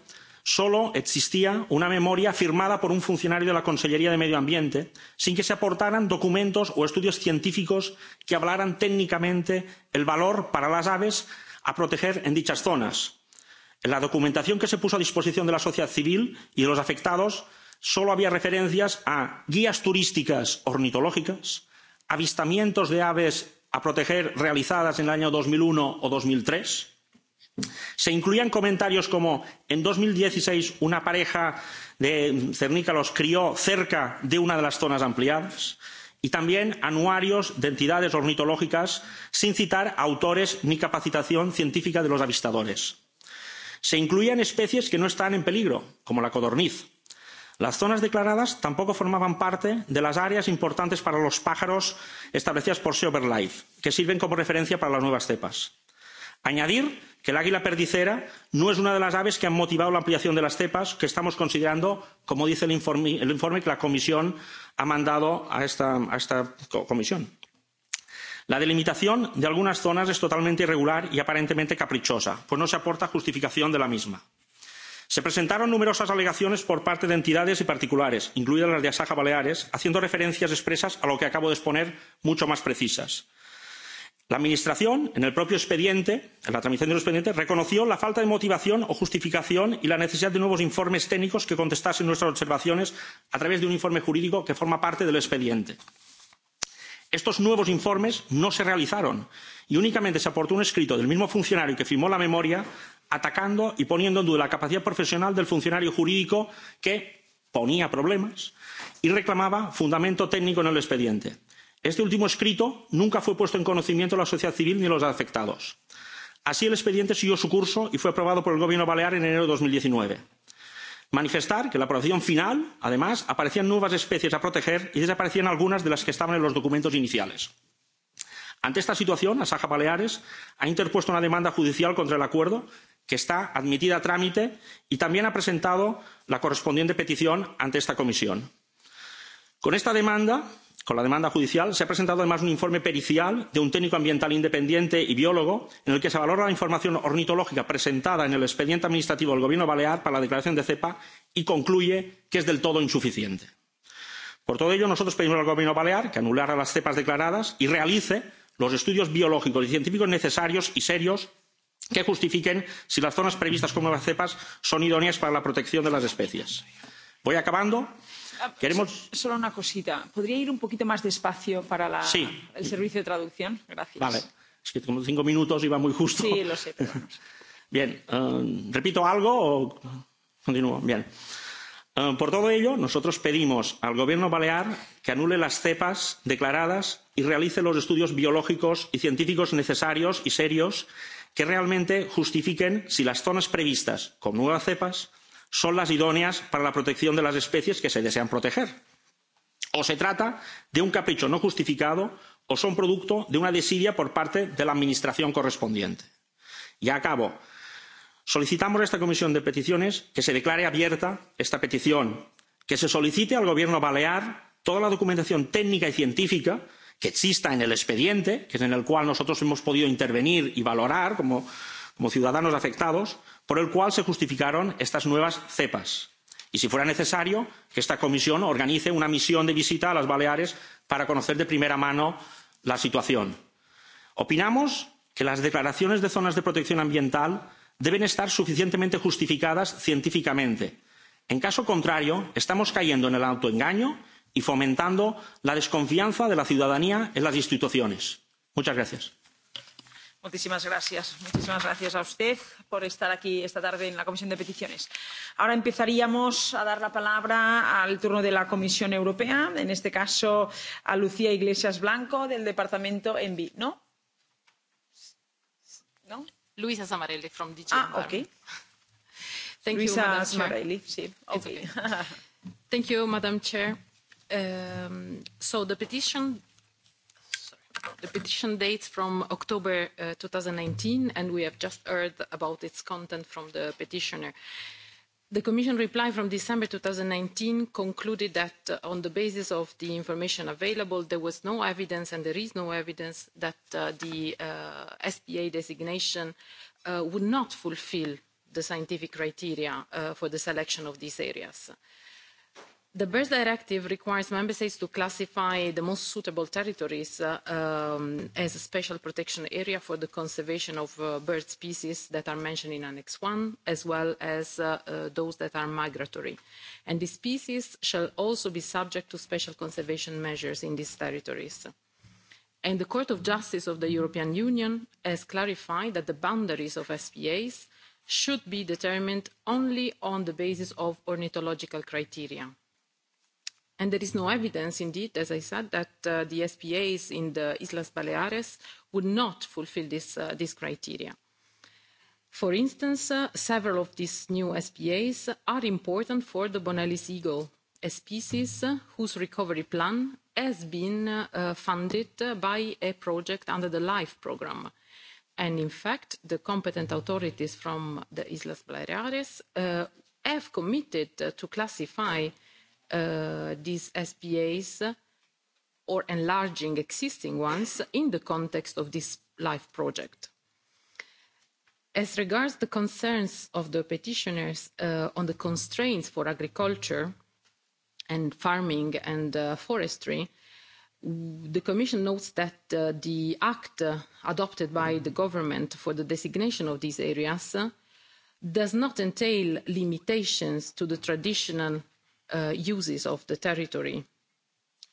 solo existía una memoria firmada por un funcionario de la consellería de medio ambiente sin que se aportaran documentos o estudios científicos que avalaran técnicamente el valor para las aves a proteger en dichas zonas. en la documentación que se puso a disposición de la sociedad civil y de los afectados solo había referencias a guías turísticas ornitológicas avistamientos de aves a proteger realizadas en el año dos mil uno o dos mil tres se incluían comentarios como en dos mil dieciseis una pareja de cernica los crió cerca de una de las zonas ampliadas y también anuarios de entidades ornitológicas sin citar autores ni capacitación científica de los avistadores. se incluían especies que no están en peligro como la codorniz. las zonas declaradas tampoco formaban parte de las áreas importantes para los pájaros establecidas por sea bird life que sirven como referencia para las nuevas cepas. añadir que el águila perdicera no es una de las aves que han motivado la ampliación de las cepas que estamos considerando como dice el informe que la comisión ha mandado a esta comisión. la delimitación de algunas zonas es totalmente irregular y aparentemente caprichosa pues no se aporta justificación de la misma. se presentaron numerosas alegaciones por parte de entidades y particulares incluidas las de asaja baleares haciendo referencias expresas a lo que acabo de exponer mucho más precisas la administración en el propio expediente en la tramitación del expediente reconoció la falta de motivación o justificación y la necesidad de nuevos informes técnicos que contestasen nuestras observaciones a través de un informe jurídico que forma parte del expediente. estos nuevos informes no se realizaron y únicamente se aportó un escrito del mismo funcionario que firmó la memoria atacando y poniendo en duda la capacidad profesional del funcionario jurídico que ponía problemas y reclamaba fundamento técnico en el expediente este último escrito nunca fue puesto en conocimiento de la sociedad civil ni de los afectados. así el expediente siguió su curso y fue aprobado por el gobierno balear en enero de. dos mil diecinueve cabe manifestar que en la aprobación final además aparecían nuevas especies a proteger y desaparecían algunas de las que estaban en los documentos iniciales. ante esta situación las saja baleares ha interpuesto una demanda judicial contra el acuerdo que está admitida a trámite y también ha presentado la correspondiente petición ante esta comisión. con esta demanda con la demanda judicial se ha presentado además un informe pericial de un técnico ambiental independiente y biólogo en el que se valora la información ornitológica presentada en el expediente administrativo del gobierno balear para la declaración de cepa y concluye que es del todo insuficiente. por todo ello nosotros pedimos al gobierno balear que anulara las cepas declaradas y realice los estudios biológicos y científicos necesarios y serios que justifiquen si las zonas previstas como nuevas cepas son idóneas para la protección de las especies. voy acabando. Ah, Queremos... Solo una cosita. ¿Podría ir un poquito más despacio para la, sí. el servicio de traducción? Gracias. Vale. Es que como cinco minutos iba muy justo. Sí, lo sé. Pero vamos. <laughs> Bien. Uh, ¿Repito algo o continúo? Bien. Uh, por todo ello, nosotros pedimos al Gobierno balear que anule las cepas declaradas y realice los estudios biológicos y científicos necesarios y serios que realmente justifiquen si las zonas previstas con nuevas cepas son las idóneas para la protección de las especies que se desean proteger o se trata de un capricho no justificado o son producto de una desidia por parte de la administración correspondiente. y acabo solicitamos a esta comisión de peticiones que se declare abierta esta petición que se solicite al gobierno balear toda la documentación técnica y científica que exista en el expediente en el cual nosotros hemos podido intervenir y valorar como como ciudadanos afectados por el cual se justificaron estas nuevas cepas y si fuera necesario que esta comisión organice una misión de visita a las baleares para conocer de primera mano la situación. opinamos que las declaraciones de zonas de protección ambiental deben estar suficientemente justificadas científicamente. en caso contrario estamos cayendo en el autoengaño y fomentando la desconfianza de la ciudadanía en las instituciones. muchas gracias. Muchísimas gracias. Muchísimas gracias a usted por estar aquí esta tarde en la Comisión de Peticiones. Ahora empezaríamos a dar la palabra al turno de la Comisión Europea, en este caso a Lucía Iglesias Blanco del Departamento ENVI, ¿no? ¿No? Luisa Samarelli from DG Ah, okay. <laughs> Thank Luisa you, Madam Samarelli, Chair. sí. Okay. It's okay. <laughs> Thank you, Madam Chair. Um, so the petition The petition dates from October uh, 2019, and we have just heard about its content from the petitioner. The Commission reply from December 2019 concluded that uh, on the basis of the information available, there was no evidence and there is no evidence that uh, the uh, SPA designation uh, would not fulfill the scientific criteria uh, for the selection of these areas. Uh, The Birds Directive requires member states to classify the most suitable territories uh, um, as a special protection area for the conservation of uh, bird species that are mentioned in Annex 1, as well as uh, uh, those that are migratory. And these species shall also be subject to special conservation measures in these territories. And the Court of Justice of the European Union has clarified that the boundaries of SPAs should be determined only on the basis of ornithological criteria And there is no evidence, indeed, as I said, that uh, the SPAs in the Islas Baleares would not fulfill this, uh, this criteria. For instance, uh, several of these new SPAs are important for the Bonelis eagle, a species uh, whose recovery plan has been uh, funded uh, by a project under the LIFE programme. And in fact, the competent authorities from the Islas Baleares uh, have committed uh, to classify uh, uh, these SPAs or enlarging existing ones in the context of this LIFE project. As regards the concerns of the petitioners uh, on the constraints for agriculture and farming and uh, forestry, the Commission notes that uh, the act uh, adopted by the government for the designation of these areas uh, does not entail limitations to the traditional uh, uses of the territory.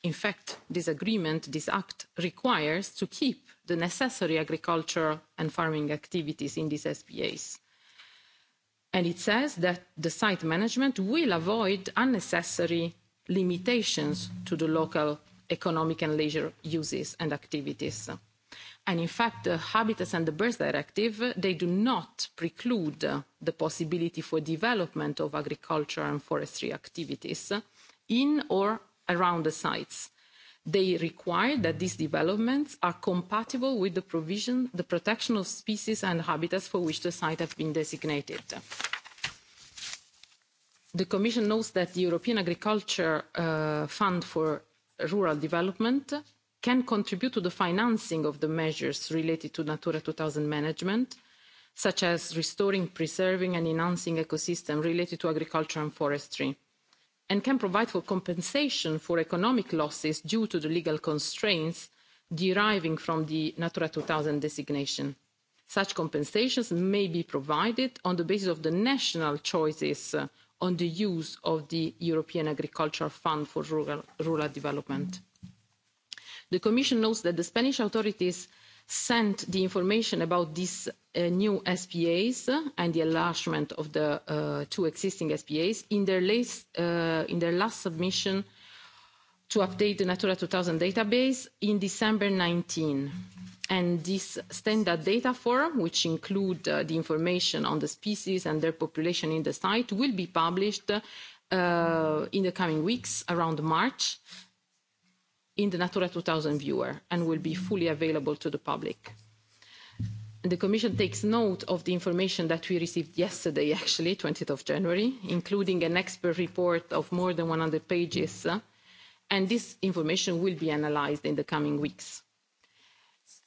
In fact, this agreement, this act, requires to keep the necessary agricultural and farming activities in these SPAs. And it says that the site management will avoid unnecessary limitations to the local economic and leisure uses and activities. Uh, And in fact, the Habitats and the Birds Directive, they do not preclude the possibility for development of agriculture and forestry activities in or around the sites. They require that these developments are compatible with the provision, the protection of species and habitats for which the site have been designated. The Commission knows that the European Agriculture uh, Fund for Rural Development can contribute to the financing of the measures related to natura two thousand management such as restoring preserving and enhancing ecosystems related to agriculture and forestry and can provide for compensation for economic losses due to the legal constraints deriving from the natura two thousand designation. such compensations may be provided on the basis of the national choices uh, on the use of the european agricultural fund for rural, rural development the commission notes that the spanish authorities sent the information about these uh, new spas uh, and the enlargement of the uh, two existing spas in their, last, uh, in their last submission to update the natura two thousand database in december. two thousand and nineteen and this standard data form which include uh, the information on the species and their population in the site will be published uh, in the coming weeks around march in the Natura 2000 viewer and will be fully available to the public. The Commission takes note of the information that we received yesterday, <laughs> actually, 20th of January, including an expert report of more than 100 pages, uh, and this information will be analyzed in the coming weeks.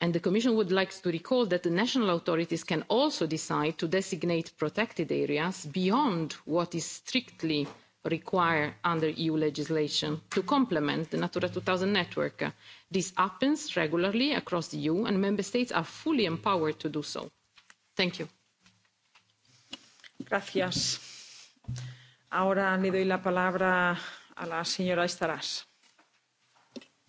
And the Commission would like to recall that the national authorities can also decide to designate protected areas beyond what is strictly require under EU legislation to complement the Natura 2000 network. This happens regularly across the EU and member states are fully empowered to do so. Thank you. Gracias. Ahora le doy la palabra a la señora Estarás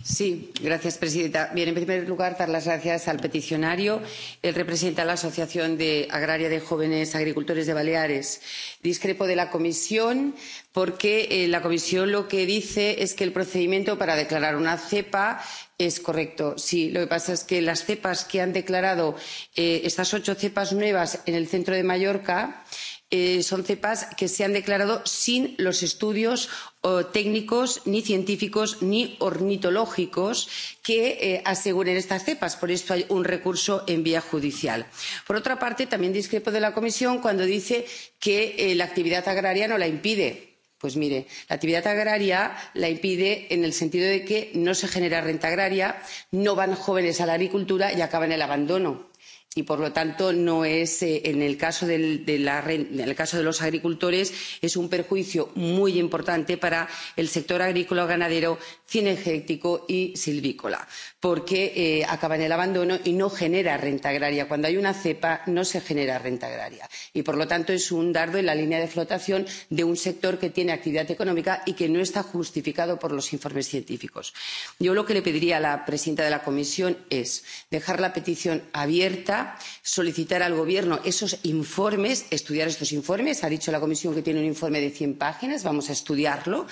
señora presidenta en primer lugar dar las gracias al peticionario. él representa a la asociación agraria de jóvenes agricultores de baleares. discrepo de la comisión porque eh, la comisión lo que dice es que el procedimiento para declarar una cepa es correcto. sí lo que pasa es que las cepas que han declarado eh, estas ocho cepas nuevas en el centro de mallorca han eh, son cepas que se han declarado sin los estudios eh, técnicos ni científicos ni ornitológicos que eh, aseguren estas cepas. Por esto hay un recurso en vía judicial. Por otra parte, también discrepo de la Comisión cuando dice que eh, la actividad agraria no la impide. Pues mire, la actividad agraria la impide en el sentido de que no se genera renta agraria, no van jóvenes a la agricultura y acaban en el abandono y por lo tanto no es eh, en el caso del de la en el caso de los agricultores es un perjuicio muy importante para el sector agrícola ganadero cinegético y silvícola porque eh, acaba en el abandono y no genera renta agraria cuando hay una cepa no se genera renta agraria y por lo tanto es un dardo en la línea de flotación de un sector que tiene actividad económica y que no está justificado por los informes científicos yo lo que le pediría a la presidenta de la comisión es dejar la petición abierta para solicitar al gobierno esos informes estudiar estos informes ha dicho la comisión que tiene un informe de cien páginas vamos a estudiarlo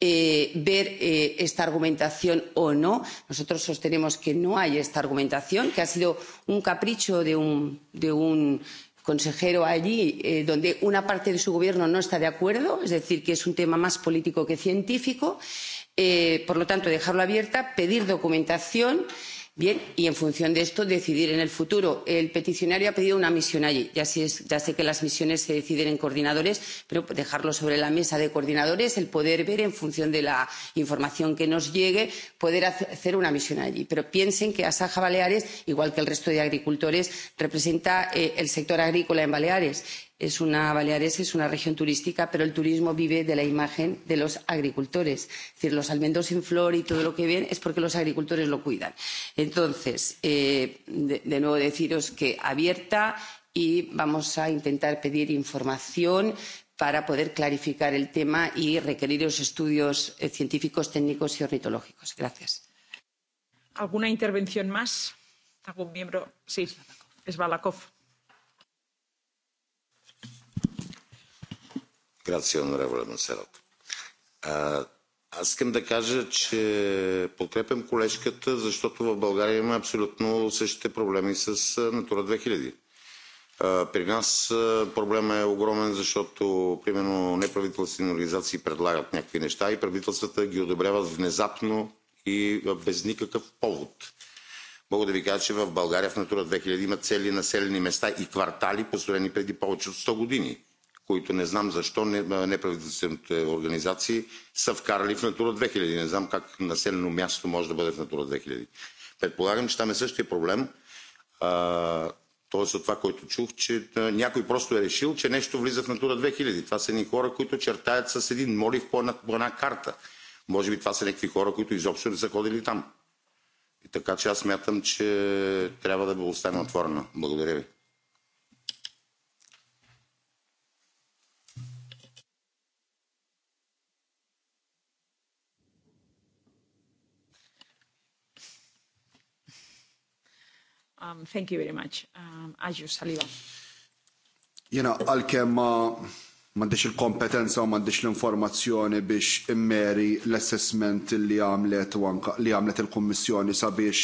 eh, ver eh, esta argumentación o no nosotros sostenemos que no hay esta argumentación que ha sido un capricho de un, de un consejero allí eh, donde una parte de su gobierno no está de acuerdo es decir que es un tema más político que científico eh, por lo tanto dejarlo abierto pedir documentación y y en función de esto decidir en el futuro. el peticionario ha pedido una misión allí. ya sé que las misiones se deciden en coordinadores pero dejarlo sobre la mesa de coordinadores el poder ver en función de la información que nos llegue poder hacer una misión allí. pero piensen que asaja baleares igual que el resto de agricultores representa eh, el sector agrícola en baleares es una, Baleares es una región turística, pero el turismo vive de la imagen de los agricultores. Es decir, los almendros en flor y todo lo que ven es porque los agricultores lo cuidan. Entonces, eh, de, de nuevo deciros que abierta y vamos a intentar pedir información para poder clarificar el tema y requerir los estudios eh, científicos, técnicos y ornitológicos. Gracias. ¿Alguna intervención más? ¿Algún miembro? Sí, es Balakov. Grație, onorevole Monserrat. Аз искам да кажа, че подкрепям колежката, защото в България има абсолютно същите проблеми с Натура 2000. При нас проблема е огромен, защото примерно неправителствени организации предлагат някакви неща и правителствата ги одобряват внезапно и без никакъв повод. Мога да ви кажа, че в България в Натура 2000 има цели населени места и квартали, построени преди повече от 100 години които не знам защо неправителствените организации са вкарали в Натура 2000. Не знам как населено място може да бъде в Натура 2000. Предполагам, че там е същия проблем. Тоест от това, което чух, че някой просто е решил, че нещо влиза в Натура 2000. Това са едни хора, които чертаят с един молив по една, по една карта. Може би това са някакви хора, които изобщо не са ходили там. И така че аз смятам, че трябва да бъде оставена отворена. Благодаря ви. Um, thank you very much. Um, Aġju Saliva. Jena għal-kem mandiċ il-kompetenza u mandiċ l-informazzjoni biex immeri l-assessment li għamlet u anka li għamlet il-Kommissjoni sabiex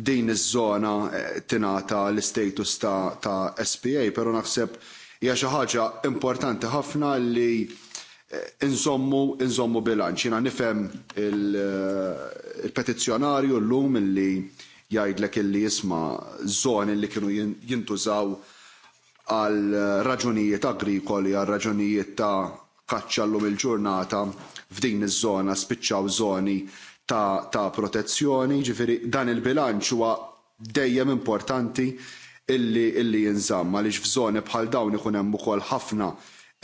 din iż-żona eh, tinata l-status ta', ta SPA, pero naħseb hija xi ħaġa importanti ħafna li eh, inżommu inżommu bilanċ. Jiena nifhem eh, il-petizzjonarju il l-lum illi il jgħidlek illi jisma' żoni li kienu jintużaw għal eh, raġunijiet agrikoli, għal raġunijiet ta' kaċċa llum il-ġurnata f'din iż-żona spiċċaw żoni ta', ta protezzjoni, ġifieri dan il-bilanċ huwa dejjem importanti illi illi jinżamm għaliex f'żoni bħal dawn ikun hemm ukoll ħafna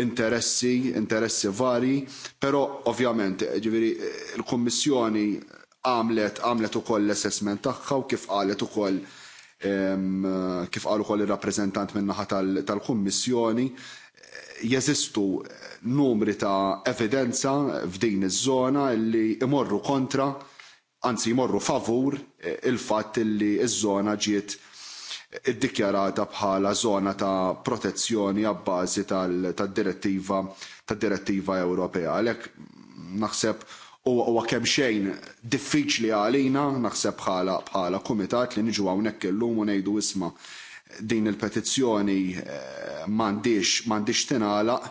interessi, interessi vari, però ovvjament ġifieri eh, l-Kummissjoni għamlet għamlet ukoll l-assessment tagħha u kif qalet ukoll kif qal ukoll ir-rappreżentant min-naħa tal-Kummissjoni jeżistu numri ta' evidenza f'din iż-żona li imorru kontra anzi jmorru favur eh, il-fatt li ż-żona ġiet iddikjarata bħala żona ta' protezzjoni għabbażi tad-direttiva tad-direttiva Ewropea. Għalhekk naħseb huwa kemm xejn diffiċli għalina naħseb bħala bħala kumitat li niġu hawnhekk illum u ngħidu isma' din il-petizzjoni eh, m'għandix m'għandix tingħalaq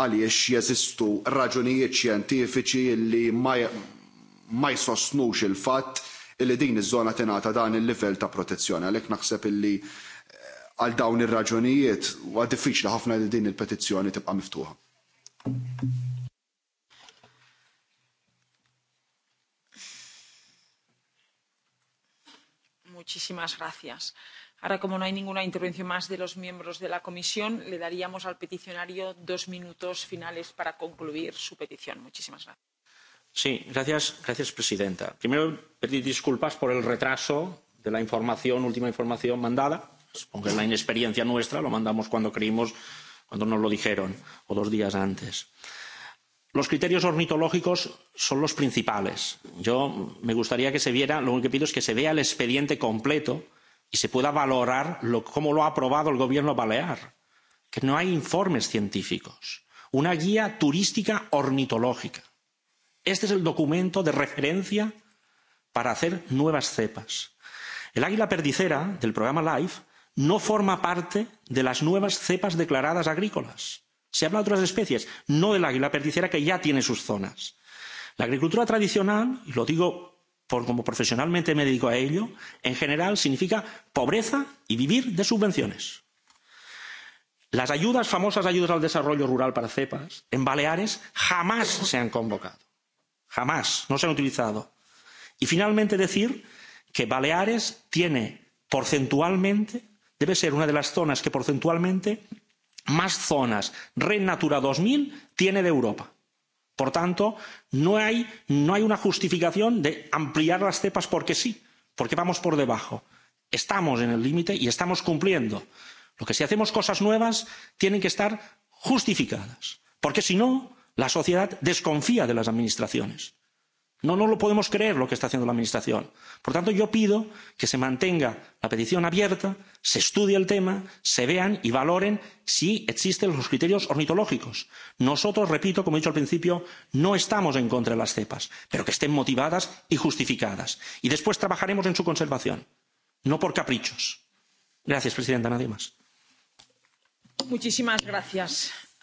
għaliex jeżistu raġunijiet xjentifiċi li ma jsostnux il-fatt illi din iż-żona tingħata dan il-livell ta' protezzjoni għalhekk naħseb illi eh, għal dawn ir-raġunijiet huwa diffiċli ħafna li din il-petizzjoni tibqa' miftuħa. muchísimas gracias. Ahora, como no hay ninguna intervención más de los miembros de la comisión, le daríamos al peticionario dos minutos finales para concluir su petición. Muchísimas gracias. Sí, gracias, gracias, presidenta. Primero, pedir disculpas por el retraso de la información, última información mandada. Supongo que es la inexperiencia nuestra, lo mandamos cuando creímos, cuando nos lo dijeron, o dos días antes. Eh, los criterios ornitológicos son los principales. me gustaría que se viera lo único que pido es que se vea el expediente completo y se pueda valorar cómo lo ha aprobado el gobierno balear que no hay informes científicos una guía turística ornitológica. este es el documento de referencia para hacer nuevas cepas. el águila perdicera del programa life no forma parte de las nuevas cepas declaradas agrícolas se habla de otras especies no de la águila perdicera que ya tiene sus zonas. la agricultura tradicional y lo digo como profesionalmente me dedico a ello en general significa pobreza y vivir de subvenciones. las ayudas famosas ayudas al desarrollo rural para cepa en baleares jamás se han convocado jamás no se han utilizado. y finalmente decir que baleares tiene porcentualmente debe ser una de las zonas que porcentualmente más zonas red natura dos mil tiene de europa. por tanto no hay una justificación de ampliar las cepas porque sí porque vamos por debajo. estamos en el límite y estamos cumpliendo. si hacemos cosas nuevas tienen que estar justificadas porque si no la sociedad desconfía de las administraciones no nos lo podemos creer lo que está haciendo la administración. por tanto yo pido que se mantenga la petición abierta se estudie el tema se vean y valoren si existen los criterios ornitológicos. nosotros repito como he dicho al principio no estamos en contra de las cepas pero que estén motivadas y justificadas y después trabajaremos en su conservación no por caprichos. gracias presidenta nadie más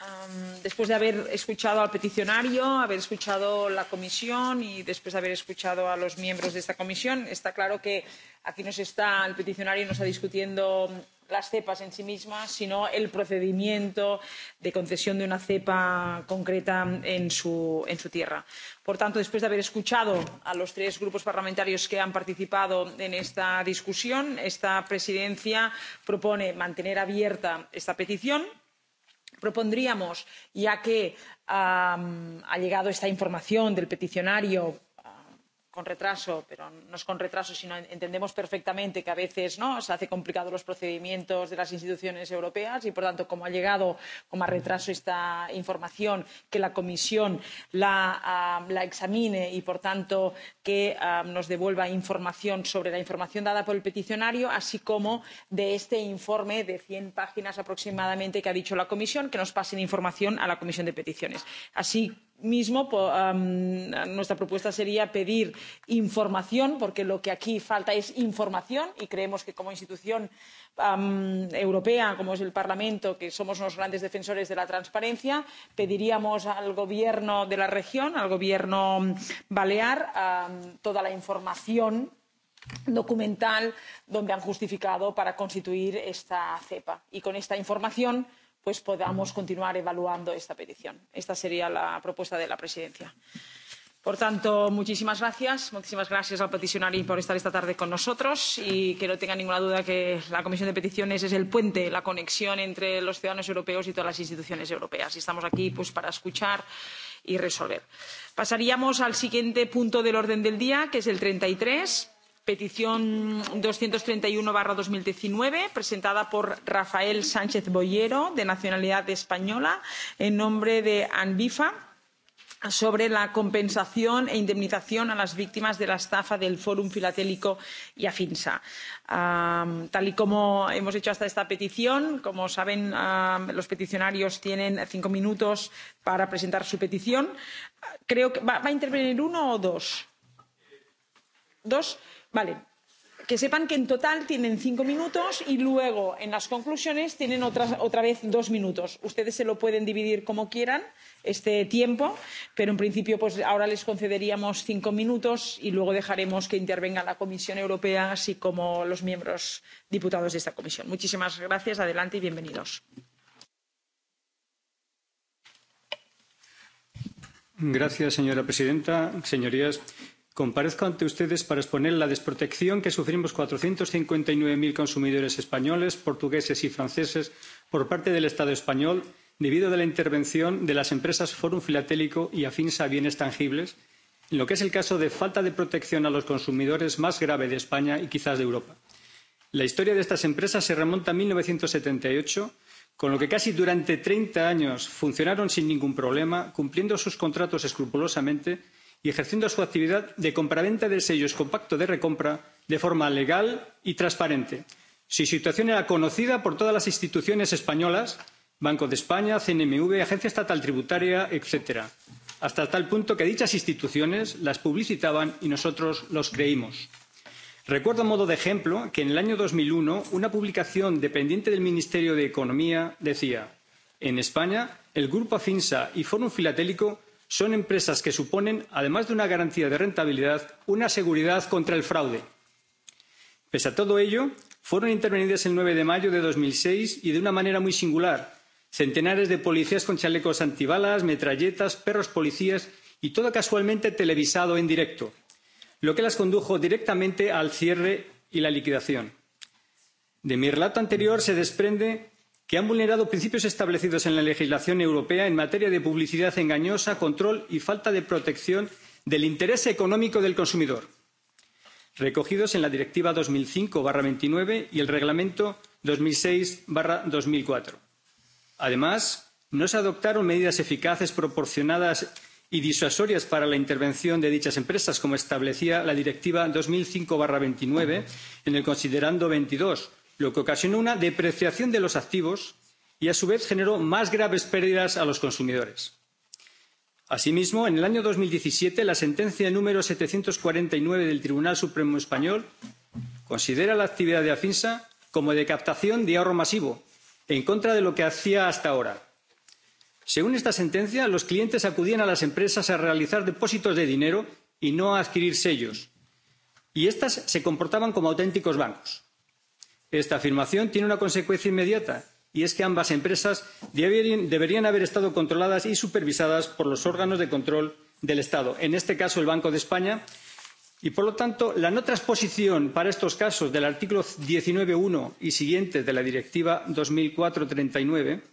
um, después de haber escuchado al peticionario, haber escuchado la comisión y después de haber escuchado a los miembros de esta comisión, está claro que aquí nos está, el peticionario no está discutiendo las cepas en sí mismas, sino el procedimiento de concesión de una cepa concreta en su, en su tierra. Por tanto, después de haber escuchado a los tres grupos parlamentarios que han participado en esta discusión, esta presidencia propone mantener abierta esta petición propondríamos ya que um, ha llegado esta información del peticionario con retraso, pero no es con retraso, sino entendemos perfectamente que a veces ¿no? se hace complicado los procedimientos de las instituciones europeas y, por tanto, como ha llegado con más retraso esta información, que la Comisión la, uh, la examine y, por tanto, que uh, nos devuelva información sobre la información dada por el peticionario, así como de este informe de 100 páginas aproximadamente que ha dicho la Comisión, que nos pasen información a la Comisión de Peticiones. Así mismo um, nuestra propuesta sería pedir información porque lo que aquí falta es información y creemos que como institución um, europea como es el parlamento que somos unos grandes defensores de la transparencia pediríamos al gobierno de la región al gobierno balear um, toda la información documental donde han justificado para constituir esta cepa y con esta información pues podamos continuar evaluando esta petición. Esta sería la propuesta de la presidencia. Por tanto, muchísimas gracias. Muchísimas gracias al peticionario por estar esta tarde con nosotros y que no tenga ninguna duda que la Comisión de Peticiones es el puente, la conexión entre los ciudadanos europeos y todas las instituciones europeas. Y estamos aquí pues, para escuchar y resolver. Pasaríamos al siguiente punto del orden del día, que es el 33 petición 231-2019, presentada por Rafael Sánchez Boyero, de nacionalidad española, en nombre de ANVIFA sobre la compensación e indemnización a las víctimas de la estafa del Fórum Filatélico y Afinsa. Um, tal y como hemos hecho hasta esta petición, como saben, um, los peticionarios tienen cinco minutos para presentar su petición. Creo que va, va a intervenir uno o dos. Dos. Vale. Que sepan que en total tienen cinco minutos y luego en las conclusiones tienen otra, otra vez dos minutos. Ustedes se lo pueden dividir como quieran este tiempo, pero en principio pues ahora les concederíamos cinco minutos y luego dejaremos que intervenga la Comisión Europea así como los miembros diputados de esta comisión. Muchísimas gracias. Adelante y bienvenidos. Gracias, señora presidenta. Señorías, comparezco ante ustedes para exponer la desprotección que sufrimos cuatrocientos cincuenta y nueve cero consumidores españoles portugueses y franceses por parte del estado español debido a la intervención de las empresas forum filatélico y afinsa bienes tangibles en lo que es el caso de falta de protección a los consumidores más grave de españa y quizás de europa. la historia de estas empresas se remonta a mil novecientos setenta y ocho con lo que casi durante treinta años funcionaron sin ningún problema cumpliendo sus contratos escrupulosamente y ejerciendo su actividad de compraventa de sellos con pacto de recompra de forma legal y transparente. su situación era conocida por todas las instituciones españolas banco de españa cnmv agencia estatal tributaria etc. hasta tal punto que dichas instituciones las publicitaban y nosotros los creímos. recuerdo a modo de ejemplo que en el año dos mil uno una publicación dependiente del ministerio de economía decía en españa el grupo afinsa y forum filatélico son empresas que suponen además de una garantía de rentabilidad una seguridad contra el fraude. pese a todo ello fueron intervenidas el nueve de mayo de dos mil seis y de una manera muy singular centenares de policías con chalecos antibalas metralletas perros policías y todo casualmente televisado en directo lo que las condujo directamente al cierre y la liquidación. de mi relato anterior se desprende que han vulnerado principios establecidos en la legislación europea en materia de publicidad engañosa control y falta de protección del interés económico del consumidor recogidos en la directiva dos mil cinco veintinueve ce y el reglamento dos mil seis dos mil cuatro además no se adoptaron medidas eficaces proporcionadas y disuasorias para la intervención de dichas empresas como establecía la directiva dos mil cinco veintinueve ce en el considerando veintidós lo que ocasionó una depreciación de los activos y a su vez generó más graves pérdidas a los consumidores. asimismo en el año dos mil diecisiete la sentencia n setecientos cuarenta y nueve del tribunal supremo español considera la actividad de afinsa como de captación de ahorro masivo en contra de lo que hacía hasta ahora. según esta sentencia los clientes acudían a las empresas a realizar depósitos de dinero y no a adquirir sellos y estas se comportaban como auténticos bancos esta afirmación tiene una consecuencia inmediata y es que ambas empresas deberían haber estado controladas y supervisadas por los órganos de control del estado en este caso el banco de españa y por lo tanto la no transposición para estos casos del artículo diecinueve apartado uno y siguientes de la directiva dos mil cuatro treinta y nueve ce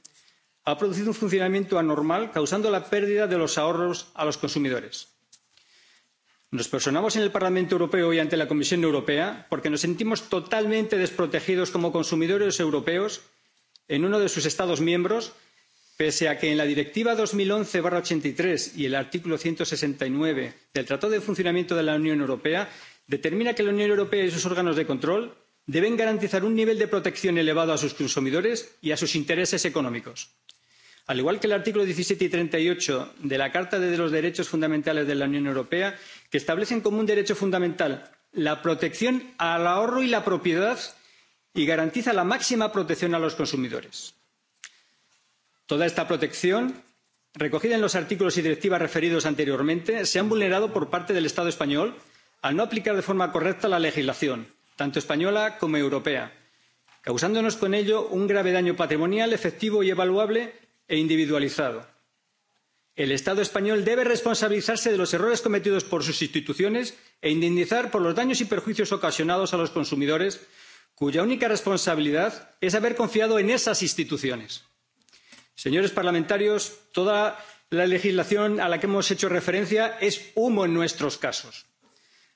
ha producido un funcionamiento anormal causando la pérdida de los ahorros a los consumidores nos personamos en el parlamento europeo y ante la comisión europea porque nos sentimos totalmente desprotegidos como consumidores europeos en uno de sus estados miembros pese a que en la directiva dos mil once ochenta y tres ce y el artículo ciento sesenta y nueve del tratado de funcionamiento de la unión europea determina que la unión europea y sus órganos de control deben garantizar un nivel de protección elevado a sus consumidores y a sus intereses económicos al igual que los artículos diecisiete y treinta y ocho de la carta de los derechos fundamentales de la unión europea que establecen como un derecho fundamental la protección al ahorro y la propiedad y garantizan la máxima protección a los consumidores. toda esta protección recogida en los artículos y directivas referidos anteriormente se ha vulnerado por parte del estado español al no aplicar de forma correcta la legislación tanto española como europea causándonos con ello un grave daño patrimonial efectivo y evaluable e individualizado. El Estado español debe responsabilizarse de los errores cometidos por sus instituciones e indemnizar por los daños y perjuicios ocasionados a los consumidores, cuya única responsabilidad es haber confiado en esas instituciones. Señores parlamentarios, toda la legislación a la que hemos hecho referencia es humo en nuestros casos.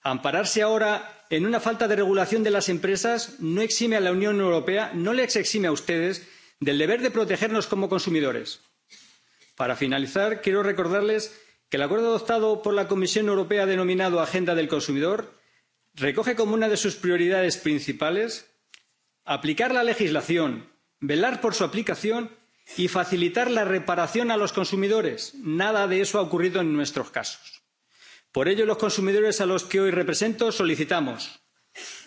Ampararse ahora en una falta de regulación de las empresas no exime a la Unión Europea, no les exime a ustedes del deber de protegernos como consumidores. para finalizar quiero recordarles que el acuerdo adoptado por la comisión europea denominado agenda del consumidor recoge como una de sus prioridades principales aplicar la legislación velar por su aplicación y facilitar la reparación a los consumidores. nada de eso ha ocurrido en nuestros casos. por ello los consumidores a los que hoy represento solicitamos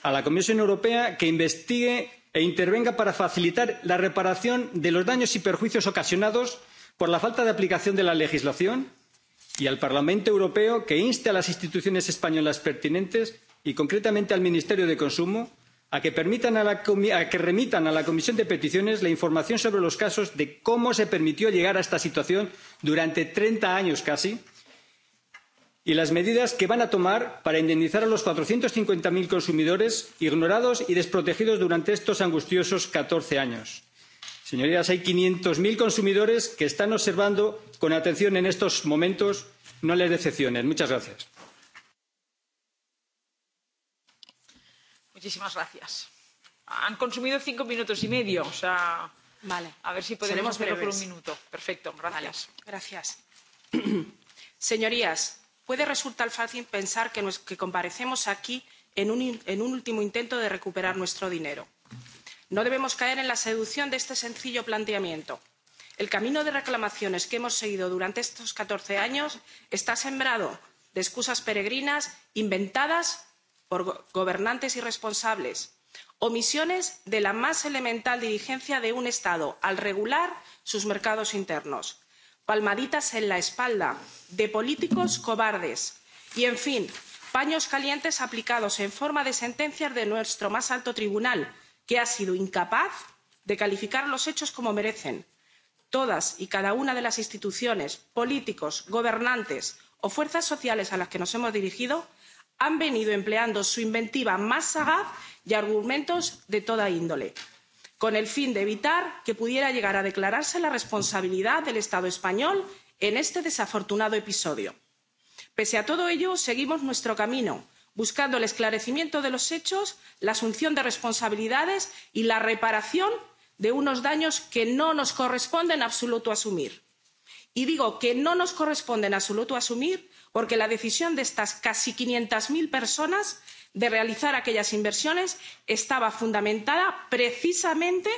a la comisión europea que investigue e intervenga para facilitar la reparación de los daños y perjuicios ocasionados por la falta de aplicación de la legislación y al parlamento europeo que inste a las instituciones españolas pertinentes y concretamente al ministerio de consumo a que remitan a la comisión de peticiones la información sobre los casos de cómo se permitió llegar a esta situación durante treinta años casi y las medidas que van a tomar para indemnizar a los cuatrocientos cincuenta cero consumidores ignorados y desprotegidos durante estos angustiosos catorce años. señorías hay quinientos cero consumidores que están observando con atención en estos momentos no les decepcionen. muchas gracias. muchísimas gracias. han consumido cinco minutos y medio. O sea, vale. a ver si podemos hacerlo por un minuto. perfecto. gracias. Vale. gracias. <clears throat> señorías puede resultar fácil pensar que comparecemos aquí en un último intento de recuperar nuestro dinero. no debemos caer en la seducción de este sencillo planteamiento. el camino de reclamaciones que hemos seguido durante estos catorce años está sembrado de excusas peregrinas inventadas por gobernantes irresponsables omisiones de la más elemental diligencia de un estado al regular sus mercados internos palmaditas en la espalda de políticos cobardes y en fin paños calientes aplicados en forma de sentencias de nuestro más alto tribunal que ha sido incapaz de calificar los hechos como merecen. todas y cada una de las instituciones políticos gobernantes o fuerzas sociales a las que nos hemos dirigido han venido empleando su inventiva más sagaz y argumentos de toda índole con el fin de evitar que pudiera llegar a declararse la responsabilidad del estado español en este desafortunado episodio. pese a todo ello seguimos nuestro camino buscando el esclarecimiento de los hechos la asunción de responsabilidades y la reparación de unos daños que no nos corresponde en absoluto asumir. y digo que no nos corresponde en absoluto asumir porque la decisión de estas casi quinientos cero personas de realizar aquellas inversiones estaba fundamentada precisamente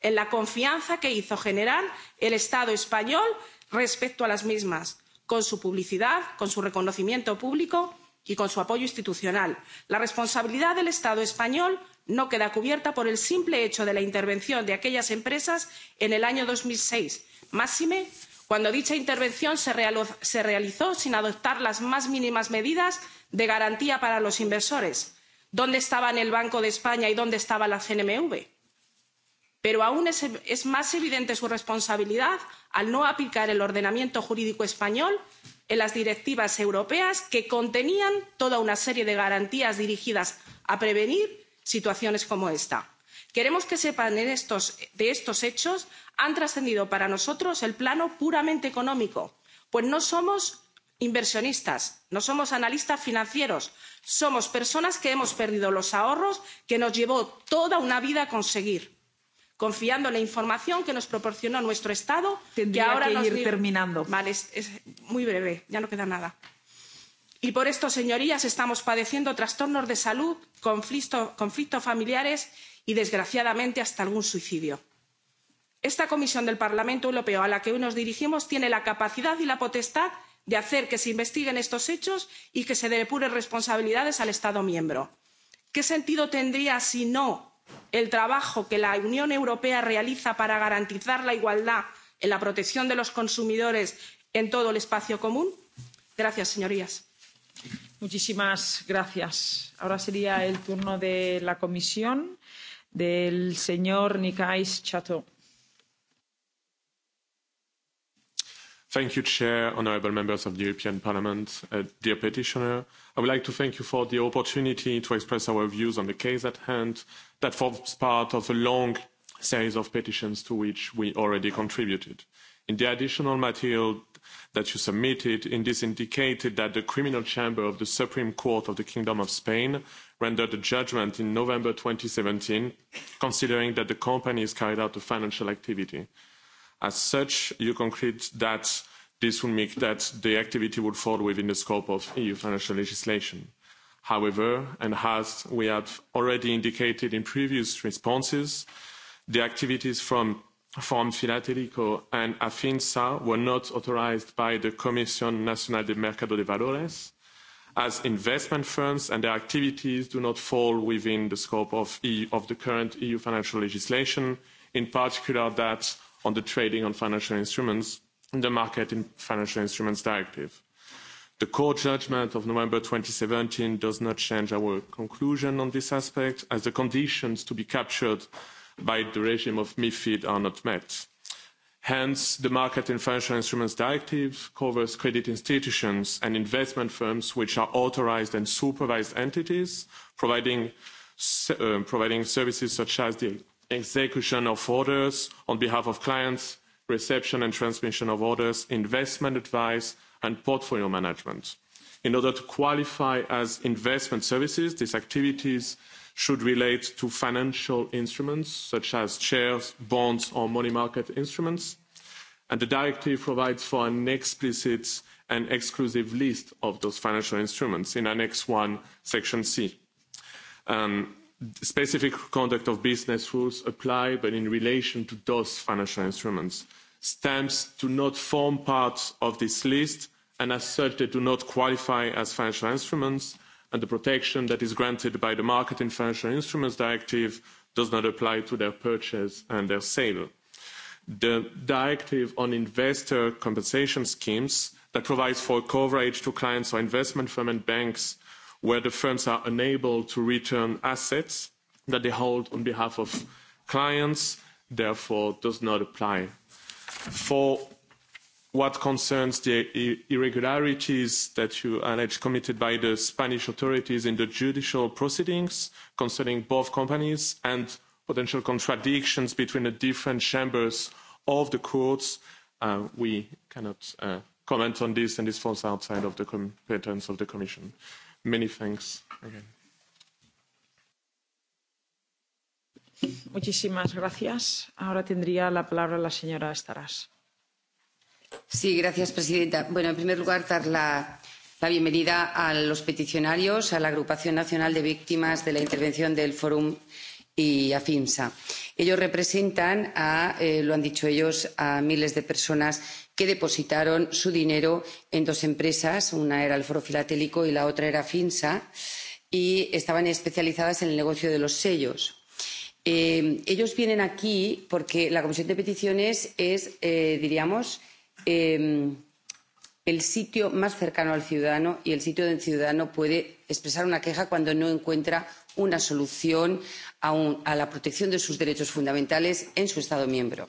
en la confianza que hizo generar el estado español respecto a las mismas con su publicidad con su reconocimiento público y con su apoyo institucional. la responsabilidad del estado español no queda cubierta por el simple hecho de la intervención de aquellas empresas en el año dos mil seis máxime cuando cuando dicha intervención se realizó sin adoptar las más mínimas medidas de garantía para los inversores. dónde estaban el banco de españa y dónde estaba la cnmv? pero aún es más evidente su responsabilidad al no aplicar el ordenamiento jurídico español en las directivas europeas que contenían toda una serie de garantías dirigidas a prevenir situaciones como esta queremos que sepan de estos hechos ha trascendido para nosotros el plano puramente económico pues no somos inversionistas no somos analistas financieros somos personas que hemos perdido los ahorros que nos llevó toda una vida conseguir confiando en la información que nos proporcionó nuestro estado que ahora nos vale es, es muy breve ya no queda nada y por esto señorías estamos padeciendo trastornos de salud conflictos familiares y y desgraciadamente hasta algún suicidio. esta comisión del parlamento europeo a la que hoy nos dirigimos tiene la capacidad y la potestad de hacer que se investiguen estos hechos y que se depuren responsabilidades al estado miembro. qué sentido tendría si no el trabajo que la unión europea realiza para garantizar la igualdad en la protección de los consumidores en todo el espacio común? gracias señorías. muchísimas gracias. ahora sería el turno de la comisión del señor Nikais Chateau. Thank you, Chair, honourable members of the European Parliament, uh, dear petitioner. I would like to thank you for the opportunity to express our views on the case at hand that forms part of a long series of petitions to which we already contributed. In the additional material that you submitted, it is indicated that the Criminal Chamber of the Supreme Court of the Kingdom of Spain rendered a judgment in november two thousand and seventeen considering that the companies carried out a financial activity. as such you conclude that this would mean that the activity would fall within the scope of eu financial legislation. however and as we have already indicated in previous responses the activities from from Filatelico and Afinsa were not authorised by the Commission Nacional de Mercado de Valores as investment firms and their activities do not fall within the scope of, EU, of the current EU financial legislation, in particular that on the trading on financial instruments and the market in financial instruments directive. The court judgment of November 2017 does not change our conclusion on this aspect, as the conditions to be captured by the regime of MIFID are not met hence the market in financial instruments directive covers credit institutions and investment firms which are authorised and supervised entities providing, uh, providing services such as the execution of orders on behalf of clients reception and transmission of orders investment advice and portfolio management. in order to qualify as investment services these activities should relate to financial instruments such as shares bonds or money market instruments and the directive provides for an explicit and exclusive list of those financial instruments in annex i section c. Um, specific conduct of business rules apply but in relation to those financial instruments. stamps do not form part of this list and as such they do not qualify as financial instruments and the protection that is granted by the market in financial instruments directive does not apply to their purchase and their sale. the directive on investor compensation schemes that provides for coverage to clients or investment firms and banks where the firms are unable to return assets that they hold on behalf of clients therefore does not apply. for what concerns the irregularities that you allege committed by the Spanish authorities in the judicial proceedings concerning both companies and potential contradictions between the different chambers of the courts. Uh, we cannot uh, comment on this, and this falls outside of the competence of the Commission. Many thanks again. Muchísimas gracias. Ahora tendría la palabra la señora Estarás señora presidenta en primer lugar dar la bienvenida a los peticionarios a la agrupación nacional de víctimas de la intervención del fórum y a afinsa. ellos representan eh, lo han dicho ellos a miles de personas que depositaron su dinero en dos empresas una era el foro filatélico y la otra era afinsa y estaban especializadas en el negocio de los sellos. Eh, ellos vienen aquí porque la comisión de peticiones es eh, diríamos eh, el sitio más cercano al ciudadano y el sitio donde el ciudadano puede expresar una queja cuando no encuentra una solución a, un, a la protección de sus derechos fundamentales en su Estado miembro.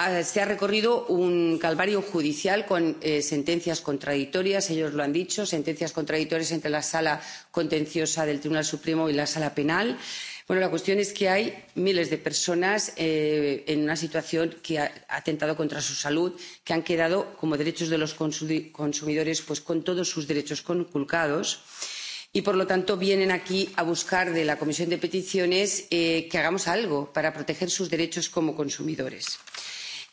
Ah, se ha recorrido un calvario judicial con eh, sentencias contradictorias, ellos lo han dicho, sentencias contradictorias entre la sala contenciosa del Tribunal Supremo y la sala penal. Eh, la cuestión es que hay miles de personas eh, en una situación que ha atentado contra su salud que han quedado como derechos de los consumidores pues, con todos sus derechos conculcados y por lo tanto vienen aquí a buscar de la comisión de peticiones eh, que hagamos algo para proteger sus derechos como consumidores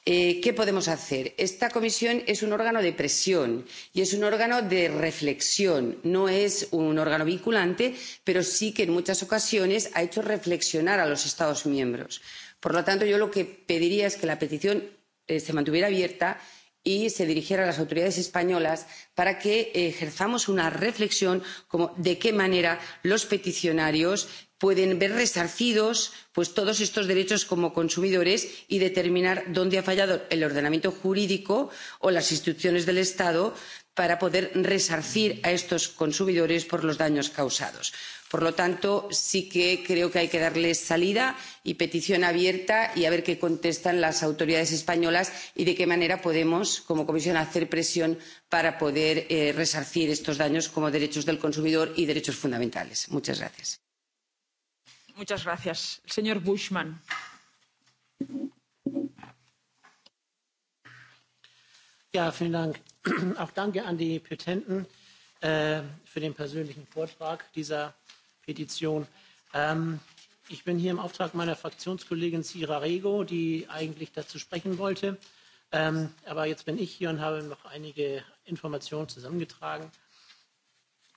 Eh, qué podemos hacer? esta comisión es un órgano de presión y es un órgano de reflexión no es un órgano vinculante pero sí que en muchas ocasiones ha hecho reflexionar a los estados miembros. por lo tanto yo lo que pediría es que la petición eh, se mantuviera abierta y y se dirigiera a las autoridades españolas para que ejerzamos una reflexión sobre de qué manera los peticionarios pueden ver resarcidos todos estos derechos como consumidores y determinar dónde ha fallado el ordenamiento jurídico o las instituciones del estado para poder resarcir a estos consumidores por los daños causados por lo tanto sí que creo que hay que darles salida y petición abierta y a ver qué contestan las autoridades españolas y de qué manera podemos como comisión hacer presión para poder eh, resarcir estos daños como derechos del consumidor y derechos fundamentales. muchas gracias. Muchas gracias. Señor Bushman. Ja, vielen Dank. <clears throat> Auch danke an die Petenten äh, für den persönlichen Vortrag dieser Petition. Ähm, ich bin hier im Auftrag meiner Fraktionskollegin Sira Rego, die eigentlich dazu sprechen wollte. Ähm, aber jetzt bin ich hier und habe noch einige Informationen zusammengetragen.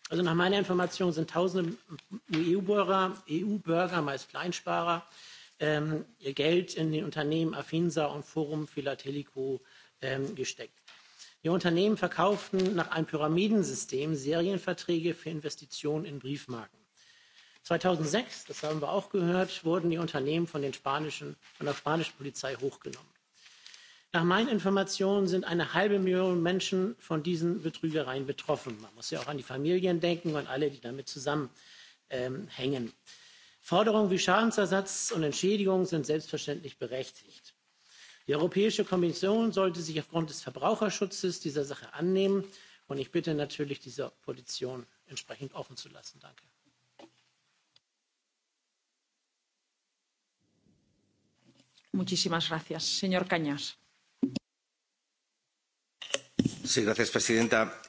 Also nach meiner Information sind tausende EU-Bürger, EU-Bürger, meist Kleinsparer, ähm, ihr Geld in den Unternehmen Afinsa und Forum Philatelico ähm, gesteckt. Die Unternehmen verkauften nach einem Pyramidensystem Serienverträge für Investitionen in Briefmarken. 2006, das haben wir auch gehört, wurden die Unternehmen von, den spanischen, von der spanischen Polizei hochgenommen. Nach meinen Informationen sind eine halbe Million Menschen von diesen Betrügereien betroffen. Man muss ja auch an die Familien denken und alle, die damit zusammenhängen. Ähm, Forderungen wie Schadensersatz und Entschädigung sind selbstverständlich berechtigt. Die Europäische Kommission sollte sich aufgrund des Verbraucherschutzes dieser Sache annehmen. Und ich bitte natürlich, diese Position entsprechend offen zu lassen. Danke. señora presidenta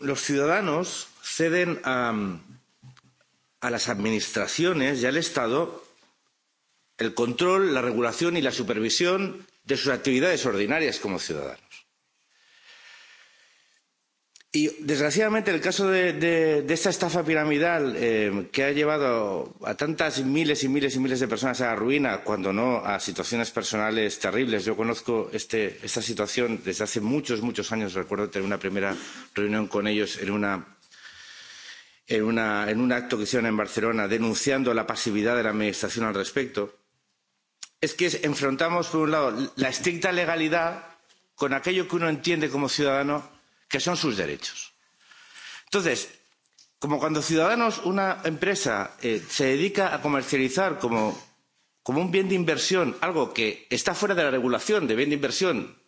los ciudadanos ceden a las administraciones y al estado el control la regulación y la supervisión de sus actividades ordinarias como ciudadanos. Y desgraciadamente el caso de, de, de esta estafa piramidal eh, que ha llevado a tantas miles y miles y miles de personas a la ruina, cuando no a situaciones personales terribles. Yo conozco este, esta situación desde hace muchos, muchos años. Recuerdo tener una primera reunión con ellos en una en, una, en un acto que hicieron en Barcelona denunciando la pasividad de la Administración al respecto, es que enfrentamos, por un lado, la estricta legalidad con aquello que uno entiende como ciudadano que son sus derechos. Entonces, como cuando Ciudadanos, una empresa, eh, se dedica a comercializar como, como un bien de inversión algo que está fuera de la regulación de bien de inversión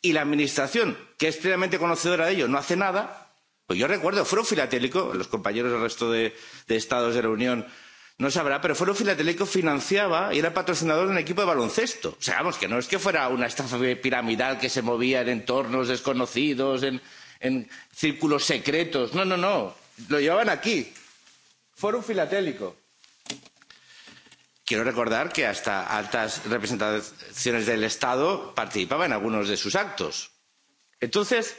y la Administración, que es plenamente conocedora de ello, no hace nada, pues yo recuerdo, fueron filatélico, los compañeros del resto de, de estados de la Unión no sabrá, pero Foro Filatélico financiaba y era patrocinador de un equipo de baloncesto. O sea, vamos, que no es que fuera una estafa piramidal que se movía en entornos desconocidos, en, en círculos secretos. No, no, no. Lo llevaban aquí. Fórum Filatélico. Quiero recordar que hasta altas representaciones del Estado participaban en algunos de sus actos. Entonces,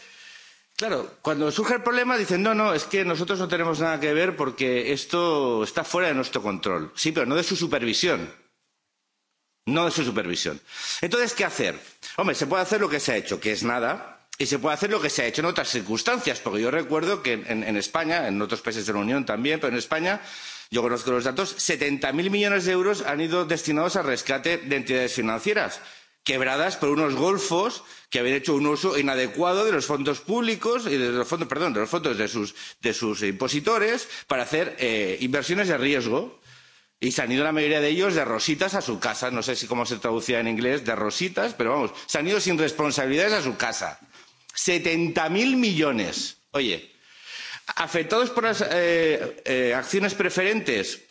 claro, cuando surge el problema dicen, no, no, es que nosotros no tenemos nada que ver porque esto está fuera de nuestro control. Sí, pero no de su supervisión. No de su supervisión. Entonces, ¿qué hacer? Hombre, se puede hacer lo que se ha hecho, que es nada, y se puede hacer lo que se ha hecho en otras circunstancias porque yo recuerdo que en, en españa en otros países de la unión también pero en españa yo conozco los datos setenta cero millones de euros han ido destinados al rescate de entidades financieras quebradas por unos golfos que habían hecho un uso inadecuado de los fondos públicos y de los fondos perdón de los fondos de sus, de sus impositores para hacer eh, inversiones de riesgo y se han ido la mayoría de ellos de rositas a su casa no sé si cómo se traducía en inglés de rositas pero vamos se han ido sin responsabilidades a su casa setenta cero millones. oye afectados por las eh, eh, acciones preferentes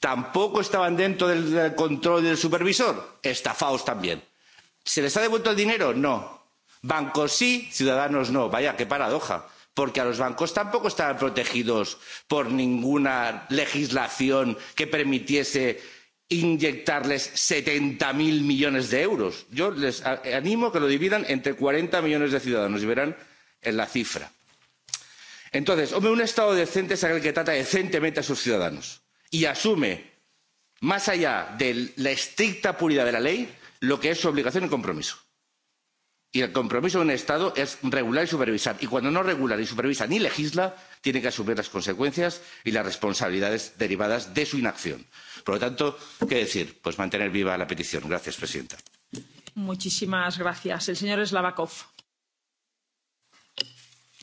tampoco estaban dentro del control del supervisor estafados también. se les ha devuelto el dinero? no. bancos sí ciudadanos no. vaya qué paradoja porque a los bancos tampoco estaban protegidos por ninguna legislación que permitiese inyectarles setenta cero millones de euros. yo les animo a que lo dividan entre cuarenta millones de ciudadanos y verán la cifra. entonces hombre un estado decente es aquel que trata decentemente a sus ciudadanos y asume más allá de la estricta puridad de la ley lo que es su obligación y compromiso. y el compromiso de un estado es regular y supervisar y cuando no regula ni supervisa ni legisla tiene que asumir las consecuencias y las responsabilidades derivadas de su inacción. Por lo tanto, ¿qué decir? Pues mantener viva la petición. Gracias, presidenta. Muchísimas gracias. El señor Slavakov.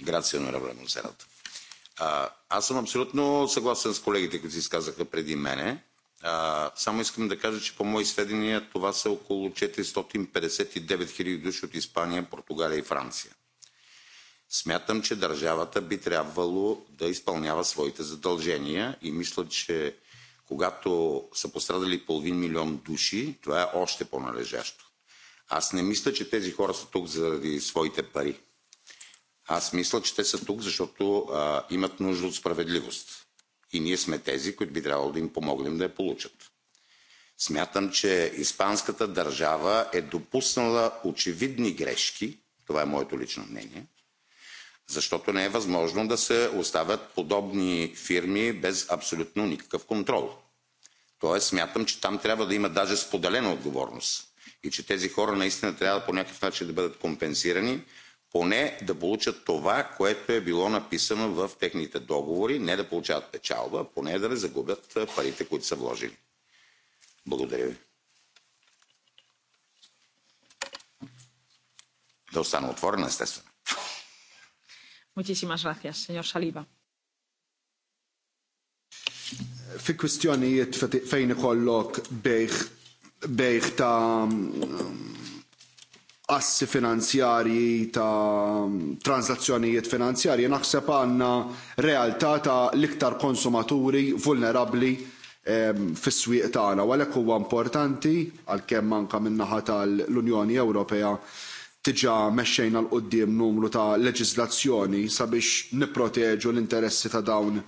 Grazie, onorevole Монсеррат. Ah, аз съм абсолютно съгласен с колегите, които се изказаха преди мене. А, само искам да кажа, че по мои сведения това са около 459 000 души от Испания, Португалия и Франция. Смятам, че държавата би трябвало да изпълнява своите задължения и мисля, че когато са пострадали половин милион души, това е още по-належащо. Аз не мисля, че тези хора са тук заради своите пари. Аз мисля, че те са тук, защото а, имат нужда от справедливост. И ние сме тези, които би трябвало да им помогнем да я получат. Смятам, че испанската държава е допуснала очевидни грешки, това е моето лично мнение, защото не е възможно да се оставят подобни фирми без абсолютно никакъв контрол. Тоест смятам, че там трябва да има даже споделена отговорност и че тези хора наистина трябва по някакъв начин да бъдат компенсирани, поне да получат това, което е било написано в техните договори, не да получават печалба, а поне да не загубят парите, които са вложили. Благодаря ви. Да остана отворена, естествено. Fi kwistjonijiet fejn ikollok bejħ bejħ ta' assi finanzjarji ta' transazzjonijiet finanzjarji naħseb għandna realtà ta' l-iktar konsumaturi vulnerabbli ehm, fis-swieq tagħna u għalhekk huwa importanti għalkemm anke min-naħa tal-Unjoni Ewropea diġà mexxejna l quddiem numru ta' leġiżlazzjoni sabiex nipproteġu l-interessi ta' dawn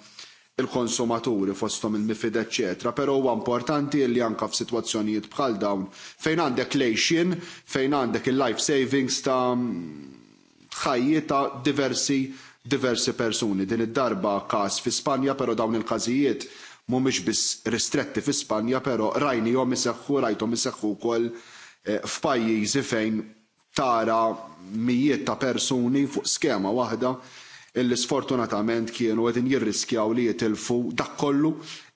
il-konsumaturi fosthom il-mifid eċetera però huwa importanti li anke f'sitwazzjonijiet bħal dawn fejn għandek għexien fejn għandek il life savings ta' ħajjiet ta' diversi diversi persuni din id-darba każ fi Spanja però dawn il-każijiet mhumiex biss ristretti fi Spanja però rajnihom iseħħu rajthom iseħħu wkoll eh, f'pajjiżi fejn tara mijiet ta' persuni fuq skema waħda illi sfortunatament kienu qegħdin jirriskjaw li jitilfu dak kollu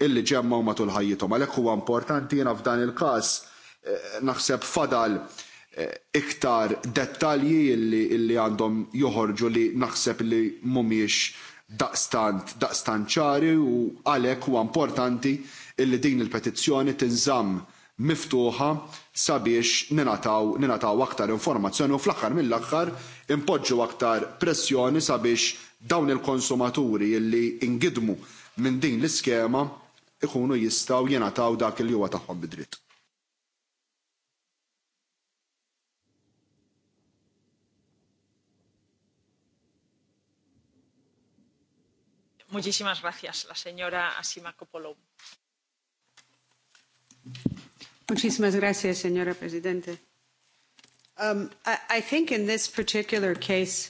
illi ġemmaw matul ħajjithom. Għalhekk huwa importanti jiena f'dan il-każ eh, naħseb fadal eh, iktar dettalji illi, illi għandhom joħorġu li naħseb li mhumiex daqstant daqstant ċari u għalhekk huwa importanti illi din il-petizzjoni tinżamm miftuħa sabiex ninataw, ninataw aktar informazzjoni u fl-aħħar mill-aħħar impoġġu aktar pressjoni sabiex dawn il-konsumaturi illi ingidmu minn din l-iskema ikunu jistaw jenataw dak li huwa tagħhom bidritt. Muchísimas gracias, la señora Asima Kopolov. Muchísimas gracias, señora presidente. Um, I, I think in this particular case,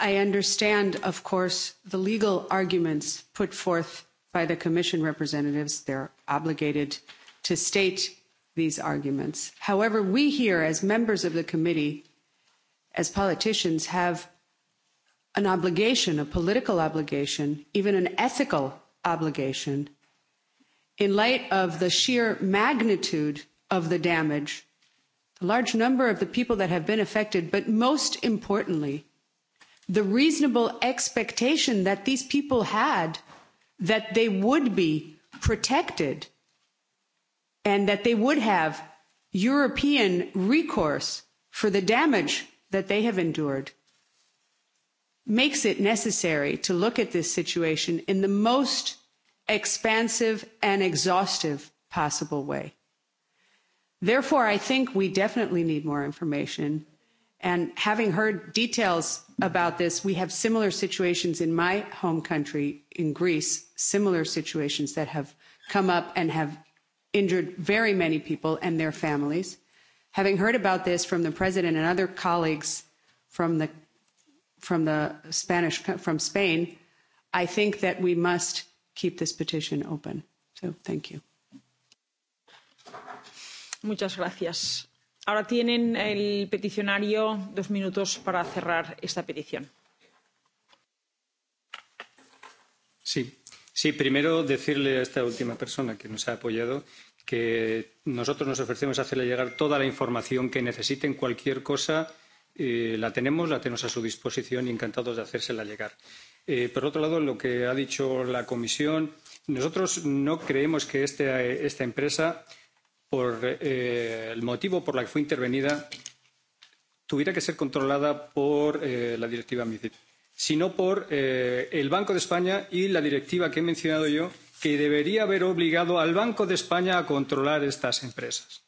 I understand, of course, the legal arguments put forth by the Commission representatives. They're obligated to state these arguments. However, we here, as members of the committee, as politicians, have an obligation, a political obligation, even an ethical obligation in light of the sheer magnitude of the damage, the large number of the people that have been affected, but most importantly, the reasonable expectation that these people had that they would be protected and that they would have European recourse for the damage that they have endured makes it necessary to look at this situation in the most expansive and exhaustive possible way. Therefore, I think we definitely need more information. And having heard details about this, we have similar situations in my home country, in Greece, similar situations that have come up and have injured very many people and their families. Having heard about this from the president and other colleagues from the from the Spanish from Spain, I think that we must keep this petition open. So thank you. Muchas gracias. Ahora tienen el peticionario dos minutos para cerrar esta petición. Sí, sí primero decirle a esta última persona que nos ha apoyado que nosotros nos ofrecemos a hacerle llegar toda la información que necesiten, cualquier cosa eh, la tenemos, la tenemos a su disposición y encantados de hacérsela llegar. Eh, por otro lado, lo que ha dicho la Comisión, nosotros no creemos que este, esta empresa, por eh, el motivo por el que fue intervenida, tuviera que ser controlada por eh, la directiva MIFID, sino por eh, el Banco de España y la directiva que he mencionado yo, que debería haber obligado al Banco de España a controlar estas empresas.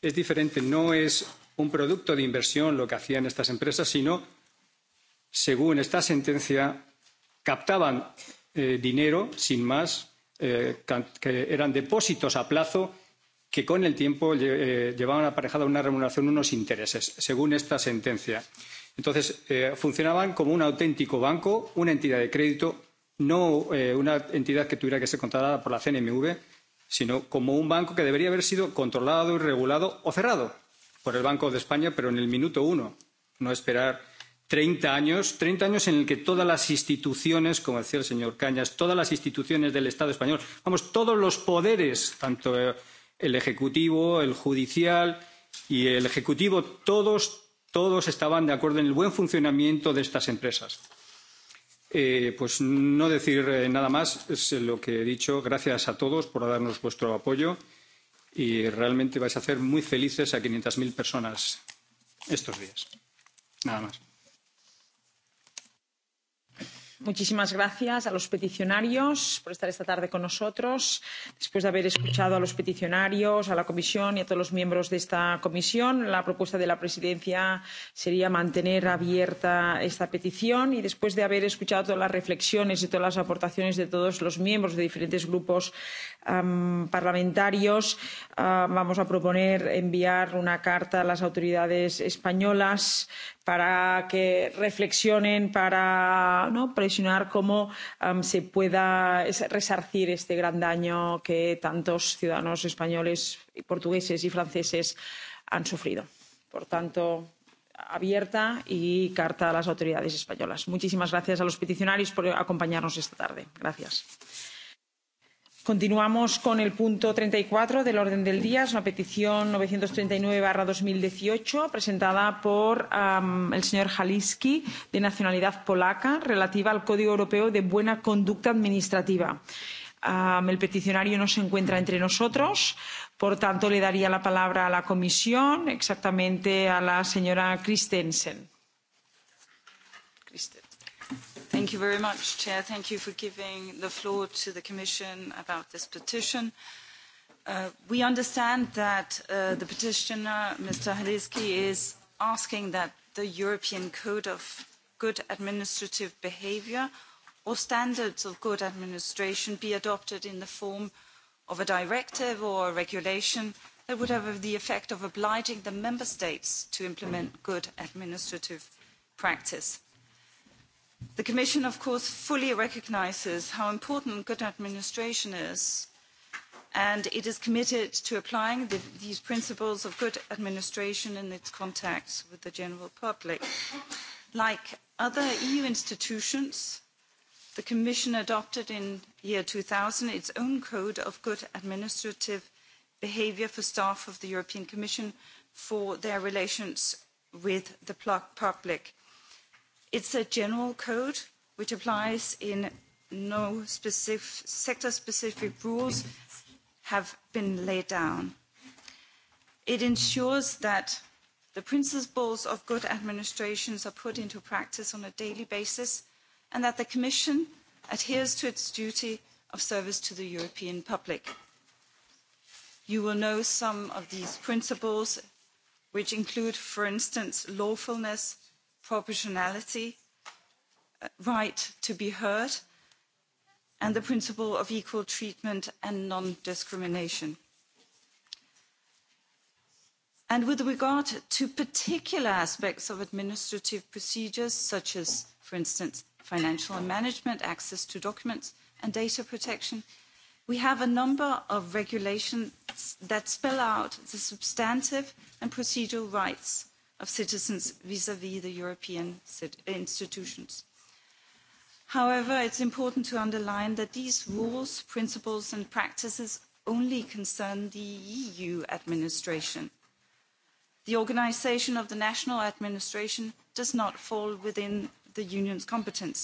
Es diferente, no es un producto de inversión lo que hacían estas empresas, sino, según esta sentencia, captaban eh, dinero sin más, eh, que eran depósitos a plazo que con el tiempo eh, llevaban aparejada una remuneración, unos intereses, según esta sentencia. Entonces, eh, funcionaban como un auténtico banco, una entidad de crédito, no eh, una entidad que tuviera que ser controlada por la CNMV, sino como un banco que debería haber sido controlado y regulado o cerrado por el Banco de España, pero en el minuto uno, no esperar treinta años treinta años en los que todas las instituciones como decía el señor cañas todas las instituciones del estado español vamos todos los poderes tanto eh, el ejecutivo el judicial y el ejecutivo todos todos estaban de acuerdo en el buen funcionamiento de estas empresas. Eh, pues no decir eh, nada más es lo que he dicho. Gracias a todos por darnos vuestro apoyo y realmente vais a hacer muy felices a 500.000 personas estos días. Nada más. Muchísimas gracias a los peticionarios por estar esta tarde con nosotros. Después de haber escuchado a los peticionarios, a la Comisión y a todos los miembros de esta comisión, la propuesta de la Presidencia sería mantener abierta esta petición y después de haber escuchado todas las reflexiones y todas las aportaciones de todos los miembros de diferentes grupos um, parlamentarios uh, vamos a proponer enviar una carta a las autoridades españolas para que reflexionen para ¿no? presionar cómo um, se pueda resarcir este gran daño que tantos ciudadanos españoles portugueses y franceses han sufrido. por tanto abierta y carta a las autoridades españolas. muchísimas gracias a los peticionarios por acompañarnos esta tarde. gracias. Continuamos con el punto 34 del orden del día. Es una petición 939-2018 presentada por um, el señor Jaliski, de nacionalidad polaca, relativa al Código Europeo de Buena Conducta Administrativa. Um, el peticionario no se encuentra entre nosotros, por tanto le daría la palabra a la comisión, exactamente a la señora Christensen. Christensen. Thank you very much, Chair. Thank you for giving the floor to the Commission about this petition. Uh, we understand that uh, the petitioner, Mr. Haliski, is asking that the European Code of Good Administrative Behaviour or standards of good administration be adopted in the form of a directive or a regulation that would have the effect of obliging the member states to implement good administrative practice. The Commission, of course, fully recognises how important good administration is, and it is committed to applying the, these principles of good administration in its contacts with the general public. Like other EU institutions, the Commission adopted in year 2000 its own code of good administrative behaviour for staff of the European Commission for their relations with the public It's a general code which applies in no specific, sector-specific rules have been laid down. It ensures that the principles of good administrations are put into practice on a daily basis and that the Commission adheres to its duty of service to the European public. You will know some of these principles, which include, for instance, lawfulness, proportionality, uh, right to be heard, and the principle of equal treatment and non-discrimination. And with regard to particular aspects of administrative procedures, such as, for instance, financial and management, access to documents and data protection, we have a number of regulations that spell out the substantive and procedural rights of citizens vis-à-vis -vis the European institutions. However, it's important to underline that these rules, principles and practices only concern the EU administration. The organization of the national administration does not fall within the Union's competence.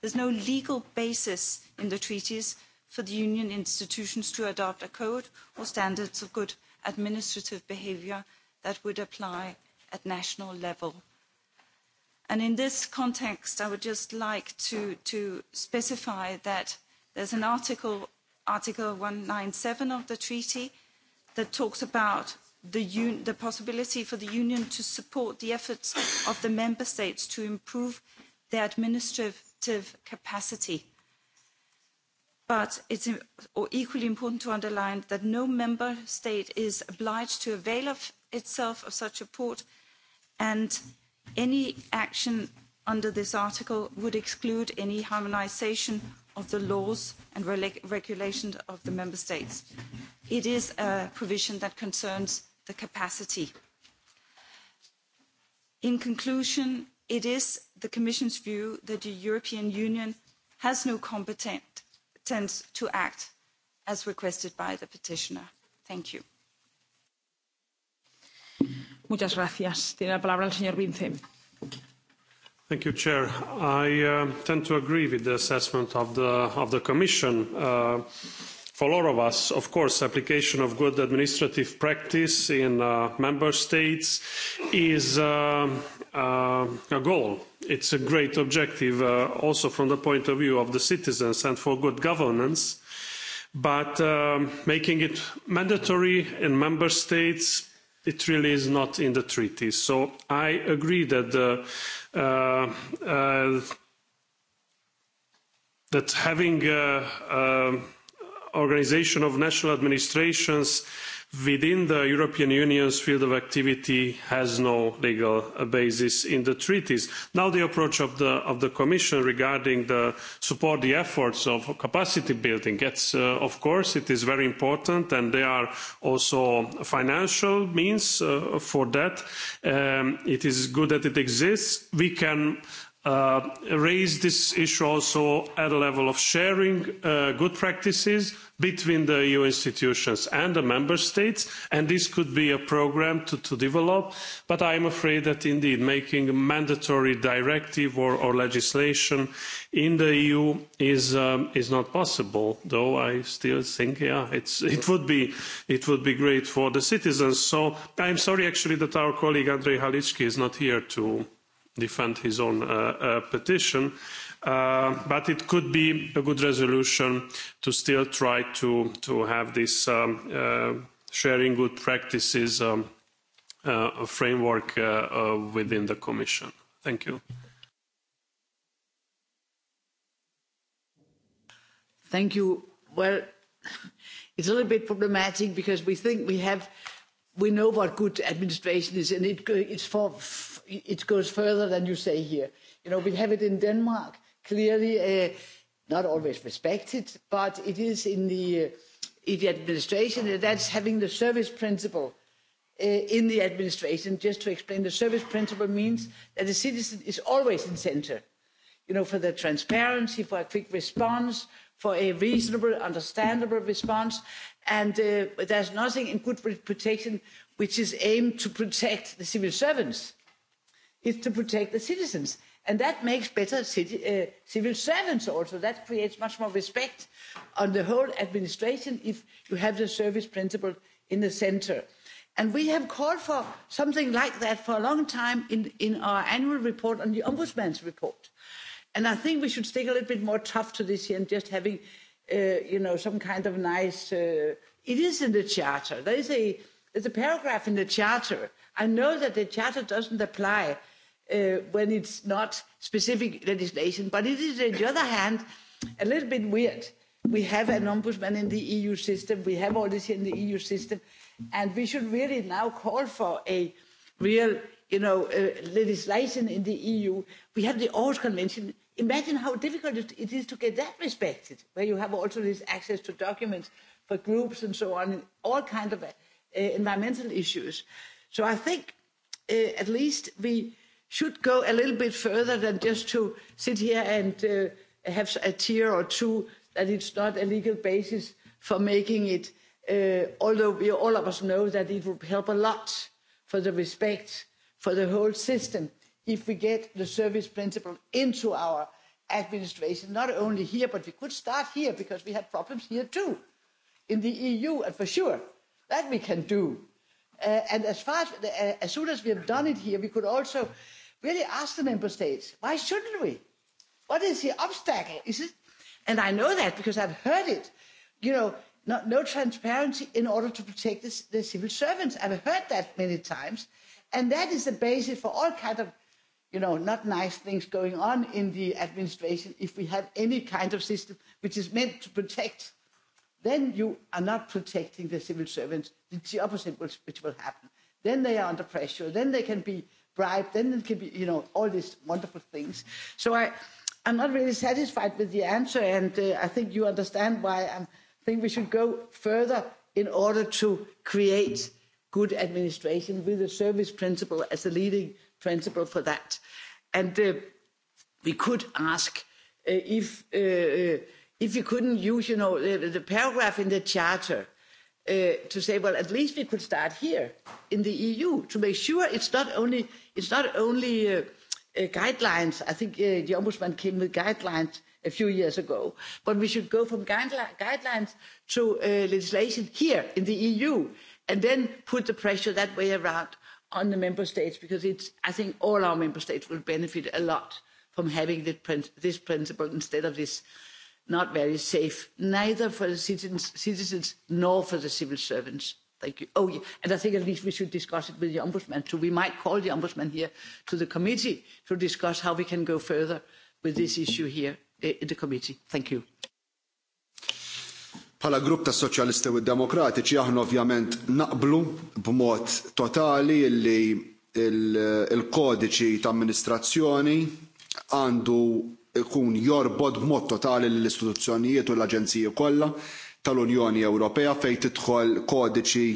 There's no legal basis in the treaties for the Union institutions to adopt a code or standards of good administrative behavior that would apply at national level. And in this context, I would just like to, to specify that there's an article, Article 197 of the treaty, that talks about the, un- the possibility for the Union to support the efforts of the member states to improve their administrative capacity. But it's equally important to underline that no member state is obliged to avail of itself of such support and any action under this article would exclude any harmonisation of the laws and regulations of the member states. It is a provision that concerns the capacity. In conclusion, it is the Commission's view that the European Union has no competence to act as requested by the petitioner. Thank you. Muchas gracias. Tiene la palabra el señor Vincent. Thank you, Chair. I uh, tend to agree with the assessment of the, of the Commission. Uh, for all of us, of course, application of good administrative practice in uh, member states is uh, uh, a goal. It's a great objective uh, also from the point of view of the citizens and for good governance. But um, making it mandatory in member states it really is not in the treaty. So I agree that the, uh, uh, that having uh, uh, organization of national administrations uh, within the European Union's field of activity has no legal basis in the treaties. Now the approach of the, of the Commission regarding the support the efforts of capacity building, it's, uh, of course, it is very important and there are also financial means uh, for that. Um, it is good that it exists. We can uh, uh, raise this issue also at a level of sharing uh, good practices between the EU institutions and the member states, and this could be a program to, to develop. But I'm afraid that indeed making a mandatory directive or, or legislation in the EU is um, is not possible. Though I still think, yeah, it's <laughs> it would be it would be great for the citizens. So I'm sorry actually that our colleague Andrei Halicki is not here to defend his own uh, uh, petition. Uh, but it could be a good resolution to still try to, to have this um, uh, sharing good practices um, uh, framework uh, uh, within the Commission. Thank you. Thank you. Well, <laughs> it's a little bit problematic because we think we have, we know what good administration is, and it, it's for it goes further than you say here. You know, we have it in Denmark, clearly uh, not always respected, but it is in the, uh, in the administration, that's having the service principle uh, in the administration. Just to explain, the service principle means that the citizen is always in center, you know, for the transparency, for a quick response, for a reasonable, understandable response. And uh, there's nothing in good protection which is aimed to protect the civil servants is to protect the citizens and that makes better city, uh, civil servants also that creates much more respect on the whole administration if you have the service principle in the center and we have called for something like that for a long time in, in our annual report on the ombudsman's report and i think we should stick a little bit more tough to this here and just having uh, you know some kind of nice uh, it is in the charter there is a there's a paragraph in the charter i know that the charter doesn't apply uh, when it's not specific legislation. But it is, on the other hand, a little bit weird. We have an ombudsman in the EU system. We have all this in the EU system, and we should really now call for a real, you know, uh, legislation in the EU. We have the Aarhus Convention. Imagine how difficult it is to get that respected, where you have also this access to documents for groups and so on, and all kind of uh, environmental issues. So I think, uh, at least we should go a little bit further than just to sit here and uh, have a tear or two that it's not a legal basis for making it, uh, although we, all of us know that it would help a lot for the respect for the whole system if we get the service principle into our administration, not only here, but we could start here because we have problems here too, in the EU, and for sure, that we can do. Uh, and as far as, uh, as soon as we have done it here, we could also really ask the member states why shouldn't we? what is the obstacle? is it? and i know that because i've heard it. you know, not, no transparency in order to protect the, the civil servants. i've heard that many times. and that is the basis for all kinds of, you know, not nice things going on in the administration. if we have any kind of system which is meant to protect, then you are not protecting the civil servants. it's the opposite which, which will happen. then they are under pressure. then they can be bribe then it can be you know all these wonderful things so i i'm not really satisfied with the answer and uh, i think you understand why i think we should go further in order to create good administration with a service principle as the leading principle for that and uh, we could ask uh, if uh, uh, if you couldn't use you know the, the paragraph in the charter uh, to say well at least we could start here in the eu to make sure it's not only it's not only uh, uh, guidelines. I think uh, the Ombudsman came with guidelines a few years ago. But we should go from guideli- guidelines to uh, legislation here in the EU and then put the pressure that way around on the member states because it's, I think all our member states will benefit a lot from having the prin- this principle instead of this not very safe, neither for the citizens, citizens nor for the civil servants Thank you. Oh, yeah. And I think at least we should discuss it with the Ombudsman. So we might call the Ombudsman here to the committee to discuss how we can go further with this issue here eh, in the committee. Thank you. Bħala grupp ta' Soċjalisti u Demokratiċi aħna ovvjament naqblu b'mod totali li il-kodiċi il ta' amministrazzjoni għandu ikun jorbod b'mod totali l-istituzzjonijiet u l-aġenziji kollha tal-Unjoni Ewropea fejn tidħol kodiċi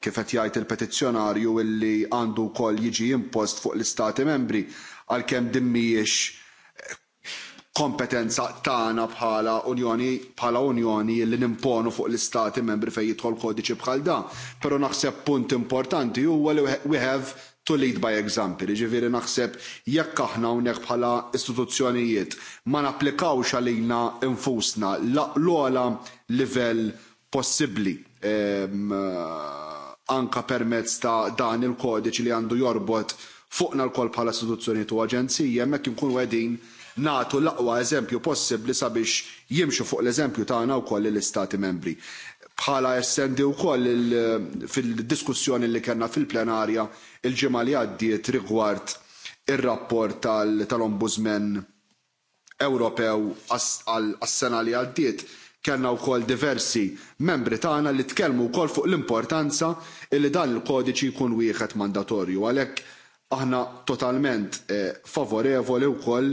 kif qed jgħid il-petizzjonarju illi għandu wkoll jiġi impost fuq l-istati membri għalkemm din mhijiex kompetenza tagħna bħala Unjoni bħala Unjoni li nimponu fuq l-istati membri fejn jidħol kodiċi bħal dan. Però naħseb punt importanti huwa li we have to lead by example. Jiġifieri naħseb jekk aħna hawnhekk bħala istituzzjonijiet ma napplikawx għalina infusna l-ogħla livell possibbli ehm, eh, anka permezz ta' dan il-kodiċi li għandu jorbot fuqna lkoll bħala istituzzjonijiet u aġenziji hemmhekk inkunu qegħdin nagħtu l-aqwa eżempju possibbli sabiex jimxu fuq l-eżempju tagħna wkoll lill-istati membri bħala essendi wkoll fil-diskussjoni li kellna fil-plenarja il-ġimgħa li għaddiet rigward ir-rapport tal-Ombudsman Ewropew għas-sena li għaddiet kellna wkoll diversi membri tagħna li tkellmu wkoll fuq l-importanza li dan il-kodiċi jkun wieħed mandatorju għalhekk aħna totalment eh, favorevoli wkoll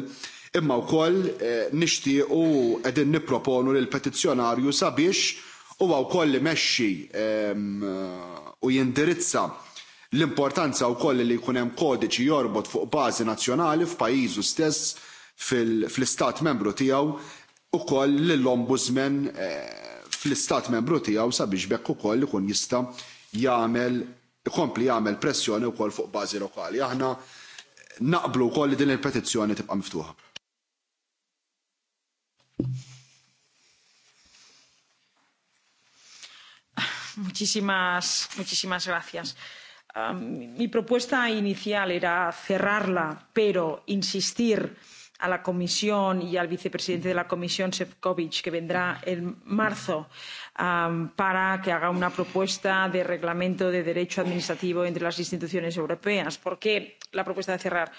imma wkoll eh, nixtiequ qegħdin nipproponu lill petizzjonarju sabiex huwa wkoll imexxi eh, u jindirizza l-importanza wkoll li jkun hemm kodiċi jorbot fuq bażi nazzjonali f'pajjiżu stess fl-istat membru tiegħu ukoll lill-ombudsman eh, fl-istat membru tiegħu sabiex bekk ukoll ikun jista' jagħmel ikompli jagħmel pressjoni wkoll fuq bażi lokali. Aħna naqblu wkoll li din il-petizzjoni tibqa' miftuħa. muchísimas, muchísimas gracias. Um, mi propuesta inicial era cerrarla, pero insistir en a la comisión y al vicepresidente de la comisión efovi que vendrá en marzo para que haga una propuesta de reglamento de derecho administrativo entre las instituciones europeas. por qué la propuesta de cerrar?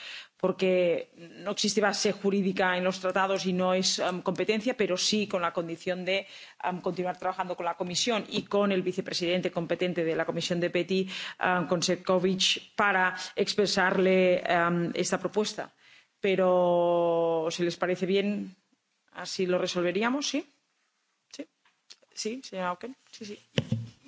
porque no existe base jurídica en los tratados y no es um, competencia pero sí con la condición de um, continuar trabajando con la comisión y con el vicepresidente competente de la comisión de peti um, con efovi para expresarle esta propuesta pero si les parece bien, así lo resolveríamos, ¿sí? Sí, sí señora Auken, sí, sí.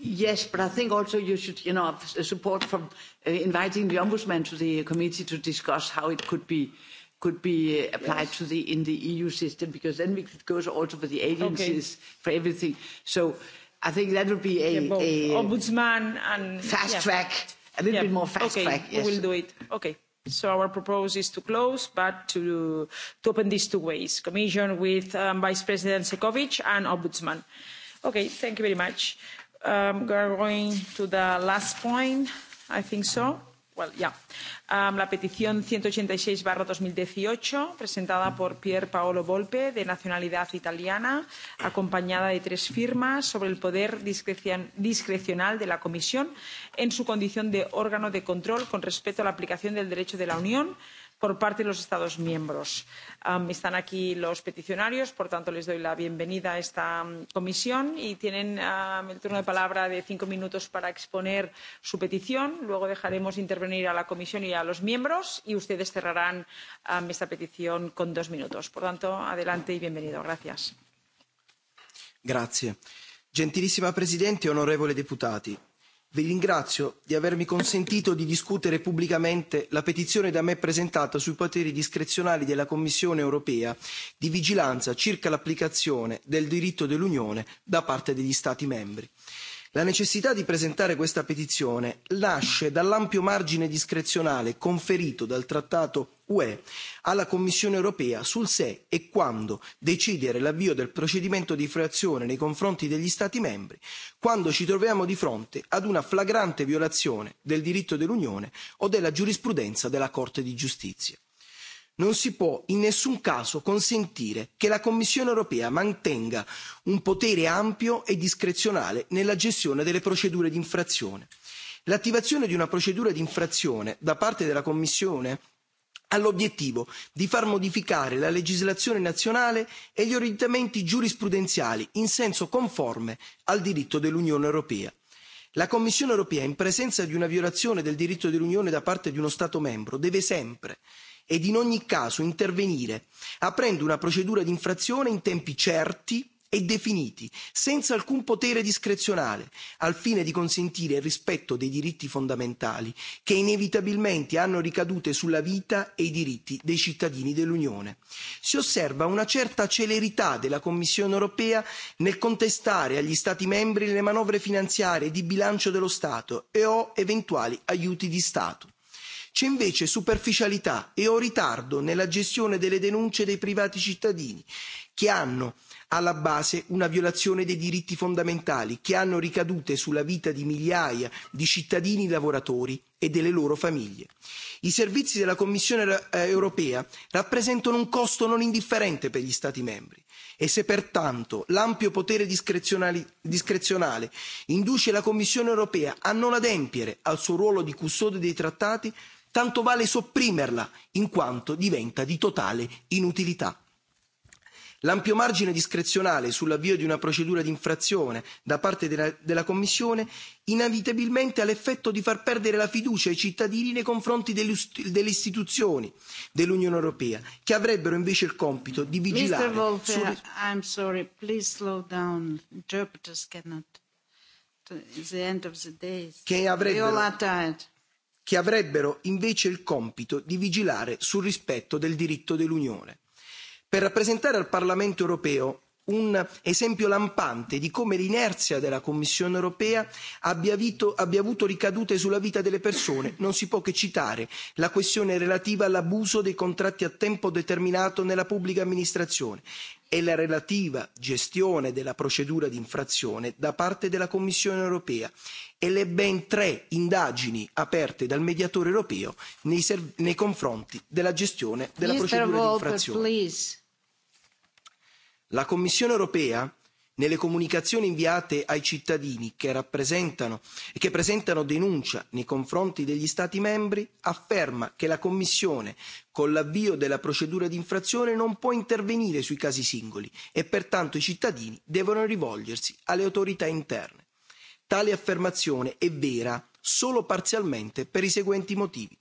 Yes, but I think also you should, you know, support from uh, inviting the ombudsman to the committee to discuss how it could be could be uh, applied yes. to the in the EU system because then we could go also for the agencies okay. for everything. So I think that would be a, yeah, a ombudsman and fast yeah. track, a little yeah. bit more fast okay. track. Yes, we will do it. Okay so our proposal is to close but to, to open this two ways commission with um, vice president efovi and ombudsman. okay thank you very much. Um, we are going to the last point i think so Well, yeah. um, la petición 186-2018, presentada por Pier Paolo Volpe, de nacionalidad italiana, acompañada de tres firmas, sobre el poder discrecional de la Comisión en su condición de órgano de control con respecto a la aplicación del derecho de la Unión por parte de los Estados miembros. Um, están aquí los peticionarios, por tanto, les doy la bienvenida a esta um, comisión y tienen um, el turno de palabra de cinco minutos para exponer su petición. Luego dejaremos intervenir a la comisión y a los miembros y ustedes cerrarán um, esta petición con dos minutos. Por tanto, adelante y bienvenido. Gracias. Grazie. Gentilissima Presidente, onorevoli deputati vi ringrazio di avermi consentito di discutere pubblicamente la petizione da me presentata sui poteri discrezionali della commissione europea di vigilanza circa l'applicazione del diritto dell'unione da parte degli stati membri la necessità di presentare questa petizione nasce dall'ampio margine discrezionale conferito dal trattato ue alla commissione europea sul se e quando decidere l'avvio del procedimento di infrazione nei confronti degli stati membri quando ci troviamo di fronte ad una flagrante violazione del diritto dell'unione o della giurisprudenza della corte di giustizia non si può in nessun caso consentire che la commissione europea mantenga un potere ampio e discrezionale nella gestione delle procedure di infrazione. l'attivazione di una procedura di infrazione da parte della commissione ha l'obiettivo di far modificare la legislazione nazionale e gli orientamenti giurisprudenziali in senso conforme al diritto dell'unione europea. la commissione europea in presenza di una violazione del diritto dell'unione da parte di uno stato membro deve sempre ed in ogni caso intervenire aprendo una procedura di infrazione in tempi certi e definiti senza alcun potere discrezionale al fine di consentire il rispetto dei diritti fondamentali che inevitabilmente hanno ricadute sulla vita e i diritti dei cittadini dell'unione. si osserva una certa celerità della commissione europea nel contestare agli stati membri le manovre finanziarie e di bilancio dello stato e o eventuali aiuti di stato c'è invece superficialità e un ritardo nella gestione delle denunce dei privati cittadini che hanno alla base una violazione dei diritti fondamentali che hanno ricadute sulla vita di migliaia di cittadini lavoratori e delle loro famiglie. i servizi della commissione eh, europea rappresentano un costo non indifferente per gli stati membri e se pertanto l'ampio potere discrezionale induce la commissione europea a non adempiere al suo ruolo di custode dei trattati tanto vale sopprimerla in quanto diventa di totale inutilità. L'ampio margine discrezionale sull'avvio di una procedura d'infrazione da parte della, della Commissione inevitabilmente ha l'effetto di far perdere la fiducia ai cittadini nei confronti delle, delle istituzioni dell'Unione Europea, che avrebbero invece il compito di vigilare. Mr. Wolfe, su... I'm sorry, please slow down. Interpreters cannot. It's the end of the day. Che avrebbero... We all are tired che avrebbero invece il compito di vigilare sul rispetto del diritto dell'Unione, per rappresentare al Parlamento europeo un esempio lampante di come l'inerzia della Commissione europea abbia, avito, abbia avuto ricadute sulla vita delle persone, non si può che citare la questione relativa all'abuso dei contratti a tempo determinato nella pubblica amministrazione, e la relativa gestione della procedura di infrazione da parte della Commissione europea e le ben tre indagini aperte dal mediatore europeo nei, nei confronti della gestione della Mr. procedura Walker, di infrazione. Please. La Commissione europea nelle comunicazioni inviate ai cittadini che presentano denuncia nei confronti degli stati membri afferma che la commissione con l'avvio della procedura d'infrazione non può intervenire sui casi singoli e pertanto i cittadini devono rivolgersi alle autorità interne. tale affermazione è vera solo parzialmente per i seguenti motivi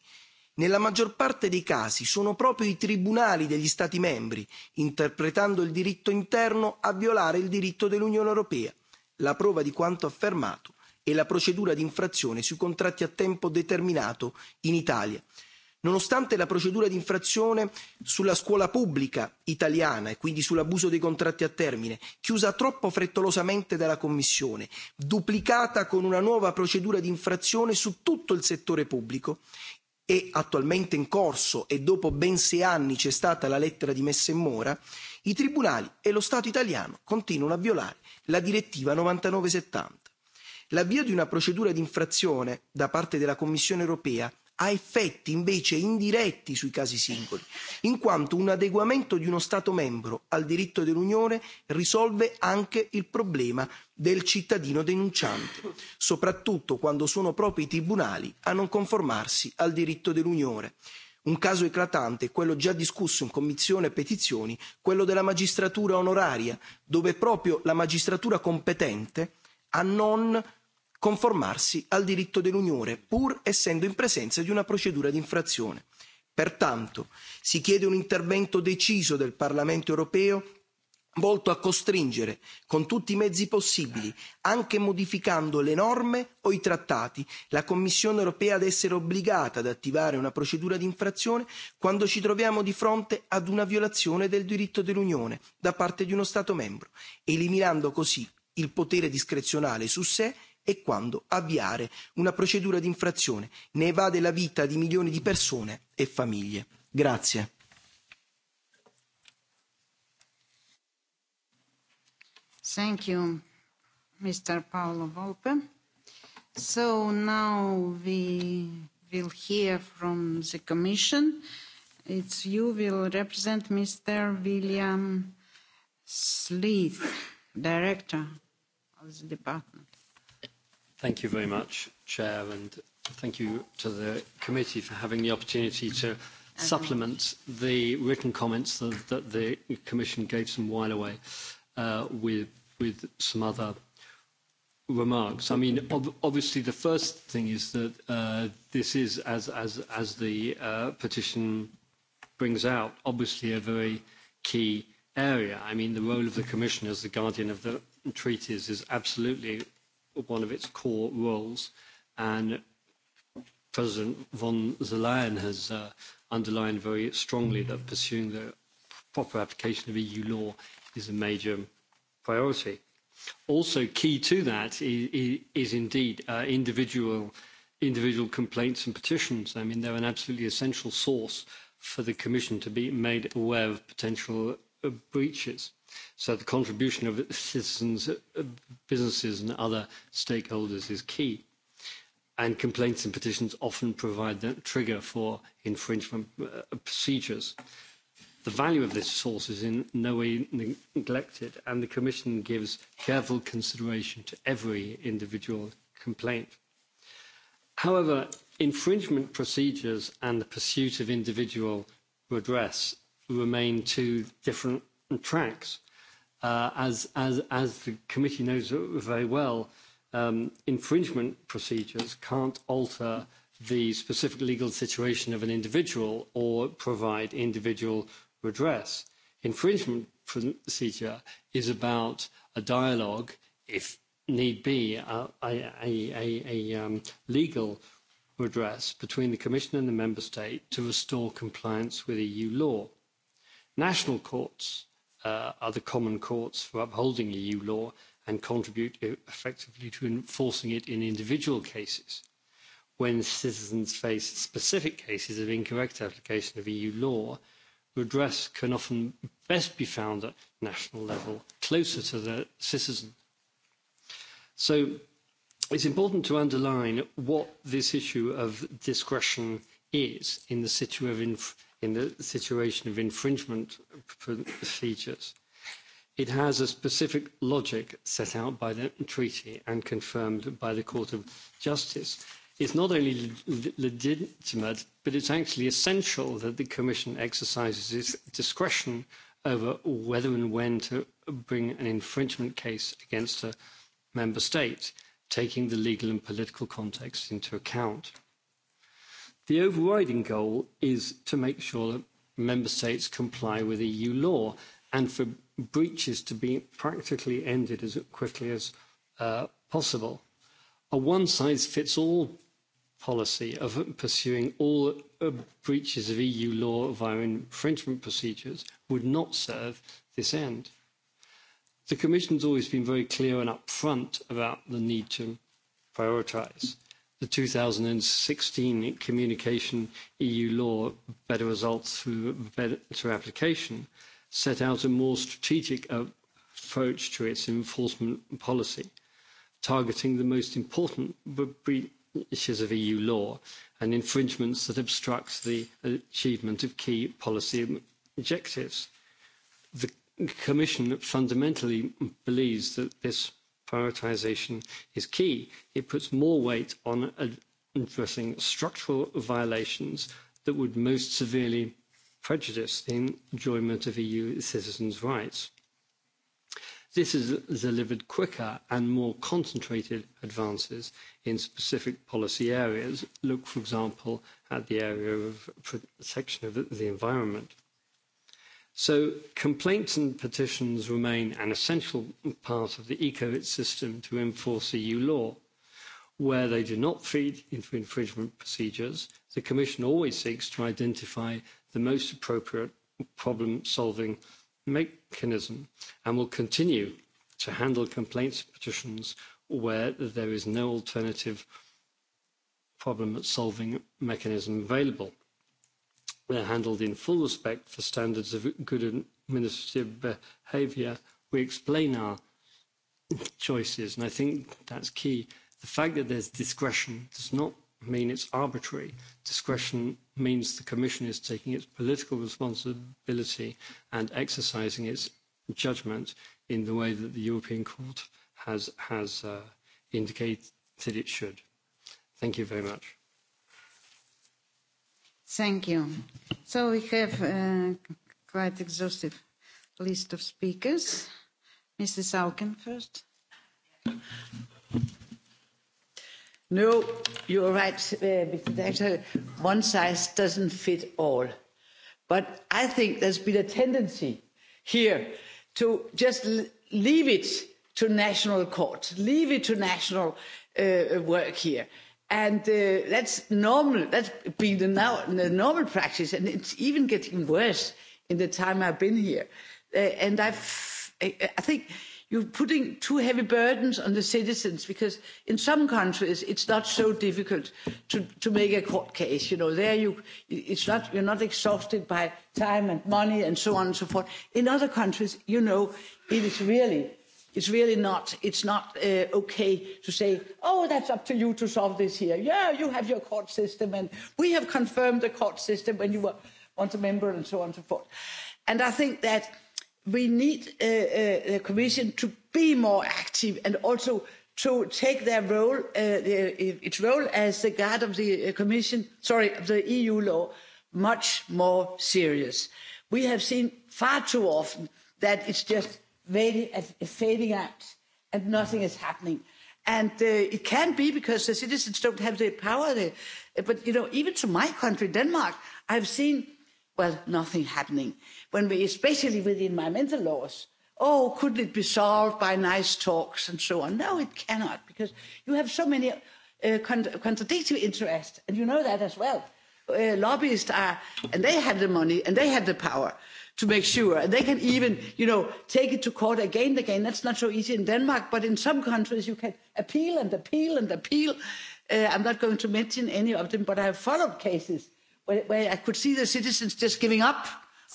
nella maggior parte dei casi sono proprio i tribunali degli stati membri interpretando il diritto interno a violare il diritto dell'unione europea la prova di quanto affermato è e la procedura d'infrazione sui contratti a tempo determinato in italia. nonostante la procedura d'infrazione sulla scuola pubblica italiana e quindi sull'abuso dei contratti a termine chiusa troppo frettolosamente dalla commissione duplicata con una nuova procedura d'infrazione su tutto il settore pubblico è attualmente in corso e dopo ben sei anni c'è stata la lettera di messa in e mora i tribunali e lo stato italiano continuano a violare la direttiva novantanove settanta. l'avvio di una procedura d'infrazione da parte della commissione europea ha effetti invece indiretti sui casi singoli, in quanto un adeguamento di uno Stato membro al diritto dell'Unione risolve anche il problema del cittadino denunciante, soprattutto quando sono proprio i tribunali a non conformarsi al diritto dell'Unione. Un caso eclatante è quello già discusso in commissione e petizioni, quello della magistratura onoraria, dove proprio la magistratura competente a non conformarsi al diritto dell'unione pur essendo in presenza di una procedura di infrazione. pertanto si chiede un intervento deciso del parlamento europeo volto a costringere con tutti i mezzi possibili anche modificando le norme o i trattati la commissione europea ad essere obbligata ad attivare una procedura di infrazione quando ci troviamo di fronte ad una violazione del diritto dell'unione da parte di uno stato membro eliminando così il potere discrezionale su sé e quando avviare una procedura di infrazione ne evade la vita di milioni di persone e famiglie. Grazie. Thank you, Mr. Paolo Volpe. So now we will hear from the Commission. It's you will represent Mr. William Sleeth, Director of the Department. Thank you very much, Chair, and thank you to the committee for having the opportunity to supplement the written comments that, that the Commission gave some while away uh, with, with some other remarks. I mean, ob obviously, the first thing is that uh, this is, as, as, as the uh, petition brings out, obviously a very key area. I mean, the role of the Commission as the guardian of the treaties is absolutely one of its core roles. And President von der Leyen has uh, underlined very strongly that pursuing the proper application of EU law is a major priority. Also key to that is, is indeed uh, individual, individual complaints and petitions. I mean, they're an absolutely essential source for the Commission to be made aware of potential breaches. So the contribution of citizens, businesses and other stakeholders is key. And complaints and petitions often provide that trigger for infringement uh, procedures. The value of this source is in no way neglected, and the Commission gives careful consideration to every individual complaint. However, infringement procedures and the pursuit of individual redress remain two different tracks. Uh, as, as, as the committee knows very well, um, infringement procedures can't alter the specific legal situation of an individual or provide individual redress. Infringement procedure is about a dialogue, if need be, a, a, a, a um, legal redress between the Commission and the Member State to restore compliance with EU law. National courts uh, are the common courts for upholding EU law and contribute e, effectively to enforcing it in individual cases. When citizens face specific cases of incorrect application of EU law, redress can often best be found at national level, closer to the citizen. So it's important to underline what this issue of discretion is in the situ of inf- in the situation of infringement procedures. It has a specific logic set out by the treaty and confirmed by the Court of Justice. It's not only le legitimate, but it's actually essential that the Commission exercises its discretion over whether and when to bring an infringement case against a member state, taking the legal and political context into account. The overriding goal is to make sure that member states comply with EU law and for breaches to be practically ended as quickly as uh, possible. A one size fits all policy of pursuing all uh, breaches of EU law via infringement procedures would not serve this end. The Commission's always been very clear and upfront about the need to prioritise. Mm-hmm the 2016 communication EU law Better Results Through Better Application set out a more strategic approach to its enforcement policy, targeting the most important breaches of EU law and infringements that obstruct the achievement of key policy objectives. The Commission fundamentally believes that this prioritisation is key. It puts more weight on addressing structural violations that would most severely prejudice the enjoyment of EU citizens' rights. This has delivered quicker and more concentrated advances in specific policy areas. Look, for example, at the area of protection of the environment. So complaints and petitions remain an essential part of the ecosystem to enforce EU law. Where they do not feed into infringement procedures, the Commission always seeks to identify the most appropriate problem-solving mechanism and will continue to handle complaints and petitions where there is no alternative problem-solving mechanism available uh, handled in full respect for standards of good administrative behaviour. We explain our choices, and I think that's key. The fact that there's discretion does not mean it's arbitrary. Discretion means the Commission is taking its political responsibility and exercising its judgment in the way that the European Court has, has uh, indicated it should. Thank you very much. Thank you. So we have uh, quite exhaustive list of speakers. Mrs. Auken first. No, you're right, uh, Mr. Director. One size doesn't fit all. But I think there's been a tendency here to just leave it to national courts, leave it to national uh, work here. Uh, And uh, that's normal. That's been the, now, the normal practice, and it's even getting worse in the time I've been here. Uh, and I've, I, I think you're putting too heavy burdens on the citizens because in some countries it's not so difficult to, to make a court case. You know, there you, it's not, you're not exhausted by time and money and so on and so forth. In other countries, you know, it is really it's really not it's not uh, okay to say oh that's up to you to solve this here yeah you have your court system and we have confirmed the court system when you were once a member and so on and so forth and i think that we need uh, uh, the commission to be more active and also to take their role uh, the, its role as the guard of the uh, commission sorry of the eu law much more serious we have seen far too often that it's just fading out and nothing is happening. And uh, it can be because the citizens don't have the power there. Uh, but, you know, even to my country, Denmark, I've seen, well, nothing happening. When we, especially with the environmental laws, oh, couldn't it be solved by nice talks and so on? No, it cannot because you have so many uh, con- contradictory interests. And you know that as well. Uh, lobbyists are, and they have the money and they have the power. Uh, to make sure. They can even, you know, take it to court again and again. That's not so easy in Denmark, but in some countries you can appeal and appeal and appeal. Uh, I'm not going to mention any of them, but I have followed cases where, where I could see the citizens just giving up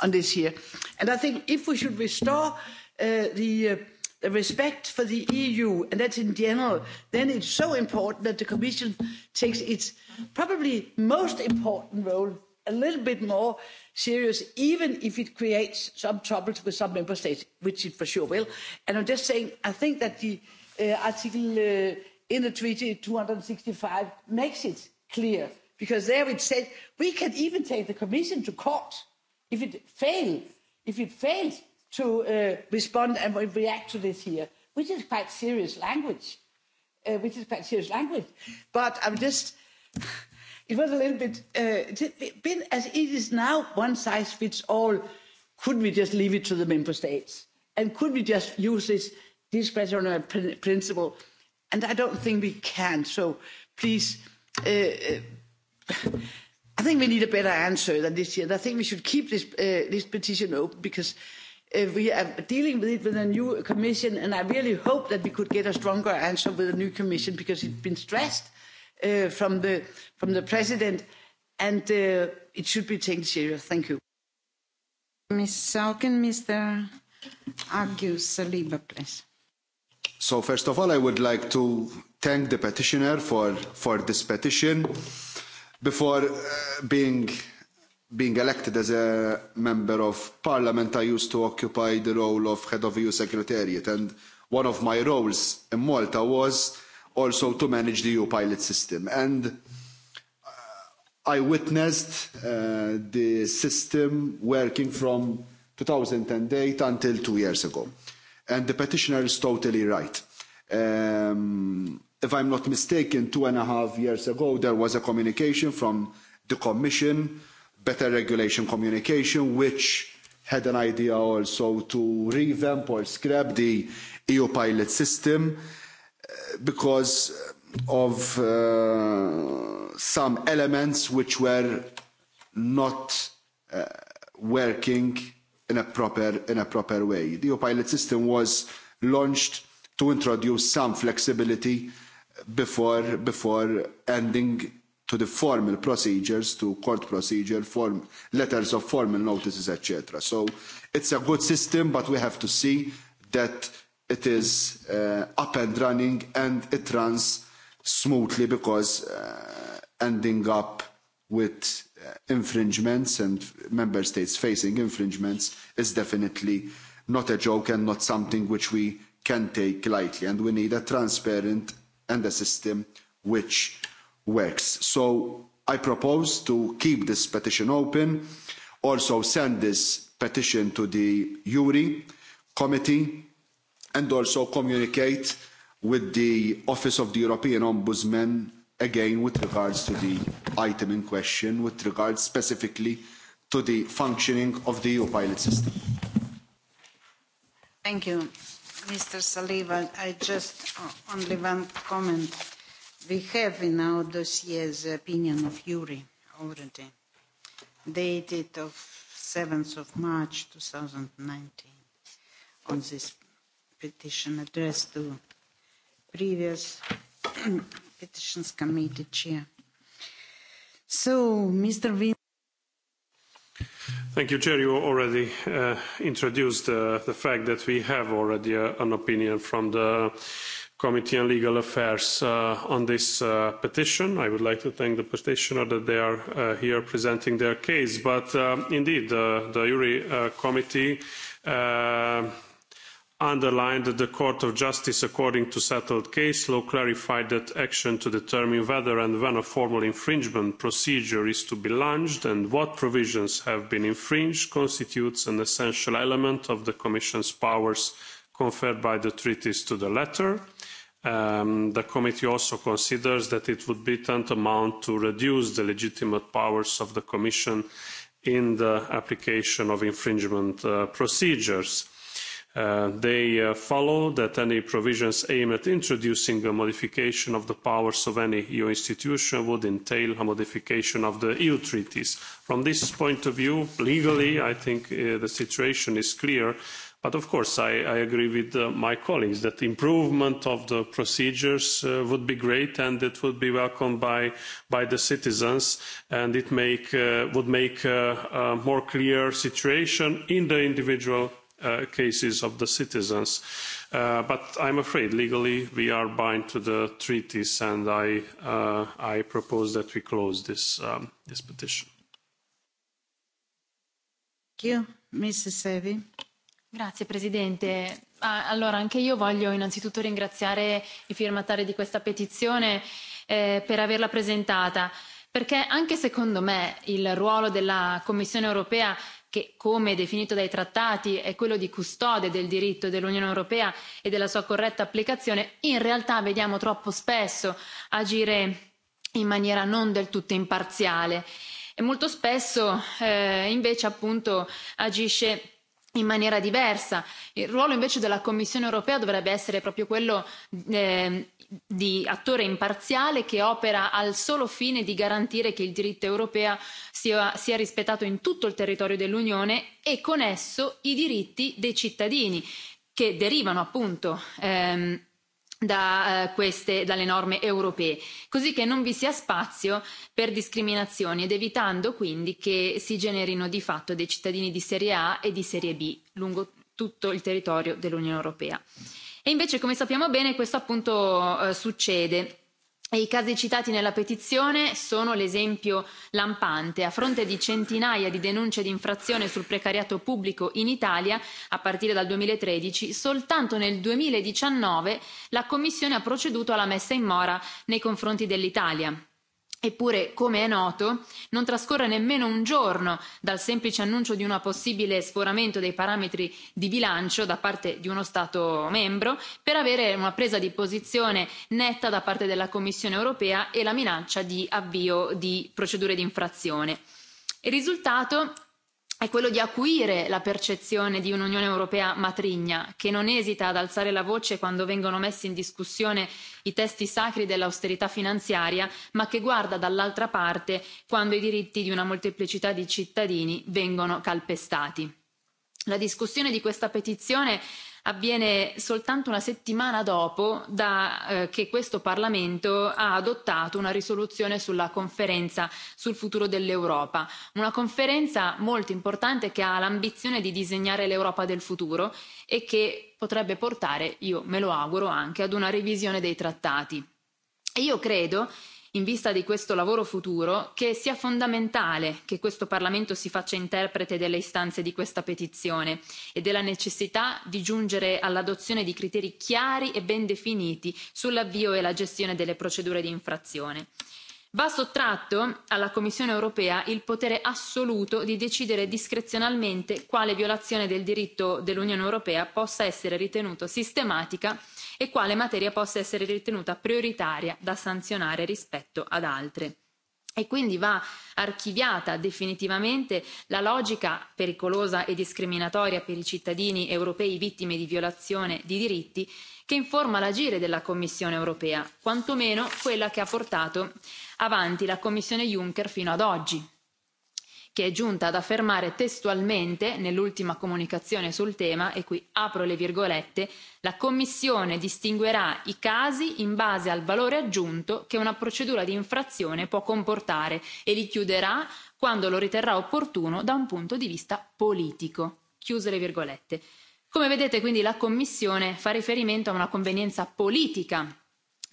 on this here. And I think if we should restore uh, the, uh, the respect for the EU, and that's in general, then it's so important that the Commission takes its probably most important role a little bit more serious even if it creates some troubles with some member states which it for sure will and i'm just saying i think that the uh, article uh, in the treaty two hundred and sixty five makes it clear because there it said we can even take the commission to court if it fails if it fails to uh, respond and react to this here which is quite serious language uh, which is quite serious language but i'm just it was a little bit, uh, been as it is now, one size fits all. Could we just leave it to the member states? And could we just use this discretionary pr- principle? And I don't think we can. So please, uh, uh I think we need a better answer than this year. And I think we should keep this, uh, this petition open because uh, we are dealing with it with a new commission. And I really hope that we could get a stronger answer with a new commission because it's been stressed uh, from, the, from the president, and uh, it should be taken seriously. Thank you. Ms. Salkin, Mr. Agus Saliba, please. So first of all, I would like to thank the petitioner for, for this petition. Before uh, being being elected as a member of parliament, I used to occupy the role of head of EU secretariat. And one of my roles in Malta was also to manage the EU pilot system. And uh, I witnessed uh, the system working from 2008 until two years ago. And the petitioner is totally right. Um, if I'm not mistaken, two and a half years ago, there was a communication from the Commission, better regulation communication, which had an idea also to revamp or scrap the EU pilot system. Uh, because of uh, some elements which were not uh, working in a proper in a proper way. The pilot system was launched to introduce some flexibility before before ending to the formal procedures, to court procedure, form, letters of formal notices, etc. So it's a good system, but we have to see that it is uh, up and running and it runs smoothly because uh, ending up with uh, infringements and member states facing infringements is definitely not a joke and not something which we can take lightly and we need a transparent and a system which works. So I propose to keep this petition open, also send this petition to the URI committee and also communicate with the office of the european ombudsman again with regards to the item in question with regards specifically to the functioning of the eu pilot system. thank you mr saliba. i just uh, only one comment. we have in our dossier the opinion of juri already dated of 7th of march 2019 on this petition addressed to previous <clears throat> petitions committee chair. So, Mr. Vin- Thank you, Chair. You already uh, introduced uh, the fact that we have already uh, an opinion from the Committee on Legal Affairs uh, on this uh, petition. I would like to thank the petitioner that they are uh, here presenting their case. But uh, indeed, uh, the URI uh, Committee uh, underlined that the court of justice according to settled case law clarified that action to determine whether and when a formal infringement procedure is to be launched and what provisions have been infringed constitutes an essential element of the commission's powers conferred by the treaties to the letter. Um, the committee also considers that it would be tantamount to reduce the legitimate powers of the commission in the application of infringement uh, procedures. Uh, they uh, follow that any provisions aimed at introducing a modification of the powers of any EU institution would entail a modification of the EU treaties. From this point of view, legally, I think uh, the situation is clear. But of course, I, I agree with uh, my colleagues that improvement of the procedures uh, would be great and it would be welcomed by, by the citizens and it make, uh, would make uh, a more clear situation in the individual uh, cases of the citizens. Uh, but I'm afraid legally we are bound to the treaties, and I, uh, I propose that we close this, um, this petition. Thank you. Mrs. Sevi. Grazie Presidente. Ah, allora, anche io voglio innanzitutto ringraziare i firmatari di questa petizione eh, per averla presentata, perché anche secondo me il ruolo della Commissione europea che come definito dai trattati è quello di custode del diritto dell'unione europea e della sua corretta applicazione in realtà vediamo troppo spesso agire in maniera non del tutto imparziale e molto spesso eh, invece appunto agisce in maniera diversa. Il ruolo invece della Commissione europea dovrebbe essere proprio quello eh, di attore imparziale che opera al solo fine di garantire che il diritto europeo sia, sia rispettato in tutto il territorio dell'Unione e con esso i diritti dei cittadini che derivano appunto ehm, da eh, queste, dalle norme europee, così che non vi sia spazio per discriminazioni ed evitando quindi che si generino di fatto dei cittadini di serie A e di serie B lungo tutto il territorio dell'Unione Europea. E invece, come sappiamo bene, questo appunto eh, succede E I casi citati nella petizione sono l'esempio lampante. A fronte di centinaia di denunce di infrazione sul precariato pubblico in Italia, a partire dal 2013, soltanto nel 2019 la Commissione ha proceduto alla messa in mora nei confronti dell'Italia Eppure, come è noto, non trascorre nemmeno un giorno dal semplice annuncio di un possibile sforamento dei parametri di bilancio da parte di uno Stato membro per avere una presa di posizione netta da parte della Commissione europea e la minaccia di avvio di procedure di infrazione. Il risultato è quello di acuire la percezione di un'unione europea matrigna che non esita ad alzare la voce quando vengono messi in discussione i testi sacri dell'austerità finanziaria ma che guarda dall'altra parte quando i diritti di una molteplicità di cittadini vengono calpestati. la discussione di questa petizione avviene soltanto una settimana dopo da, eh, che questo Parlamento ha adottato una risoluzione sulla conferenza sul futuro dell'Europa, una conferenza molto importante che ha l'ambizione di disegnare l'Europa del futuro e che potrebbe portare, io me lo auguro, anche ad una revisione dei trattati. E io credo in vista di questo lavoro futuro che sia fondamentale che questo parlamento si faccia interprete delle istanze di questa petizione e della necessità di giungere all'adozione di criteri chiari e ben definiti sull'avvio e la gestione delle procedure di infrazione va sottratto alla commissione europea il potere assoluto di decidere discrezionalmente quale violazione del diritto dell'unione europea possa essere ritenuta sistematica e quale materia possa essere ritenuta prioritaria da sanzionare rispetto ad altre e quindi va archiviata definitivamente la logica pericolosa e discriminatoria per i cittadini europei vittime di violazione di diritti che informa l'agire della commissione europea quantomeno quella che ha portato avanti la Commissione Juncker fino ad oggi, che è giunta ad affermare testualmente nell'ultima comunicazione sul tema, e qui apro le virgolette, la Commissione distinguerà i casi in base al valore aggiunto che una procedura di infrazione può comportare e li chiuderà quando lo riterrà opportuno da un punto di vista politico. Chiuse le virgolette. Come vedete quindi la Commissione fa riferimento a una convenienza politica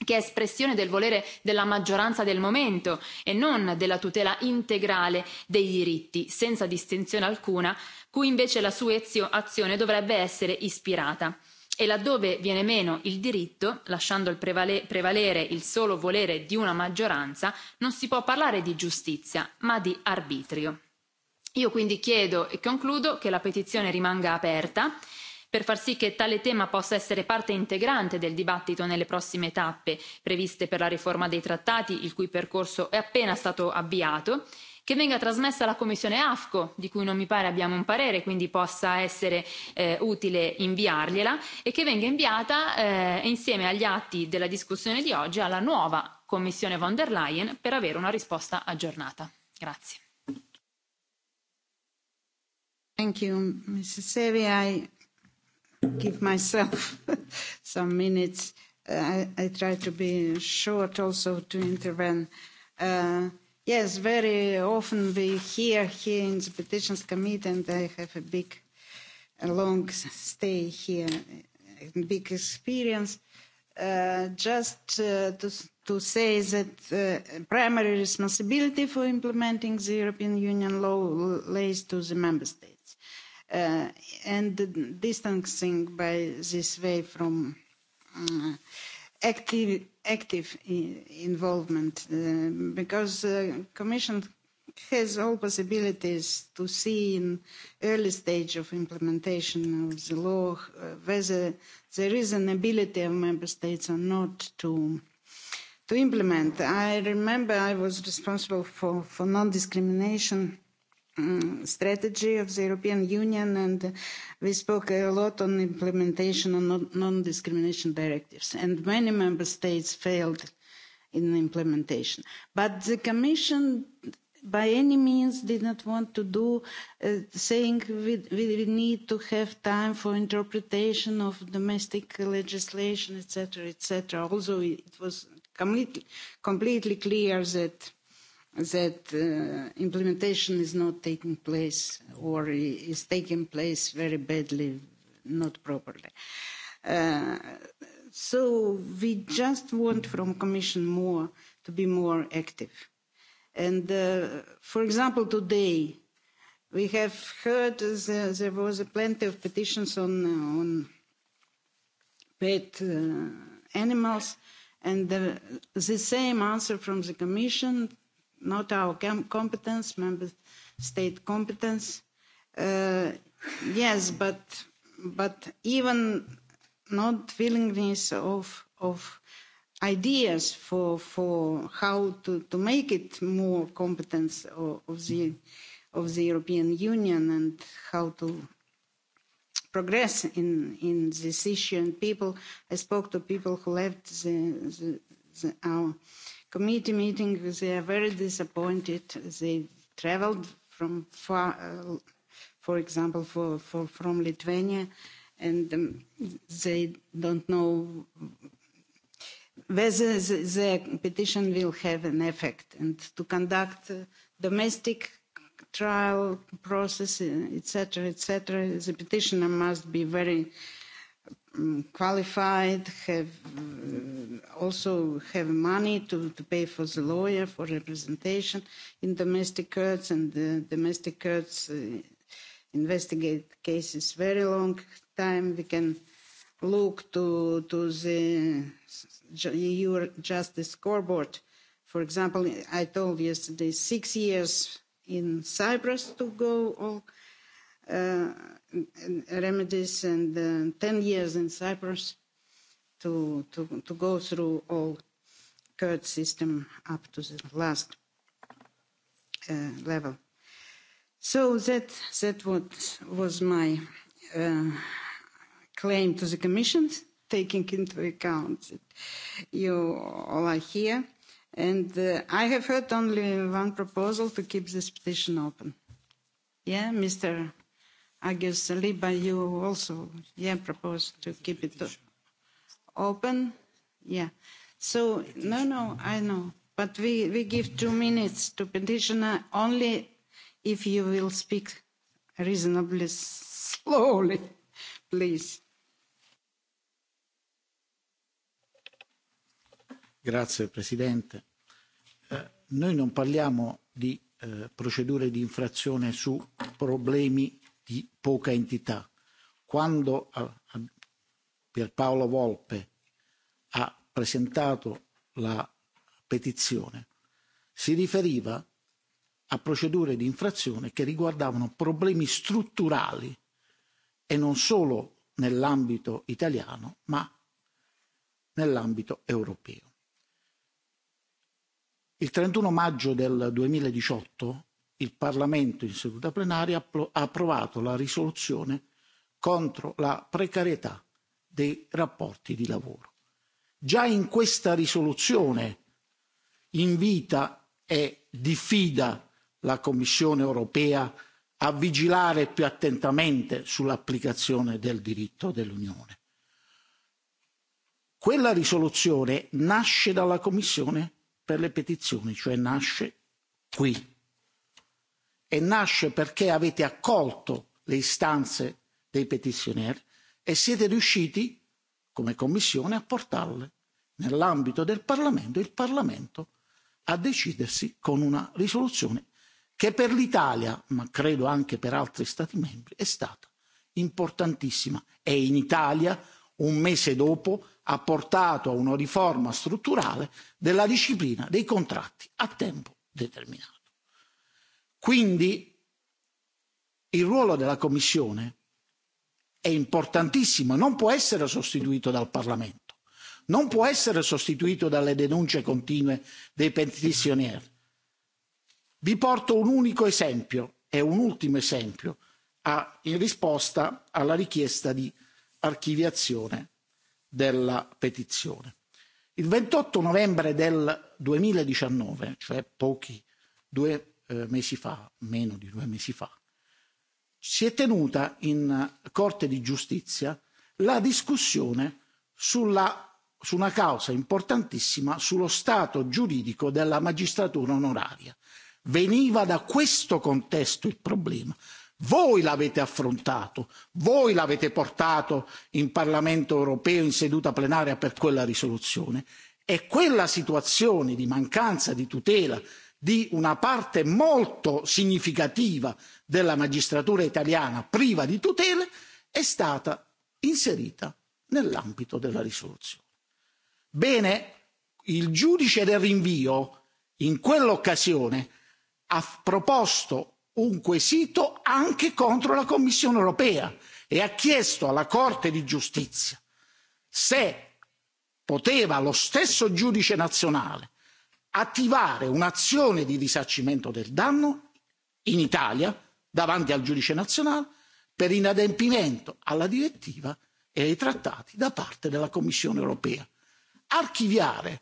che è espressione del volere della maggioranza del momento e non della tutela integrale dei diritti senza distinzione alcuna cui invece la sua azione dovrebbe essere ispirata e laddove viene meno il diritto lasciando prevalere il solo volere di una maggioranza non si può parlare di giustizia ma di arbitrio. io quindi chiedo e concludo che la petizione rimanga aperta per far sì che tale tema possa essere parte integrante del dibattito nelle prossime tappe previste per la riforma dei trattati il cui percorso è appena stato avviato che venga trasmessa alla commissione afco di cui non mi pare abbiamo un parere quindi possa essere eh, utile inviargliela e che venga inviata eh, insieme agli atti della discussione di oggi alla nuova commissione von der leyen per avere una risposta aggiornata. Grazie. Thank you, Mrs. Sevi. I give myself <laughs> some minutes. Uh, I, I try to be short also to intervene. Uh, yes, very often we hear here in the Petitions Committee, and I have a big, a long stay here, a big experience, uh, just uh, to, to say that uh, primary responsibility for implementing the European Union law lays to the member states uh, and distancing by this way from uh, active, active involvement uh, because the uh, Commission has all possibilities to see in early stage of implementation of the law uh, whether there is an ability of member states or not to to implement. I remember I was responsible for, for non-discrimination um, strategy of the European Union, and we spoke a lot on implementation of non-discrimination directives, and many member states failed in implementation. But the Commission by any means did not want to do uh, saying we, we need to have time for interpretation of domestic legislation etc etc although it was completely, completely clear that that uh, implementation is not taking place or is taking place very badly, not properly. Uh, so we just want from Commission more to be more active. And uh, for example, today we have heard the, there was a plenty of petitions on, uh, on pet uh, animals and the, uh, the same answer from the Commission not our competence, member state competence. Uh, yes, but but even not willingness of of ideas for for how to to make it more competence of, of the of the European Union and how to progress in in this issue. And people, I spoke to people who left the, the, the our committee meeting they are very disappointed they travelled from far uh, for example for, for from lithuania and um, they don't know whether the, the petition will have an effect and to conduct uh, domestic trial process etc etc the petitioner must be very uh, um, qualified, have uh, also have money to, to pay for the lawyer for representation in domestic courts, and the domestic courts uh, investigate cases very long time. We can look to to the EU e Justice Scoreboard. For example, I told yesterday six years in Cyprus to go all uh, remedies and uh, 10 years in Cyprus to, to, to go through all Kurd system up to the last uh, level. So that, that what was my uh, claim to the Commission, taking into account that you all are here. And uh, I have heard only one proposal to keep this petition open. Yeah, Mr. I guess, Liba, you also, yeah, proposed to keep it open. Yeah. So, no, no, I know. But we, we give two minutes to petitioner only if you will speak reasonably slowly, please. Grazie Presidente. Eh, noi non parliamo di eh, procedure di infrazione su problemi poca entità. Quando Pierpaolo Volpe ha presentato la petizione si riferiva a procedure di infrazione che riguardavano problemi strutturali e non solo nell'ambito italiano ma nell'ambito europeo. Il 31 maggio del 2018 il Parlamento in seduta plenaria ha approvato la risoluzione contro la precarietà dei rapporti di lavoro. Già in questa risoluzione invita e diffida la Commissione europea a vigilare più attentamente sull'applicazione del diritto dell'Unione. Quella risoluzione nasce dalla Commissione per le petizioni, cioè nasce qui e nasce perché avete accolto le istanze dei petizionieri e siete riusciti, come Commissione, a portarle nell'ambito del Parlamento e il Parlamento a decidersi con una risoluzione che per l'Italia, ma credo anche per altri Stati membri, è stata importantissima e in Italia, un mese dopo, ha portato a una riforma strutturale della disciplina dei contratti a tempo determinato quindi il ruolo della commissione è importantissimo e non può essere sostituito dal parlamento non può essere sostituito dalle denunce continue dei petizionieri. vi porto un unico esempio e un ultimo esempio a, in risposta alla richiesta di archiviazione della petizione. il ventotto novembre del duemiladiciannove cioè pochi due eh, mesi fa, meno di due mesi fa, si è tenuta in eh, Corte di Giustizia la discussione sulla, su una causa importantissima sullo stato giuridico della magistratura onoraria. Veniva da questo contesto il problema. Voi l'avete affrontato, voi l'avete portato in Parlamento europeo in seduta plenaria per quella risoluzione. È e quella situazione di mancanza di tutela di una parte molto significativa della magistratura italiana priva di tutele è stata inserita nell'ambito della risoluzione. Bene, il giudice del rinvio in quell'occasione ha proposto un quesito anche contro la Commissione europea e ha chiesto alla Corte di giustizia se poteva lo stesso giudice nazionale attivare un'azione di risarcimento del danno in italia davanti al giudice nazionale per inadempimento alla direttiva e ai trattati da parte della commissione europea. archiviare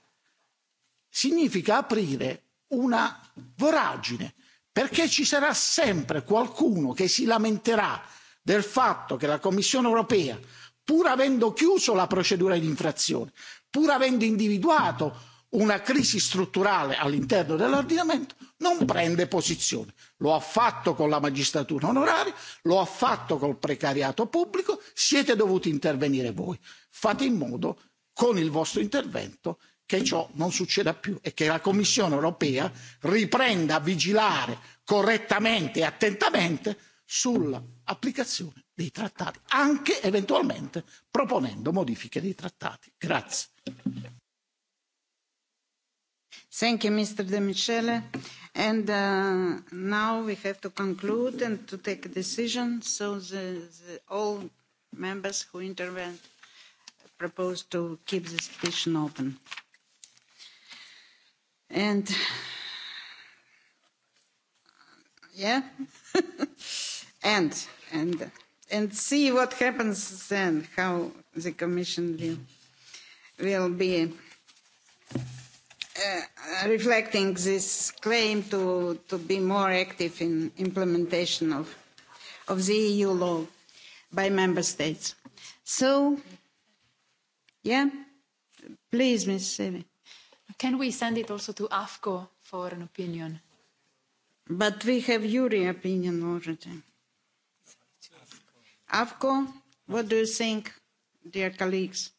significa aprire una voragine perché ci sarà sempre qualcuno che si lamenterà del fatto che la commissione europea pur avendo chiuso la procedura di infrazione pur avendo individuato una crisi strutturale all'interno dell'ordinamento non prende posizione lo ha fatto con la magistratura onoraria lo ha fatto col precariato pubblico siete dovuti intervenire voi fate in modo con il vostro intervento che ciò non succeda più e che la commissione europea riprenda a vigilare correttamente e attentamente sull'applicazione dei trattati anche eventualmente proponendo modifiche dei trattati. Thank you, Mr. De Michele. And uh, now we have to conclude and to take a decision. So the, the, all members who intervened propose to keep this petition open. And yeah, <laughs> and and and see what happens then. How the Commission will will be Uh, uh, reflecting this claim to, to be more active in implementation of, of the EU law by member states. So, yeah, please, Ms. Sevi. Can we send it also to AFCO for an opinion? But we have your opinion already. AFCO, what do you think, dear colleagues?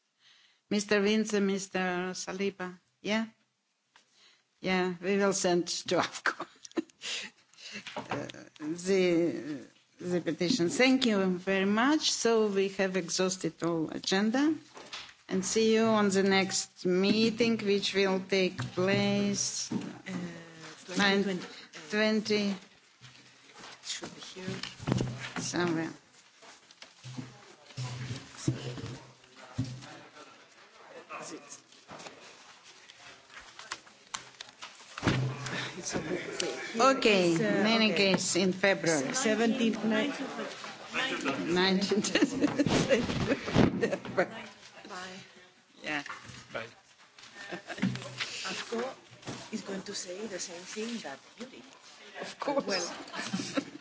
Mr. Windsor, Mr. Saliba, yeah? Yeah, we will send to AFCO uh, <laughs> the, the petition. Thank you very much. So we have exhausted all agenda. And see you on the next meeting, which will take place... Uh, 20, 20, 20 should be here somewhere. Sorry. it's a book fair. Okay, it's, uh, in any okay. case, in February. 17th, 19th. 19th. Bye. Yeah. Bye. AFCO is going to say the same thing that you did. Of course. Well.